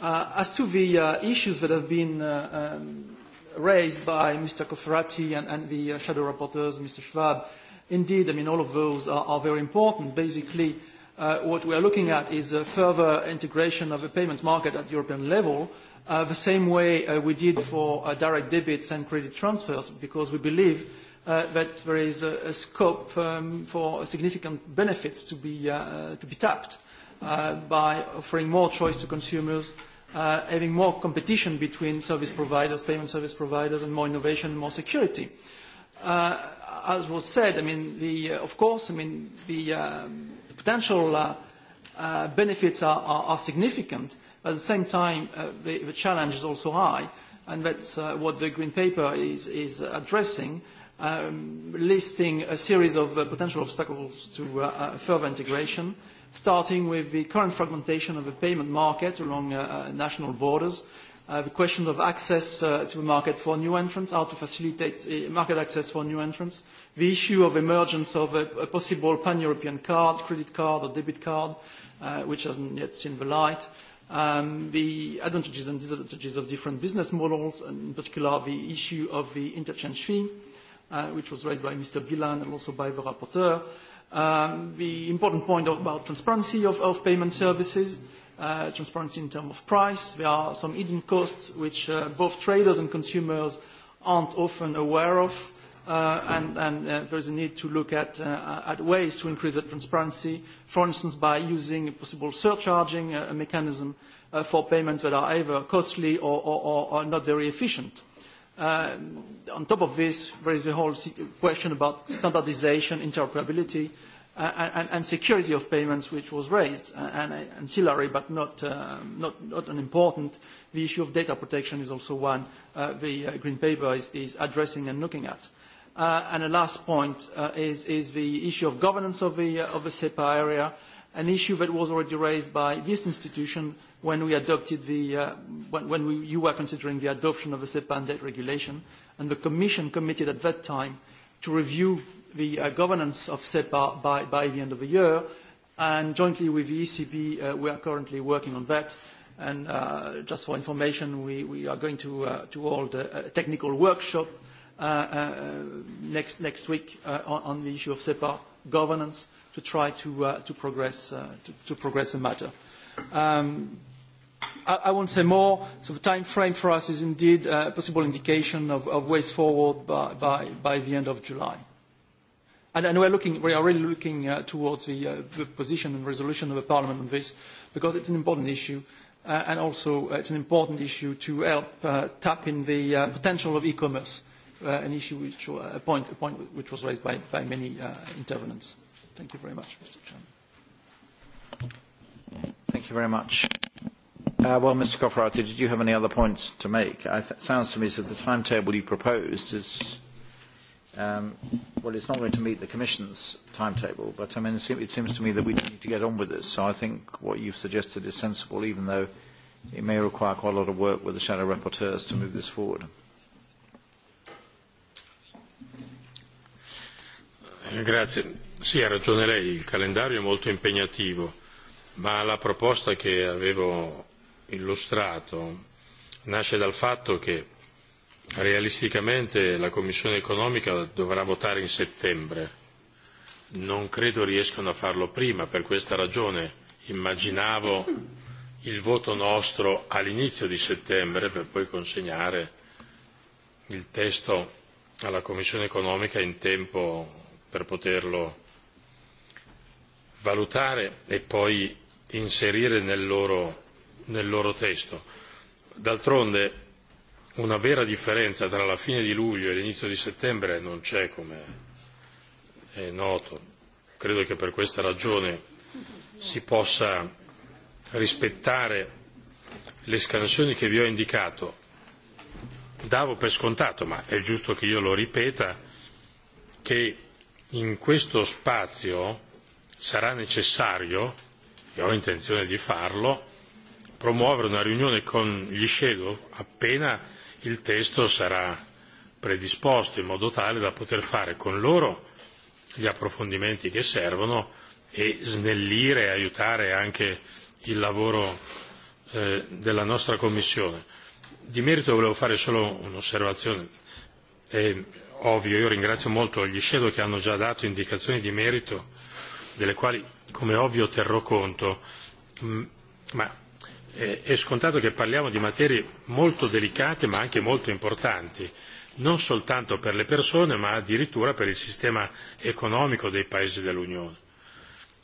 Uh, as to the uh, issues that have been uh, um, raised by Mr. Cofferati and, and the uh, shadow rapporteurs, Mr. Schwab, uh, Indeed, I mean, all of those are, are very important. Basically, uh, what we are looking at is a further integration of the payments market at European level, uh, the same way uh, we did for uh, direct debits and credit transfers, because we believe uh, that there is a, a scope um, for significant benefits to be, uh, to be tapped uh, by offering more choice to consumers, uh, having more competition between service providers, payment service providers, and more innovation and more security. Uh, uh, as was said, I mean, the, uh, of course, I mean, the, um, the potential uh, uh, benefits are, are, are significant, but at the same time, uh, the, the challenge is also high, and that's uh, what the Green Paper is, is addressing, um, listing a series of uh, potential obstacles to uh, uh, further integration, starting with the current fragmentation of the payment market along uh, uh, national borders, uh, Uh, the question of access uh, to the market for new entrants, how to facilitate uh, market access for new entrants, the issue of emergence of a, a possible pan-European card, credit card or debit card, uh, which hasn't yet seen the light, um, the advantages and disadvantages of different business models, and in particular the issue of the interchange fee, uh, which was raised by Mr. Bilan and also by the rapporteur, um, the important point about transparency of, of payment services, mm-hmm uh, transparency in terms of price. There are some hidden costs which uh, both traders and consumers aren't often aware of, uh, and, and uh, there's a need to look at, uh, at ways to increase that transparency, for instance, by using a possible surcharging uh, mechanism uh, for payments that are either costly or, or, or not very efficient. Uh, on top of this, there is the whole question about standardization, interoperability, uh, and, and security of payments, which was raised, and ancillary but not, um, not, not unimportant. The issue of data protection is also one uh, the uh, Green Paper is, is addressing and looking at. Uh, and a last point uh, is, is the issue of governance of the, uh, of the SEPA area, an issue that was already raised by this institution when we adopted the, uh, when, when we, you were considering the adoption of the SEPA and debt regulation, and the Commission committed at that time to review the uh, governance of SEPA by, by the end of the year. And jointly with the ECB, uh, we are currently working on that. And uh, just for information, we, we are going to, uh, to hold a, a technical workshop uh, uh, uh, next, next week uh, on, on the issue of SEPA governance to try to, uh, to, progress, uh, to, to progress the matter. Um, I, I won't say more. So the time frame for us is indeed a possible indication of, of ways forward by, by, by the end of July. And, and we're looking, we are really looking uh, towards the, uh, the position and resolution of the Parliament on this, because it's an important issue, uh, and also it's an important issue to help uh, tap in the uh, potential of e-commerce, uh, an issue which, uh, a, point, a point which was raised by, by many uh, intervenants. Thank you very much, Mr. Chairman. Thank you very much. Uh, well, Mr. Cofferati, did you have any other points to make? It sounds to me as if the timetable you proposed is Um, well, it's not going to meet the Commission's timetable, but I mean, it seems to me that we need to get on with this. So I think what you've suggested is sensible, even though it may require quite a lot of work with the shadow rapporteurs to move this forward. Grazie. Sì, ha ragione lei, il calendario è molto impegnativo, ma la proposta che avevo illustrato nasce dal fatto che Realisticamente la Commissione economica dovrà votare in settembre. Non credo riescano a farlo prima, per questa ragione immaginavo il voto nostro all'inizio di settembre per poi consegnare il testo alla Commissione economica in tempo per poterlo valutare e poi inserire nel loro, nel loro testo. D'altronde una vera differenza tra la fine di luglio e l'inizio di settembre non c'è, come è noto. Credo che per questa ragione si possa rispettare le scansioni che vi ho indicato. Davo per scontato, ma è giusto che io lo ripeta, che in questo spazio sarà necessario, e ho intenzione di farlo, promuovere una riunione con gli shadow appena il testo sarà predisposto in modo tale da poter fare con loro gli approfondimenti che servono e snellire e aiutare anche il lavoro eh, della nostra Commissione. Di merito volevo fare solo un'osservazione. È ovvio, io ringrazio molto gli Shadow che hanno già dato indicazioni di merito, delle quali, come ovvio, terrò conto, mh, mm, ma eh, è scontato che parliamo di materie molto delicate ma anche molto importanti, non soltanto per le persone ma addirittura per il sistema economico dei Paesi dell'Unione.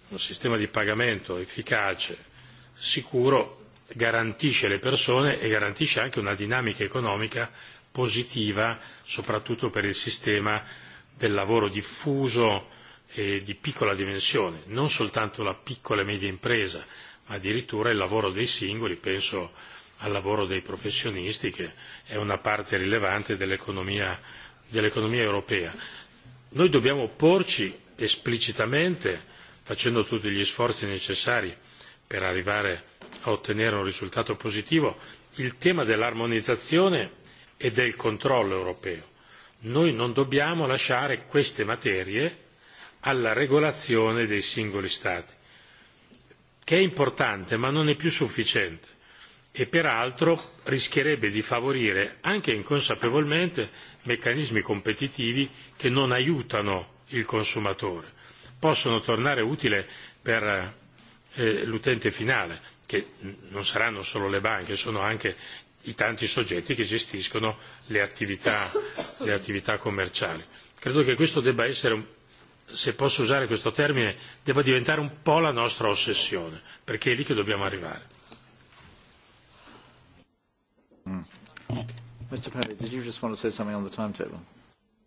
Un sistema di pagamento efficace, sicuro, garantisce le persone e garantisce anche una dinamica economica positiva, soprattutto per il sistema del lavoro diffuso e di piccola dimensione, non soltanto la piccola e media impresa, addirittura il lavoro dei singoli, penso al lavoro dei professionisti che è una parte rilevante dell'economia, dell'economia europea. Noi dobbiamo porci esplicitamente, facendo tutti gli sforzi necessari per arrivare a ottenere un risultato positivo, il tema dell'armonizzazione e del controllo europeo. Noi non dobbiamo lasciare queste materie alla regolazione dei singoli Stati che è importante ma non è più sufficiente e peraltro rischierebbe di favorire anche inconsapevolmente meccanismi competitivi che non aiutano il consumatore. Possono tornare utile per eh, l'utente finale, che non saranno solo le banche, sono anche i tanti soggetti che gestiscono le attività, le attività commerciali. Credo che questo debba essere se posso usare questo termine, debba diventare un po' la nostra ossessione, perché è lì che dobbiamo arrivare. Mm. Mr. Perry, did you just want to say something on the timetable?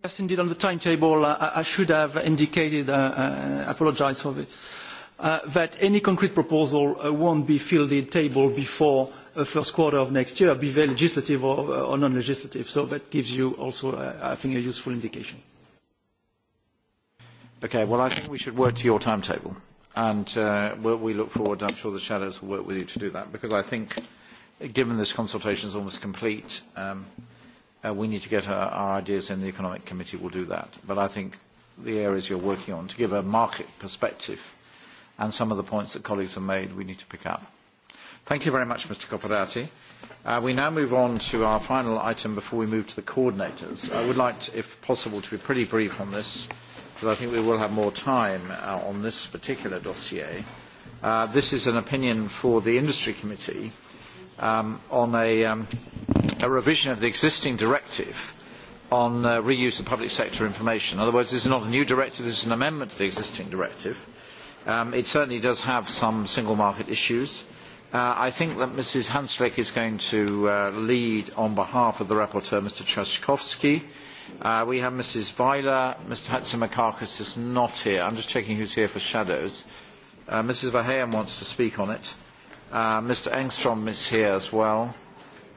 Yes, indeed, on the timetable, uh, I should have indicated, uh, uh, apologize for this, uh, that any concrete proposal uh, won't be fielded table before uh, first quarter of next year, be they legislative or, or non-legislative. So that gives you also, uh, I think, a useful indication. Okay, well, I think we should work to your timetable. And uh, we'll, we look forward, I'm sure the shadows will work with you to do that, because I think, given this consultation is almost complete, um, uh, we need to get our, our ideas in. The Economic Committee will do that. But I think the areas you're working on, to give a market perspective, and some of the points that colleagues have made, we need to pick up. Thank you very much, Mr. Copperati. Uh, we now move on to our final item before we move to the coordinators. I would like, to, if possible, to be pretty brief on this because I think we will have more time uh, on this particular dossier. Uh, this is an opinion for the Industry Committee um, on a, um, a revision of the existing directive on uh, reuse of public sector information. In other words, this is not a new directive, this is an amendment to the existing directive. Um, it certainly does have some single market issues. Uh, I think that Mrs. Hanslick is going to uh, lead on behalf of the rapporteur, Mr. Trzaskowski. Uh, Uh, we have Mrs. Weiler. Mr. Hatzimakakis is not here. I'm just checking who's here for shadows. Uh, Mrs. Verheyen wants to speak on it. Uh, Mr. Engstrom is here as well.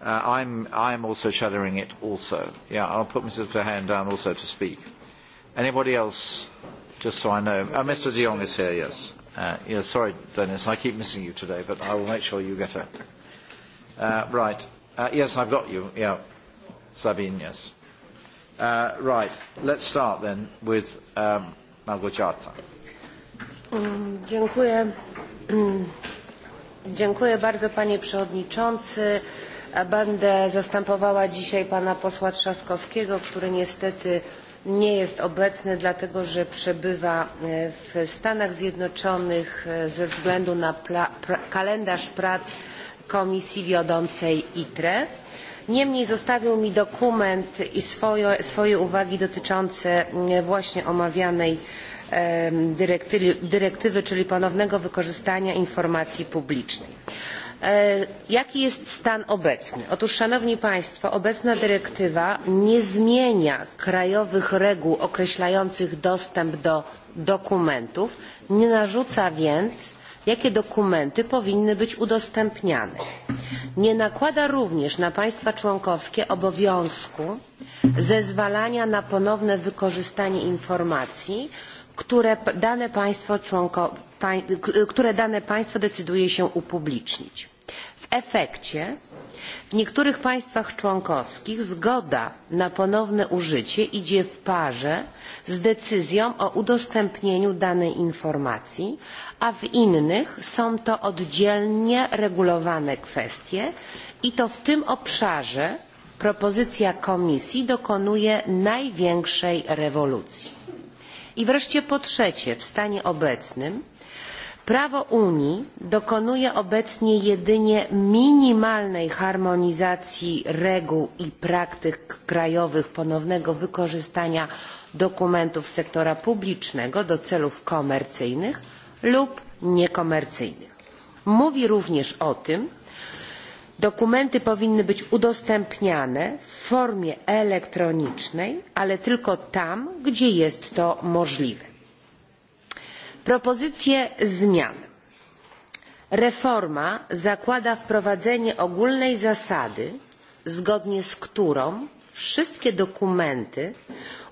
Uh, I'm, I'm also shadowing it also. Yeah, I'll put Mrs. Verheyen down also to speak. Anybody else, just so I know? Uh, Mr. de Jong is here, yes. Uh, yeah, sorry, Dennis, I keep missing you today, but I will make sure you get her. Uh, right. Uh, yes, I've got you. Yeah. Sabine, yes. Uh, right, let's start then with um, Małgorzata. Um, mm, dziękuję. Mm, dziękuję bardzo panie przewodniczący. Będę zastępowała dzisiaj pana posła Trzaskowskiego, który niestety nie jest obecny, dlatego że przebywa e, w Stanach Zjednoczonych e, ze względu na pra kalendarz prac Komisji Wiodącej ITRE. Niemniej zostawił mi dokument i swoje, swoje uwagi dotyczące mm, właśnie omawianej dyrektywy, dyrektywy, czyli ponownego wykorzystania informacji publicznej. E, jaki jest stan obecny? Otóż, Szanowni Państwo, obecna dyrektywa nie zmienia krajowych reguł określających dostęp do dokumentów, nie narzuca więc jakie dokumenty powinny być udostępniane. Nie nakłada również na państwa członkowskie obowiązku zezwalania na ponowne wykorzystanie informacji, które dane państwo, członko, pa, które dane państwo decyduje się upublicznić. W efekcie W niektórych państwach członkowskich zgoda na ponowne użycie idzie w parze z decyzją o udostępnieniu danej informacji, a w innych są to oddzielnie regulowane kwestie i to w tym obszarze propozycja Komisji dokonuje największej rewolucji. I wreszcie po trzecie, w stanie obecnym Prawo Unii dokonuje obecnie jedynie minimalnej harmonizacji reguł i praktyk krajowych ponownego wykorzystania dokumentów sektora publicznego do celów komercyjnych lub niekomercyjnych. Mówi również o tym, Dokumenty powinny być udostępniane w formie elektronicznej, ale tylko tam, gdzie jest to możliwe propozycje zmian reforma zakłada wprowadzenie ogólnej zasady zgodnie z którą wszystkie dokumenty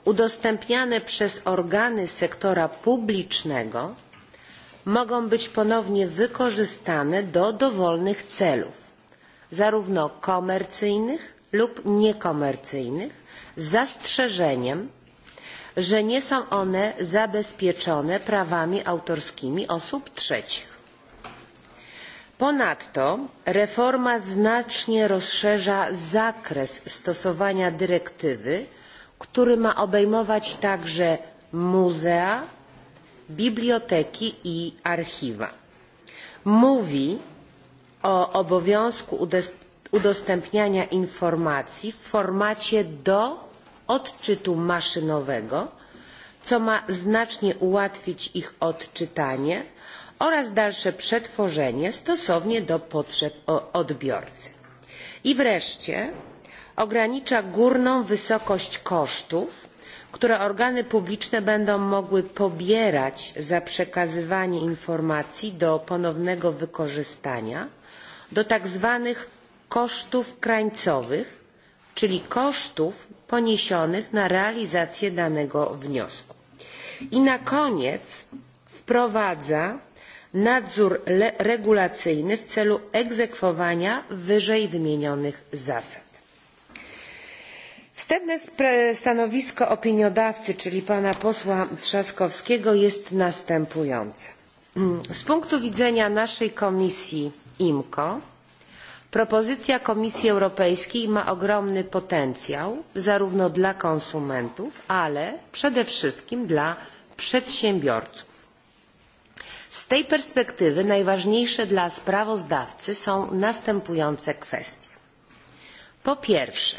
udostępniane przez organy sektora publicznego mogą być ponownie wykorzystane do dowolnych celów zarówno komercyjnych lub niekomercyjnych z zastrzeżeniem że nie są one zabezpieczone prawami autorskimi osób trzecich. Ponadto reforma znacznie rozszerza zakres stosowania dyrektywy, który ma obejmować także muzea, biblioteki i archiwa. Mówi o obowiązku udostępniania informacji w formacie do odczytu maszynowego, co ma znacznie ułatwić ich odczytanie oraz dalsze przetworzenie stosownie do potrzeb odbiorcy. I wreszcie ogranicza górną wysokość kosztów, które organy publiczne będą mogły pobierać za przekazywanie informacji do ponownego wykorzystania do tak zwanych kosztów krańcowych, czyli kosztów poniesionych na realizację danego wniosku. I na koniec wprowadza nadzór regulacyjny w celu egzekwowania wyżej wymienionych zasad. Wstępne stanowisko opiniodawcy, czyli pana posła Trzaskowskiego jest następujące. Mm, z punktu widzenia naszej komisji IMCO Propozycja Komisji Europejskiej ma ogromny potencjał zarówno dla konsumentów, ale przede wszystkim dla przedsiębiorców. Z tej perspektywy najważniejsze dla sprawozdawcy są następujące kwestie. Po pierwsze,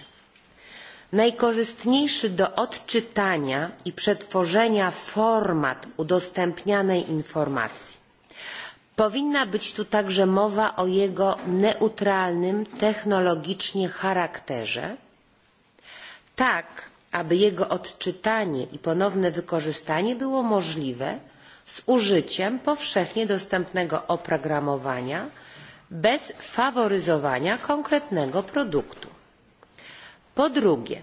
najkorzystniejszy do odczytania i przetworzenia format udostępnianej informacji Powinna być tu także mowa o jego neutralnym technologicznie charakterze, tak aby jego odczytanie i ponowne wykorzystanie było możliwe z użyciem powszechnie dostępnego oprogramowania bez faworyzowania konkretnego produktu. Po drugie,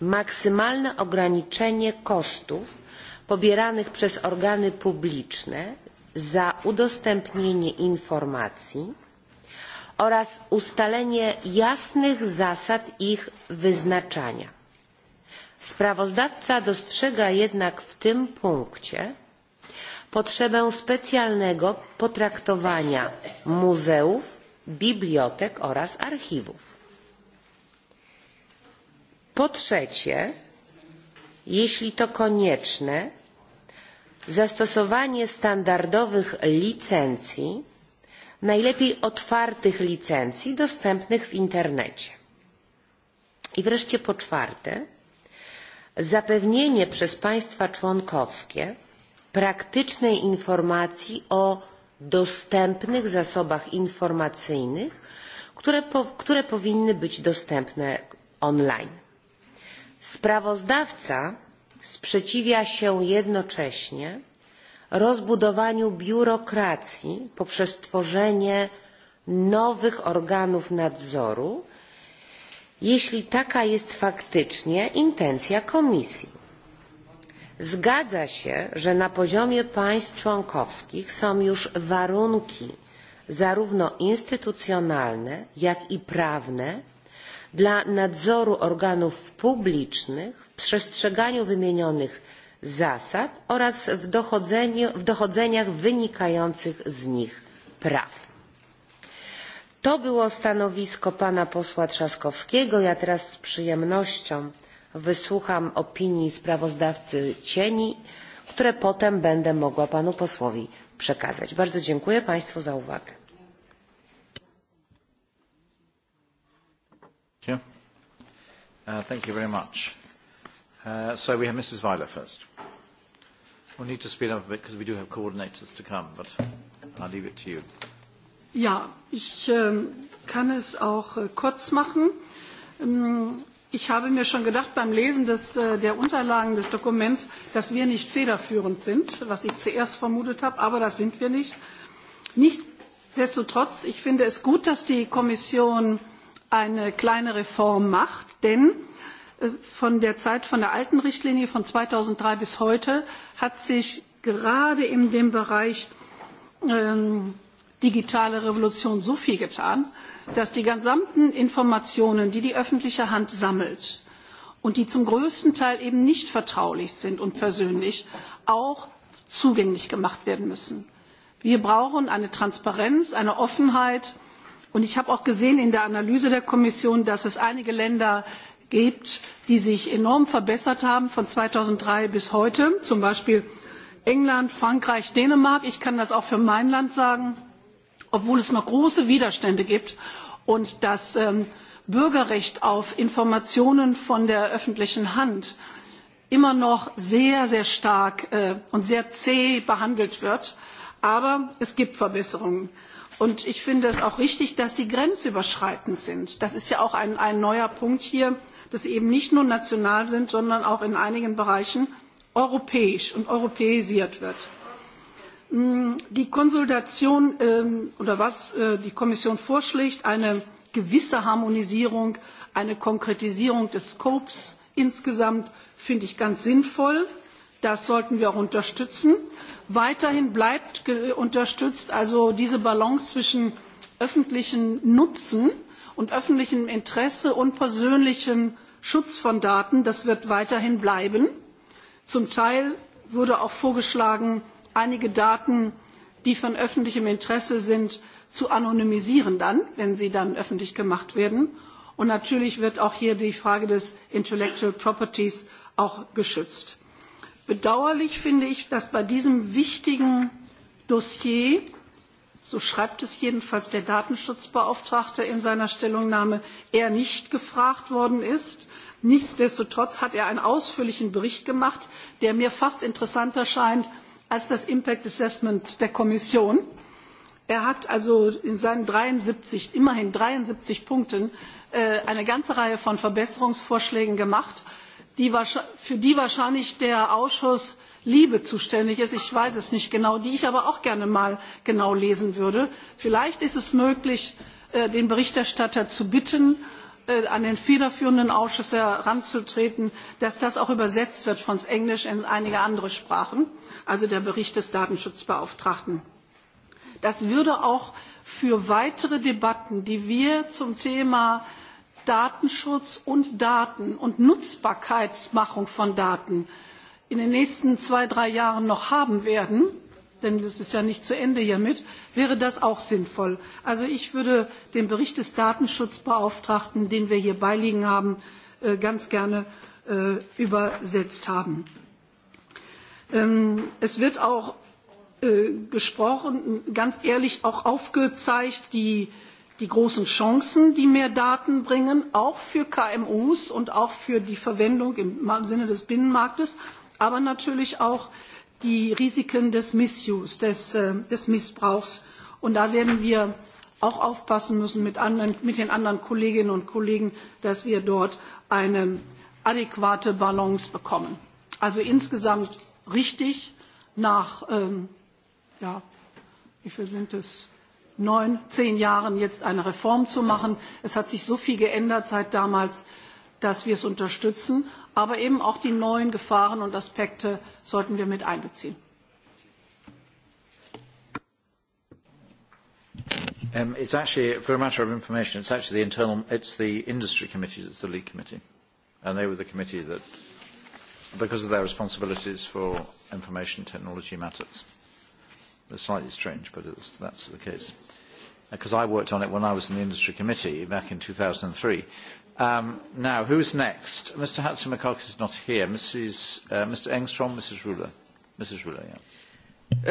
maksymalne ograniczenie kosztów pobieranych przez organy publiczne za udostępnienie informacji oraz ustalenie jasnych zasad ich wyznaczania. Sprawozdawca dostrzega jednak w tym punkcie potrzebę specjalnego potraktowania muzeów, bibliotek oraz archiwów. Po trzecie, jeśli to konieczne, zastosowanie standardowych licencji, najlepiej otwartych licencji dostępnych w internecie. I wreszcie po czwarte, zapewnienie przez państwa członkowskie praktycznej informacji o dostępnych zasobach informacyjnych, które, po, które powinny być dostępne online. Sprawozdawca sprzeciwia się jednocześnie rozbudowaniu biurokracji poprzez tworzenie nowych organów nadzoru jeśli taka jest faktycznie intencja komisji. zgadza się że na poziomie państw członkowskich są już warunki zarówno instytucjonalne jak i prawne dla nadzoru organów publicznych w przestrzeganiu wymienionych zasad oraz w, w dochodzeniach wynikających z nich praw. To było stanowisko pana posła Trzaskowskiego. Ja teraz z przyjemnością wysłucham opinii sprawozdawcy cieni, które potem będę mogła panu posłowi przekazać. Bardzo dziękuję Państwu za uwagę. Yeah. Uh, thank you very much. Uh, so we have Mrs. Weiler first. We'll need to speed up a bit because we do have coordinators to come, but I'll leave it to you. Ja, ich ähm, kann es auch äh, kurz machen. Ähm, ich habe mir schon gedacht beim Lesen des, äh, der Unterlagen des Dokuments, dass wir nicht federführend sind, was ich zuerst vermutet habe, aber das sind wir nicht. Nichtsdestotrotz, ich finde es gut, dass die Kommission äh, eine kleine Reform macht, denn äh, von der Zeit von der alten Richtlinie von 2003 bis heute hat sich gerade in dem Bereich ähm, digitale Revolution so viel getan, dass die gesamten Informationen, die die öffentliche Hand sammelt und die zum größten Teil eben nicht vertraulich sind und persönlich, auch zugänglich gemacht werden müssen. Wir brauchen eine Transparenz, eine Offenheit, Und ich habe auch gesehen in der Analyse der Kommission, dass es einige Länder gibt, die sich enorm verbessert haben von 2003 bis heute, zum Beispiel England, Frankreich, Dänemark. Ich kann das auch für mein Land sagen, obwohl es noch große Widerstände gibt und das ähm, Bürgerrecht auf Informationen von der öffentlichen Hand immer noch sehr, sehr stark äh, und sehr zäh behandelt wird. Aber es gibt Verbesserungen. Und ich finde es auch richtig, dass die grenzüberschreitend sind. Das ist ja auch ein, ein neuer Punkt hier, dass sie eben nicht nur national sind, sondern auch in einigen Bereichen europäisch und europäisiert wird. Mm, die Konsultation ähm, oder was äh, die Kommission vorschlägt, eine gewisse Harmonisierung, eine Konkretisierung des Scopes insgesamt, finde ich ganz sinnvoll. Das sollten wir auch unterstützen weiterhin bleibt unterstützt also diese Balance zwischen öffentlichen Nutzen und öffentlichem Interesse und persönlichem Schutz von Daten, das wird weiterhin bleiben. Zum Teil wurde auch vorgeschlagen, einige Daten, die von öffentlichem Interesse sind, zu anonymisieren dann, wenn sie dann öffentlich gemacht werden. Und natürlich wird auch hier die Frage des Intellectual Properties auch geschützt. Bedauerlich finde ich, dass bei diesem wichtigen Dossier so schreibt es jedenfalls der Datenschutzbeauftragte in seiner Stellungnahme, er nicht gefragt worden ist. Nichtsdestotrotz hat er einen ausführlichen Bericht gemacht, der mir fast interessanter scheint als das Impact Assessment der Kommission. Er hat also in seinen 73, immerhin 73 Punkten äh, eine ganze Reihe von Verbesserungsvorschlägen gemacht die, für die wahrscheinlich der Ausschuss Liebe zuständig ist, ich weiß es nicht genau, die ich aber auch gerne mal genau lesen würde. Vielleicht ist es möglich, äh, den Berichterstatter zu bitten, äh, an den federführenden Ausschuss heranzutreten, dass das auch übersetzt wird von Englisch in einige andere Sprachen, also der Bericht des Datenschutzbeauftragten. Das würde auch für weitere Debatten, die wir zum Thema äh, Datenschutz und Daten und Nutzbarkeitsmachung von Daten in den nächsten zwei, drei Jahren noch haben werden, denn es ist ja nicht zu Ende hiermit, wäre das auch sinnvoll. Also ich würde den Bericht des Datenschutzbeauftragten, den wir hier beiliegen haben, äh, ganz gerne äh, übersetzt haben. Ähm, es wird auch äh, gesprochen, ganz ehrlich auch aufgezeigt, die äh, die großen Chancen, die mehr Daten bringen, auch für KMUs und auch für die Verwendung im, im Sinne des Binnenmarktes, aber natürlich auch die Risiken des Missuse, des, äh, des Missbrauchs. Und da werden wir auch aufpassen müssen mit, anderen, mit den anderen Kolleginnen und Kollegen, dass wir dort eine adäquate Balance bekommen. Also insgesamt richtig nach, ähm, ja, wie viel sind es? neun, zehn Jahren jetzt eine Reform zu machen. Es hat sich so viel geändert seit damals, dass wir es unterstützen. Aber eben auch die neuen Gefahren und Aspekte sollten wir mit einbeziehen. Um, it's actually, for a matter of information, it's actually the internal, it's the industry committee that's the lead committee. And they were the committee that, because of their responsibilities for information technology matters slightly strange, but it's, that's the case. Because I worked on it when I was in the industry committee back in 2003. Um, now, who's next? Mr. Hatzimakakis is not here. Mrs., uh, Mr. Engstrom, Mrs. Ruler. Mrs. Ruler, yeah.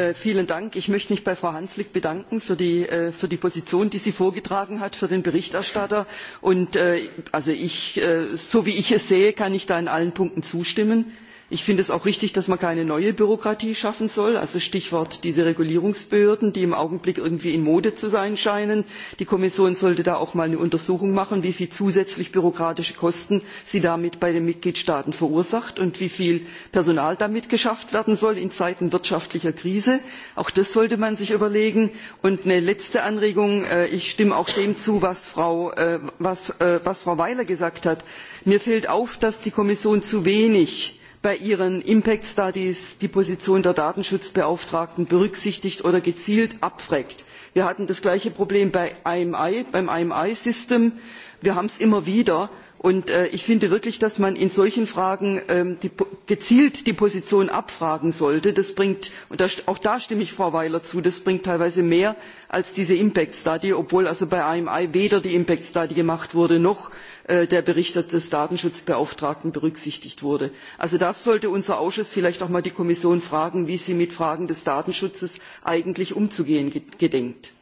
Äh, vielen Dank. Ich möchte mich bei Frau Hanslick bedanken für die, äh, für die Position, die sie vorgetragen hat, für den Berichterstatter. Und äh, also ich, äh, so wie ich es sehe, kann ich da in allen Punkten zustimmen Ich finde es auch richtig, dass man keine neue Bürokratie schaffen soll. Also Stichwort diese Regulierungsbehörden, die im Augenblick irgendwie in Mode zu sein scheinen. Die Kommission sollte da auch mal eine Untersuchung machen, wie viel zusätzlich bürokratische Kosten sie damit bei den Mitgliedstaaten verursacht und wie viel Personal damit geschafft werden soll in Zeiten wirtschaftlicher Krise. Auch das sollte man sich überlegen. Und eine letzte Anregung. Äh, ich stimme auch dem zu, was Frau, äh, was, äh, was Frau Weiler gesagt hat. Mir fällt auf, dass die Kommission zu wenig bei ihren impact studies die position der datenschutzbeauftragten berücksichtigt oder gezielt abfragt. wir hatten das gleiche problem beim imi system wir haben es immer wieder. Und äh, ich finde wirklich, dass man in solchen Fragen ähm, die, gezielt die Position abfragen sollte. Das bringt, und das, auch da stimme ich Frau Weiler zu, das bringt teilweise mehr als diese Impact Study, obwohl also bei AMI weder die Impact Study gemacht wurde, noch äh, der Bericht des Datenschutzbeauftragten berücksichtigt wurde. Also da sollte unser Ausschuss vielleicht auch mal die Kommission fragen, wie sie mit Fragen des Datenschutzes eigentlich umzugehen gedenkt.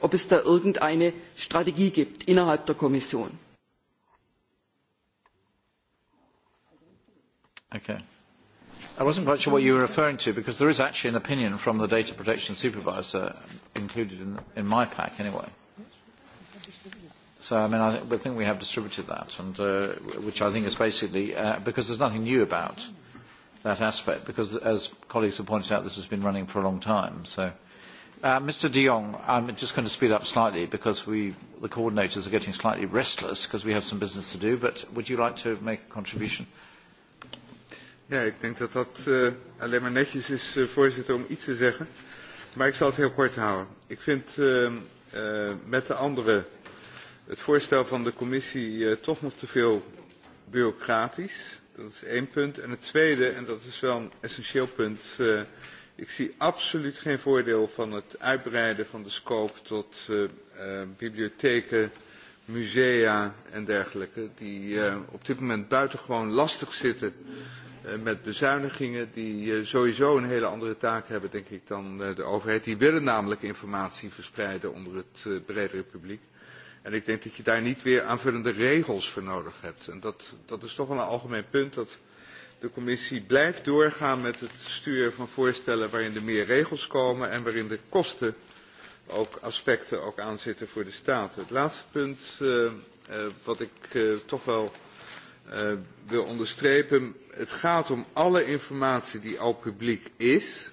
Ob es da irgendeine Strategie gibt innerhalb der Kommission. Okay. I wasn't quite sure what you were referring to because there is actually an opinion from the data protection supervisor included in, in my pack anyway. So I mean, I, th- I think we have distributed that, and uh, which I think is basically uh, because there's nothing new about that aspect because, as colleagues have pointed out, this has been running for a long time. So, uh, Mr. De Jong, I'm just going to speed up slightly because we, the coordinators, are getting slightly restless because we have some business to do. But would you like to make a contribution? Mm-hmm. Ja, ik denk dat dat uh, alleen maar netjes is, uh, voorzitter, om iets te zeggen. Maar ik zal het heel kort houden. Ik vind uh, uh, met de anderen het voorstel van de commissie uh, toch nog te veel bureaucratisch. Dat is één punt. En het tweede, en dat is wel een essentieel punt. Uh, ik zie absoluut geen voordeel van het uitbreiden van de scope tot uh, uh, bibliotheken, musea en dergelijke. Die uh, op dit moment buitengewoon lastig zitten. Uh, Eh, met bezuinigingen die eh, sowieso een hele andere taak hebben, denk ik, dan eh, de overheid. Die willen namelijk informatie verspreiden onder het bredere publiek. En ik denk dat je daar niet weer aanvullende regels voor nodig hebt. En dat, dat is toch wel een algemeen punt dat de commissie blijft doorgaan met het sturen van voorstellen waarin er meer regels komen en waarin de kosten ook aspecten ook aan zitten voor de staten. Het laatste punt uh, uh, wat ik uh, toch wel uh, wil onderstrepen het gaat om alle informatie die al publiek is.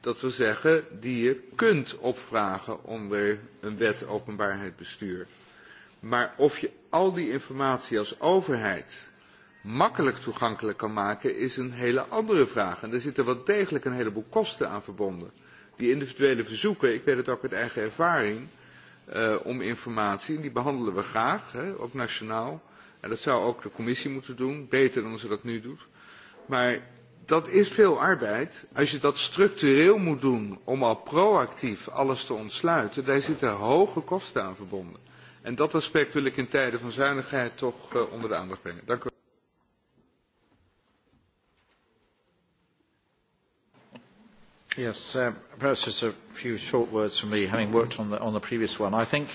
Dat wil zeggen, die je kunt opvragen onder een wet openbaarheid bestuur. Maar of je al die informatie als overheid makkelijk toegankelijk kan maken, is een hele andere vraag. En daar er zitten wel degelijk een heleboel kosten aan verbonden. Die individuele verzoeken, ik weet het ook uit eigen ervaring, uh, om informatie, en die behandelen we graag, hè, ook nationaal. En dat zou ook de commissie moeten doen, beter dan ze dat nu doet. Maar dat is veel arbeid. Als je dat structureel moet doen om al proactief alles te ontsluiten, daar zitten hoge kosten aan verbonden. En dat aspect wil ik in tijden van zuinigheid toch uh, onder de aandacht brengen. Dank u. Yes, uh, perhaps just a few short words from me, having worked on the, on the previous one. I think,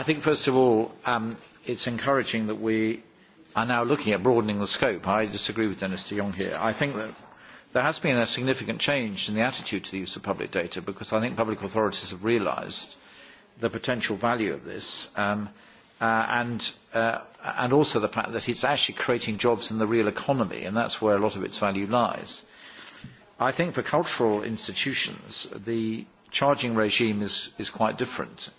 I think first of all, um, it's encouraging that we are now looking at broadening the scope. I disagree with Dennis de Jong here. I think that there has been a significant change in the attitude to the use of public data because I think public authorities have realised the potential value of this um, uh, and, uh, and also the fact that it's actually creating jobs in the real economy and that's where a lot of its value lies. I think for cultural institutions, the charging regime is, is quite different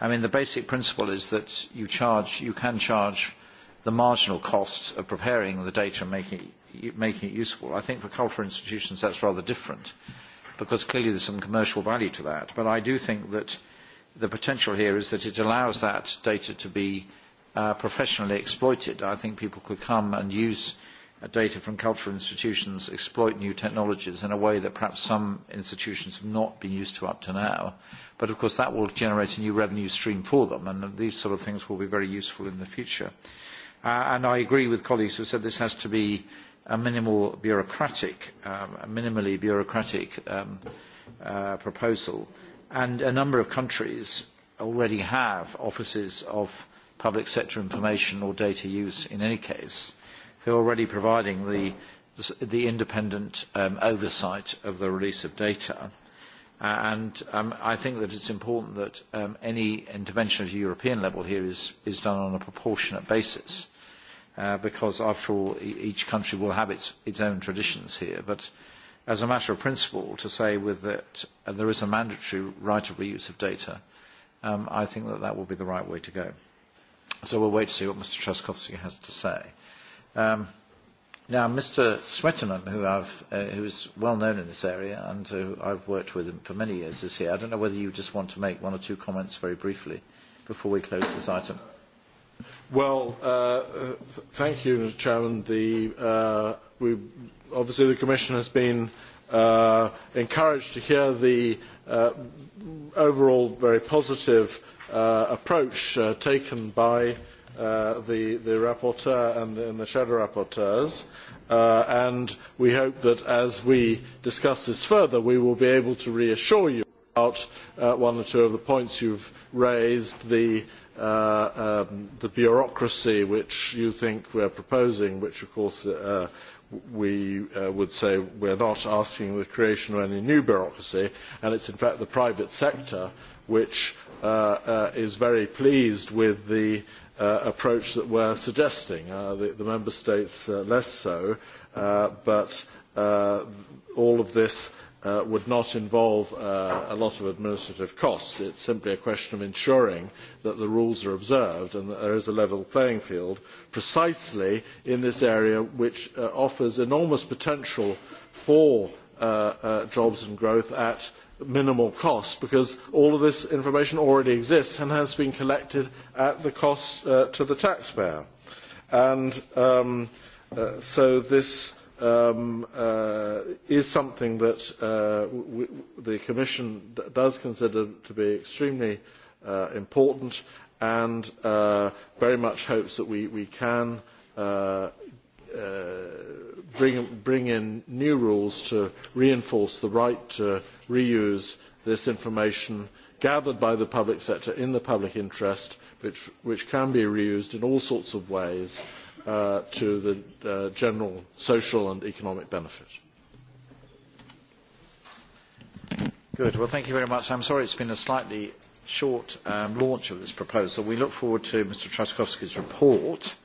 I mean, the basic principle is that you, charge, you can charge the marginal cost of preparing the data and making it, making it useful. I think for cultural institutions that's rather different because clearly there's some commercial value to that. But I do think that the potential here is that it allows that data to be uh, professionally exploited. I think people could come and use uh, Uh, data from cultural institutions exploit new technologies in a way that perhaps some institutions have not been used to up to now. But of course that will generate a new revenue stream for them and these sort of things will be very useful in the future. Uh, and I agree with colleagues who said this has to be a minimal bureaucratic, um, a minimally bureaucratic um, uh, proposal. And a number of countries already have offices of public sector information or data use in any case who are already providing the, the independent um, oversight of the release of data. Uh, and um, I think that it's important that um, any intervention at a European level here is, is done on a proportionate basis, uh, because after all, e each country will have its, its own traditions here. But as a matter of principle, to say with that uh, there is a mandatory right of reuse of data, um, I think that that will be the right way to go. So we'll wait to see what Mr. Trzaskowski has to say. Um, now, Mr. Swettenham, who I've, uh, who's well known in this area and who I've worked with for many years, is here. I don't know whether you just want to make one or two comments very briefly before we close this item. Well, uh, th thank you, Mr. Chairman. The, uh, we, obviously, the Commission has been uh, encouraged to hear the uh, overall very positive uh, approach uh, taken by uh, uh, the, the rapporteur and the, and the shadow rapporteurs. Uh, and we hope that as we discuss this further, we will be able to reassure you about uh, one or two of the points you've raised, the, uh, um, the bureaucracy which you think we're proposing, which of course uh, we uh, would say we're not asking the creation of any new bureaucracy, and it's in fact the private sector which uh, uh, is very pleased with the uh, approach that we're suggesting. Uh, the, the member states uh, less so, uh, but uh, all of this uh, would not involve uh, a lot of administrative costs. It's simply a question of ensuring that the rules are observed and that there is a level playing field precisely in this area which uh, offers enormous potential for uh, uh, jobs and growth at minimal cost because all of this information already exists and has been collected at the cost uh, to the taxpayer. And um, uh, so this um, uh, is something that uh, w- w- the Commission d- does consider to be extremely uh, important and uh, very much hopes that we, we can uh, uh, bring, bring in new rules to reinforce the right to reuse this information gathered by the public sector in the public interest, which, which can be reused in all sorts of ways uh, to the uh, general social and economic benefit. Good. Well, thank you very much. I'm sorry it's been a slightly short um, launch of this proposal. We look forward to Mr. Truskowski's report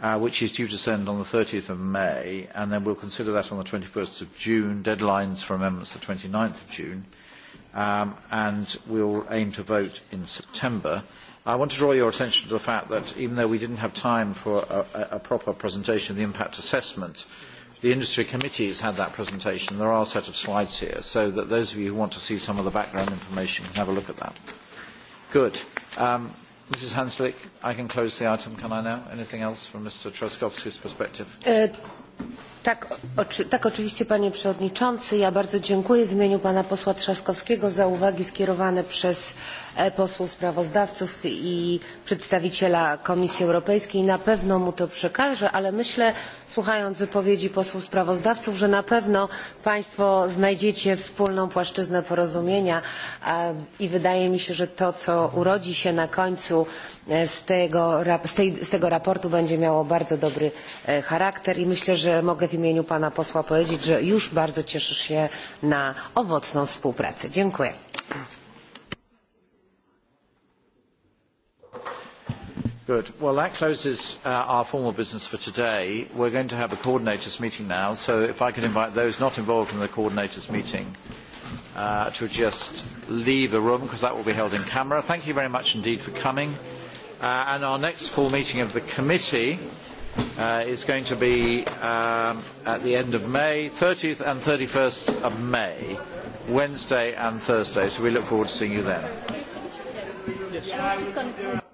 uh, which is due to send on the 30th of May, and then we'll consider that on the 21st of June, deadlines for amendments the 29th of June, um, and we'll aim to vote in September. I want to draw your attention to the fact that even though we didn't have time for a, a proper presentation of the impact assessment, the industry committees had that presentation. There are a set of slides here, so that those of you who want to see some of the background information can have a look at that. Good. Um, Mrs. Hanslick, I can close the item, can I now? Anything else from Mr. Trzaskowski's perspective? Uh, tak, oczy, tak, oczywiście panie przewodniczący. Ja bardzo dziękuję w imieniu pana posła Trzaskowskiego za uwagi skierowane przez E, posłów sprawozdawców i przedstawiciela Komisji Europejskiej. Na pewno mu to przekażę, ale myślę, słuchając wypowiedzi posłów sprawozdawców, że na pewno Państwo znajdziecie wspólną płaszczyznę porozumienia e, i wydaje mi się, że to, co urodzi się na końcu e, z tego, z tej, z tego raportu będzie miało bardzo dobry charakter i myślę, że mogę w imieniu Pana posła powiedzieć, że już bardzo cieszę się na owocną współpracę. Dziękuję. Good. Well, that closes uh, our formal business for today. We're going to have a coordinators meeting now, so if I could invite those not involved in the coordinators meeting uh, to just leave the room, because that will be held in camera. Thank you very much indeed for coming. Uh, and our next full meeting of the committee uh, is going to be um, at the end of May, 30th and 31st of May, Wednesday and Thursday. So we look forward to seeing you then. Yes.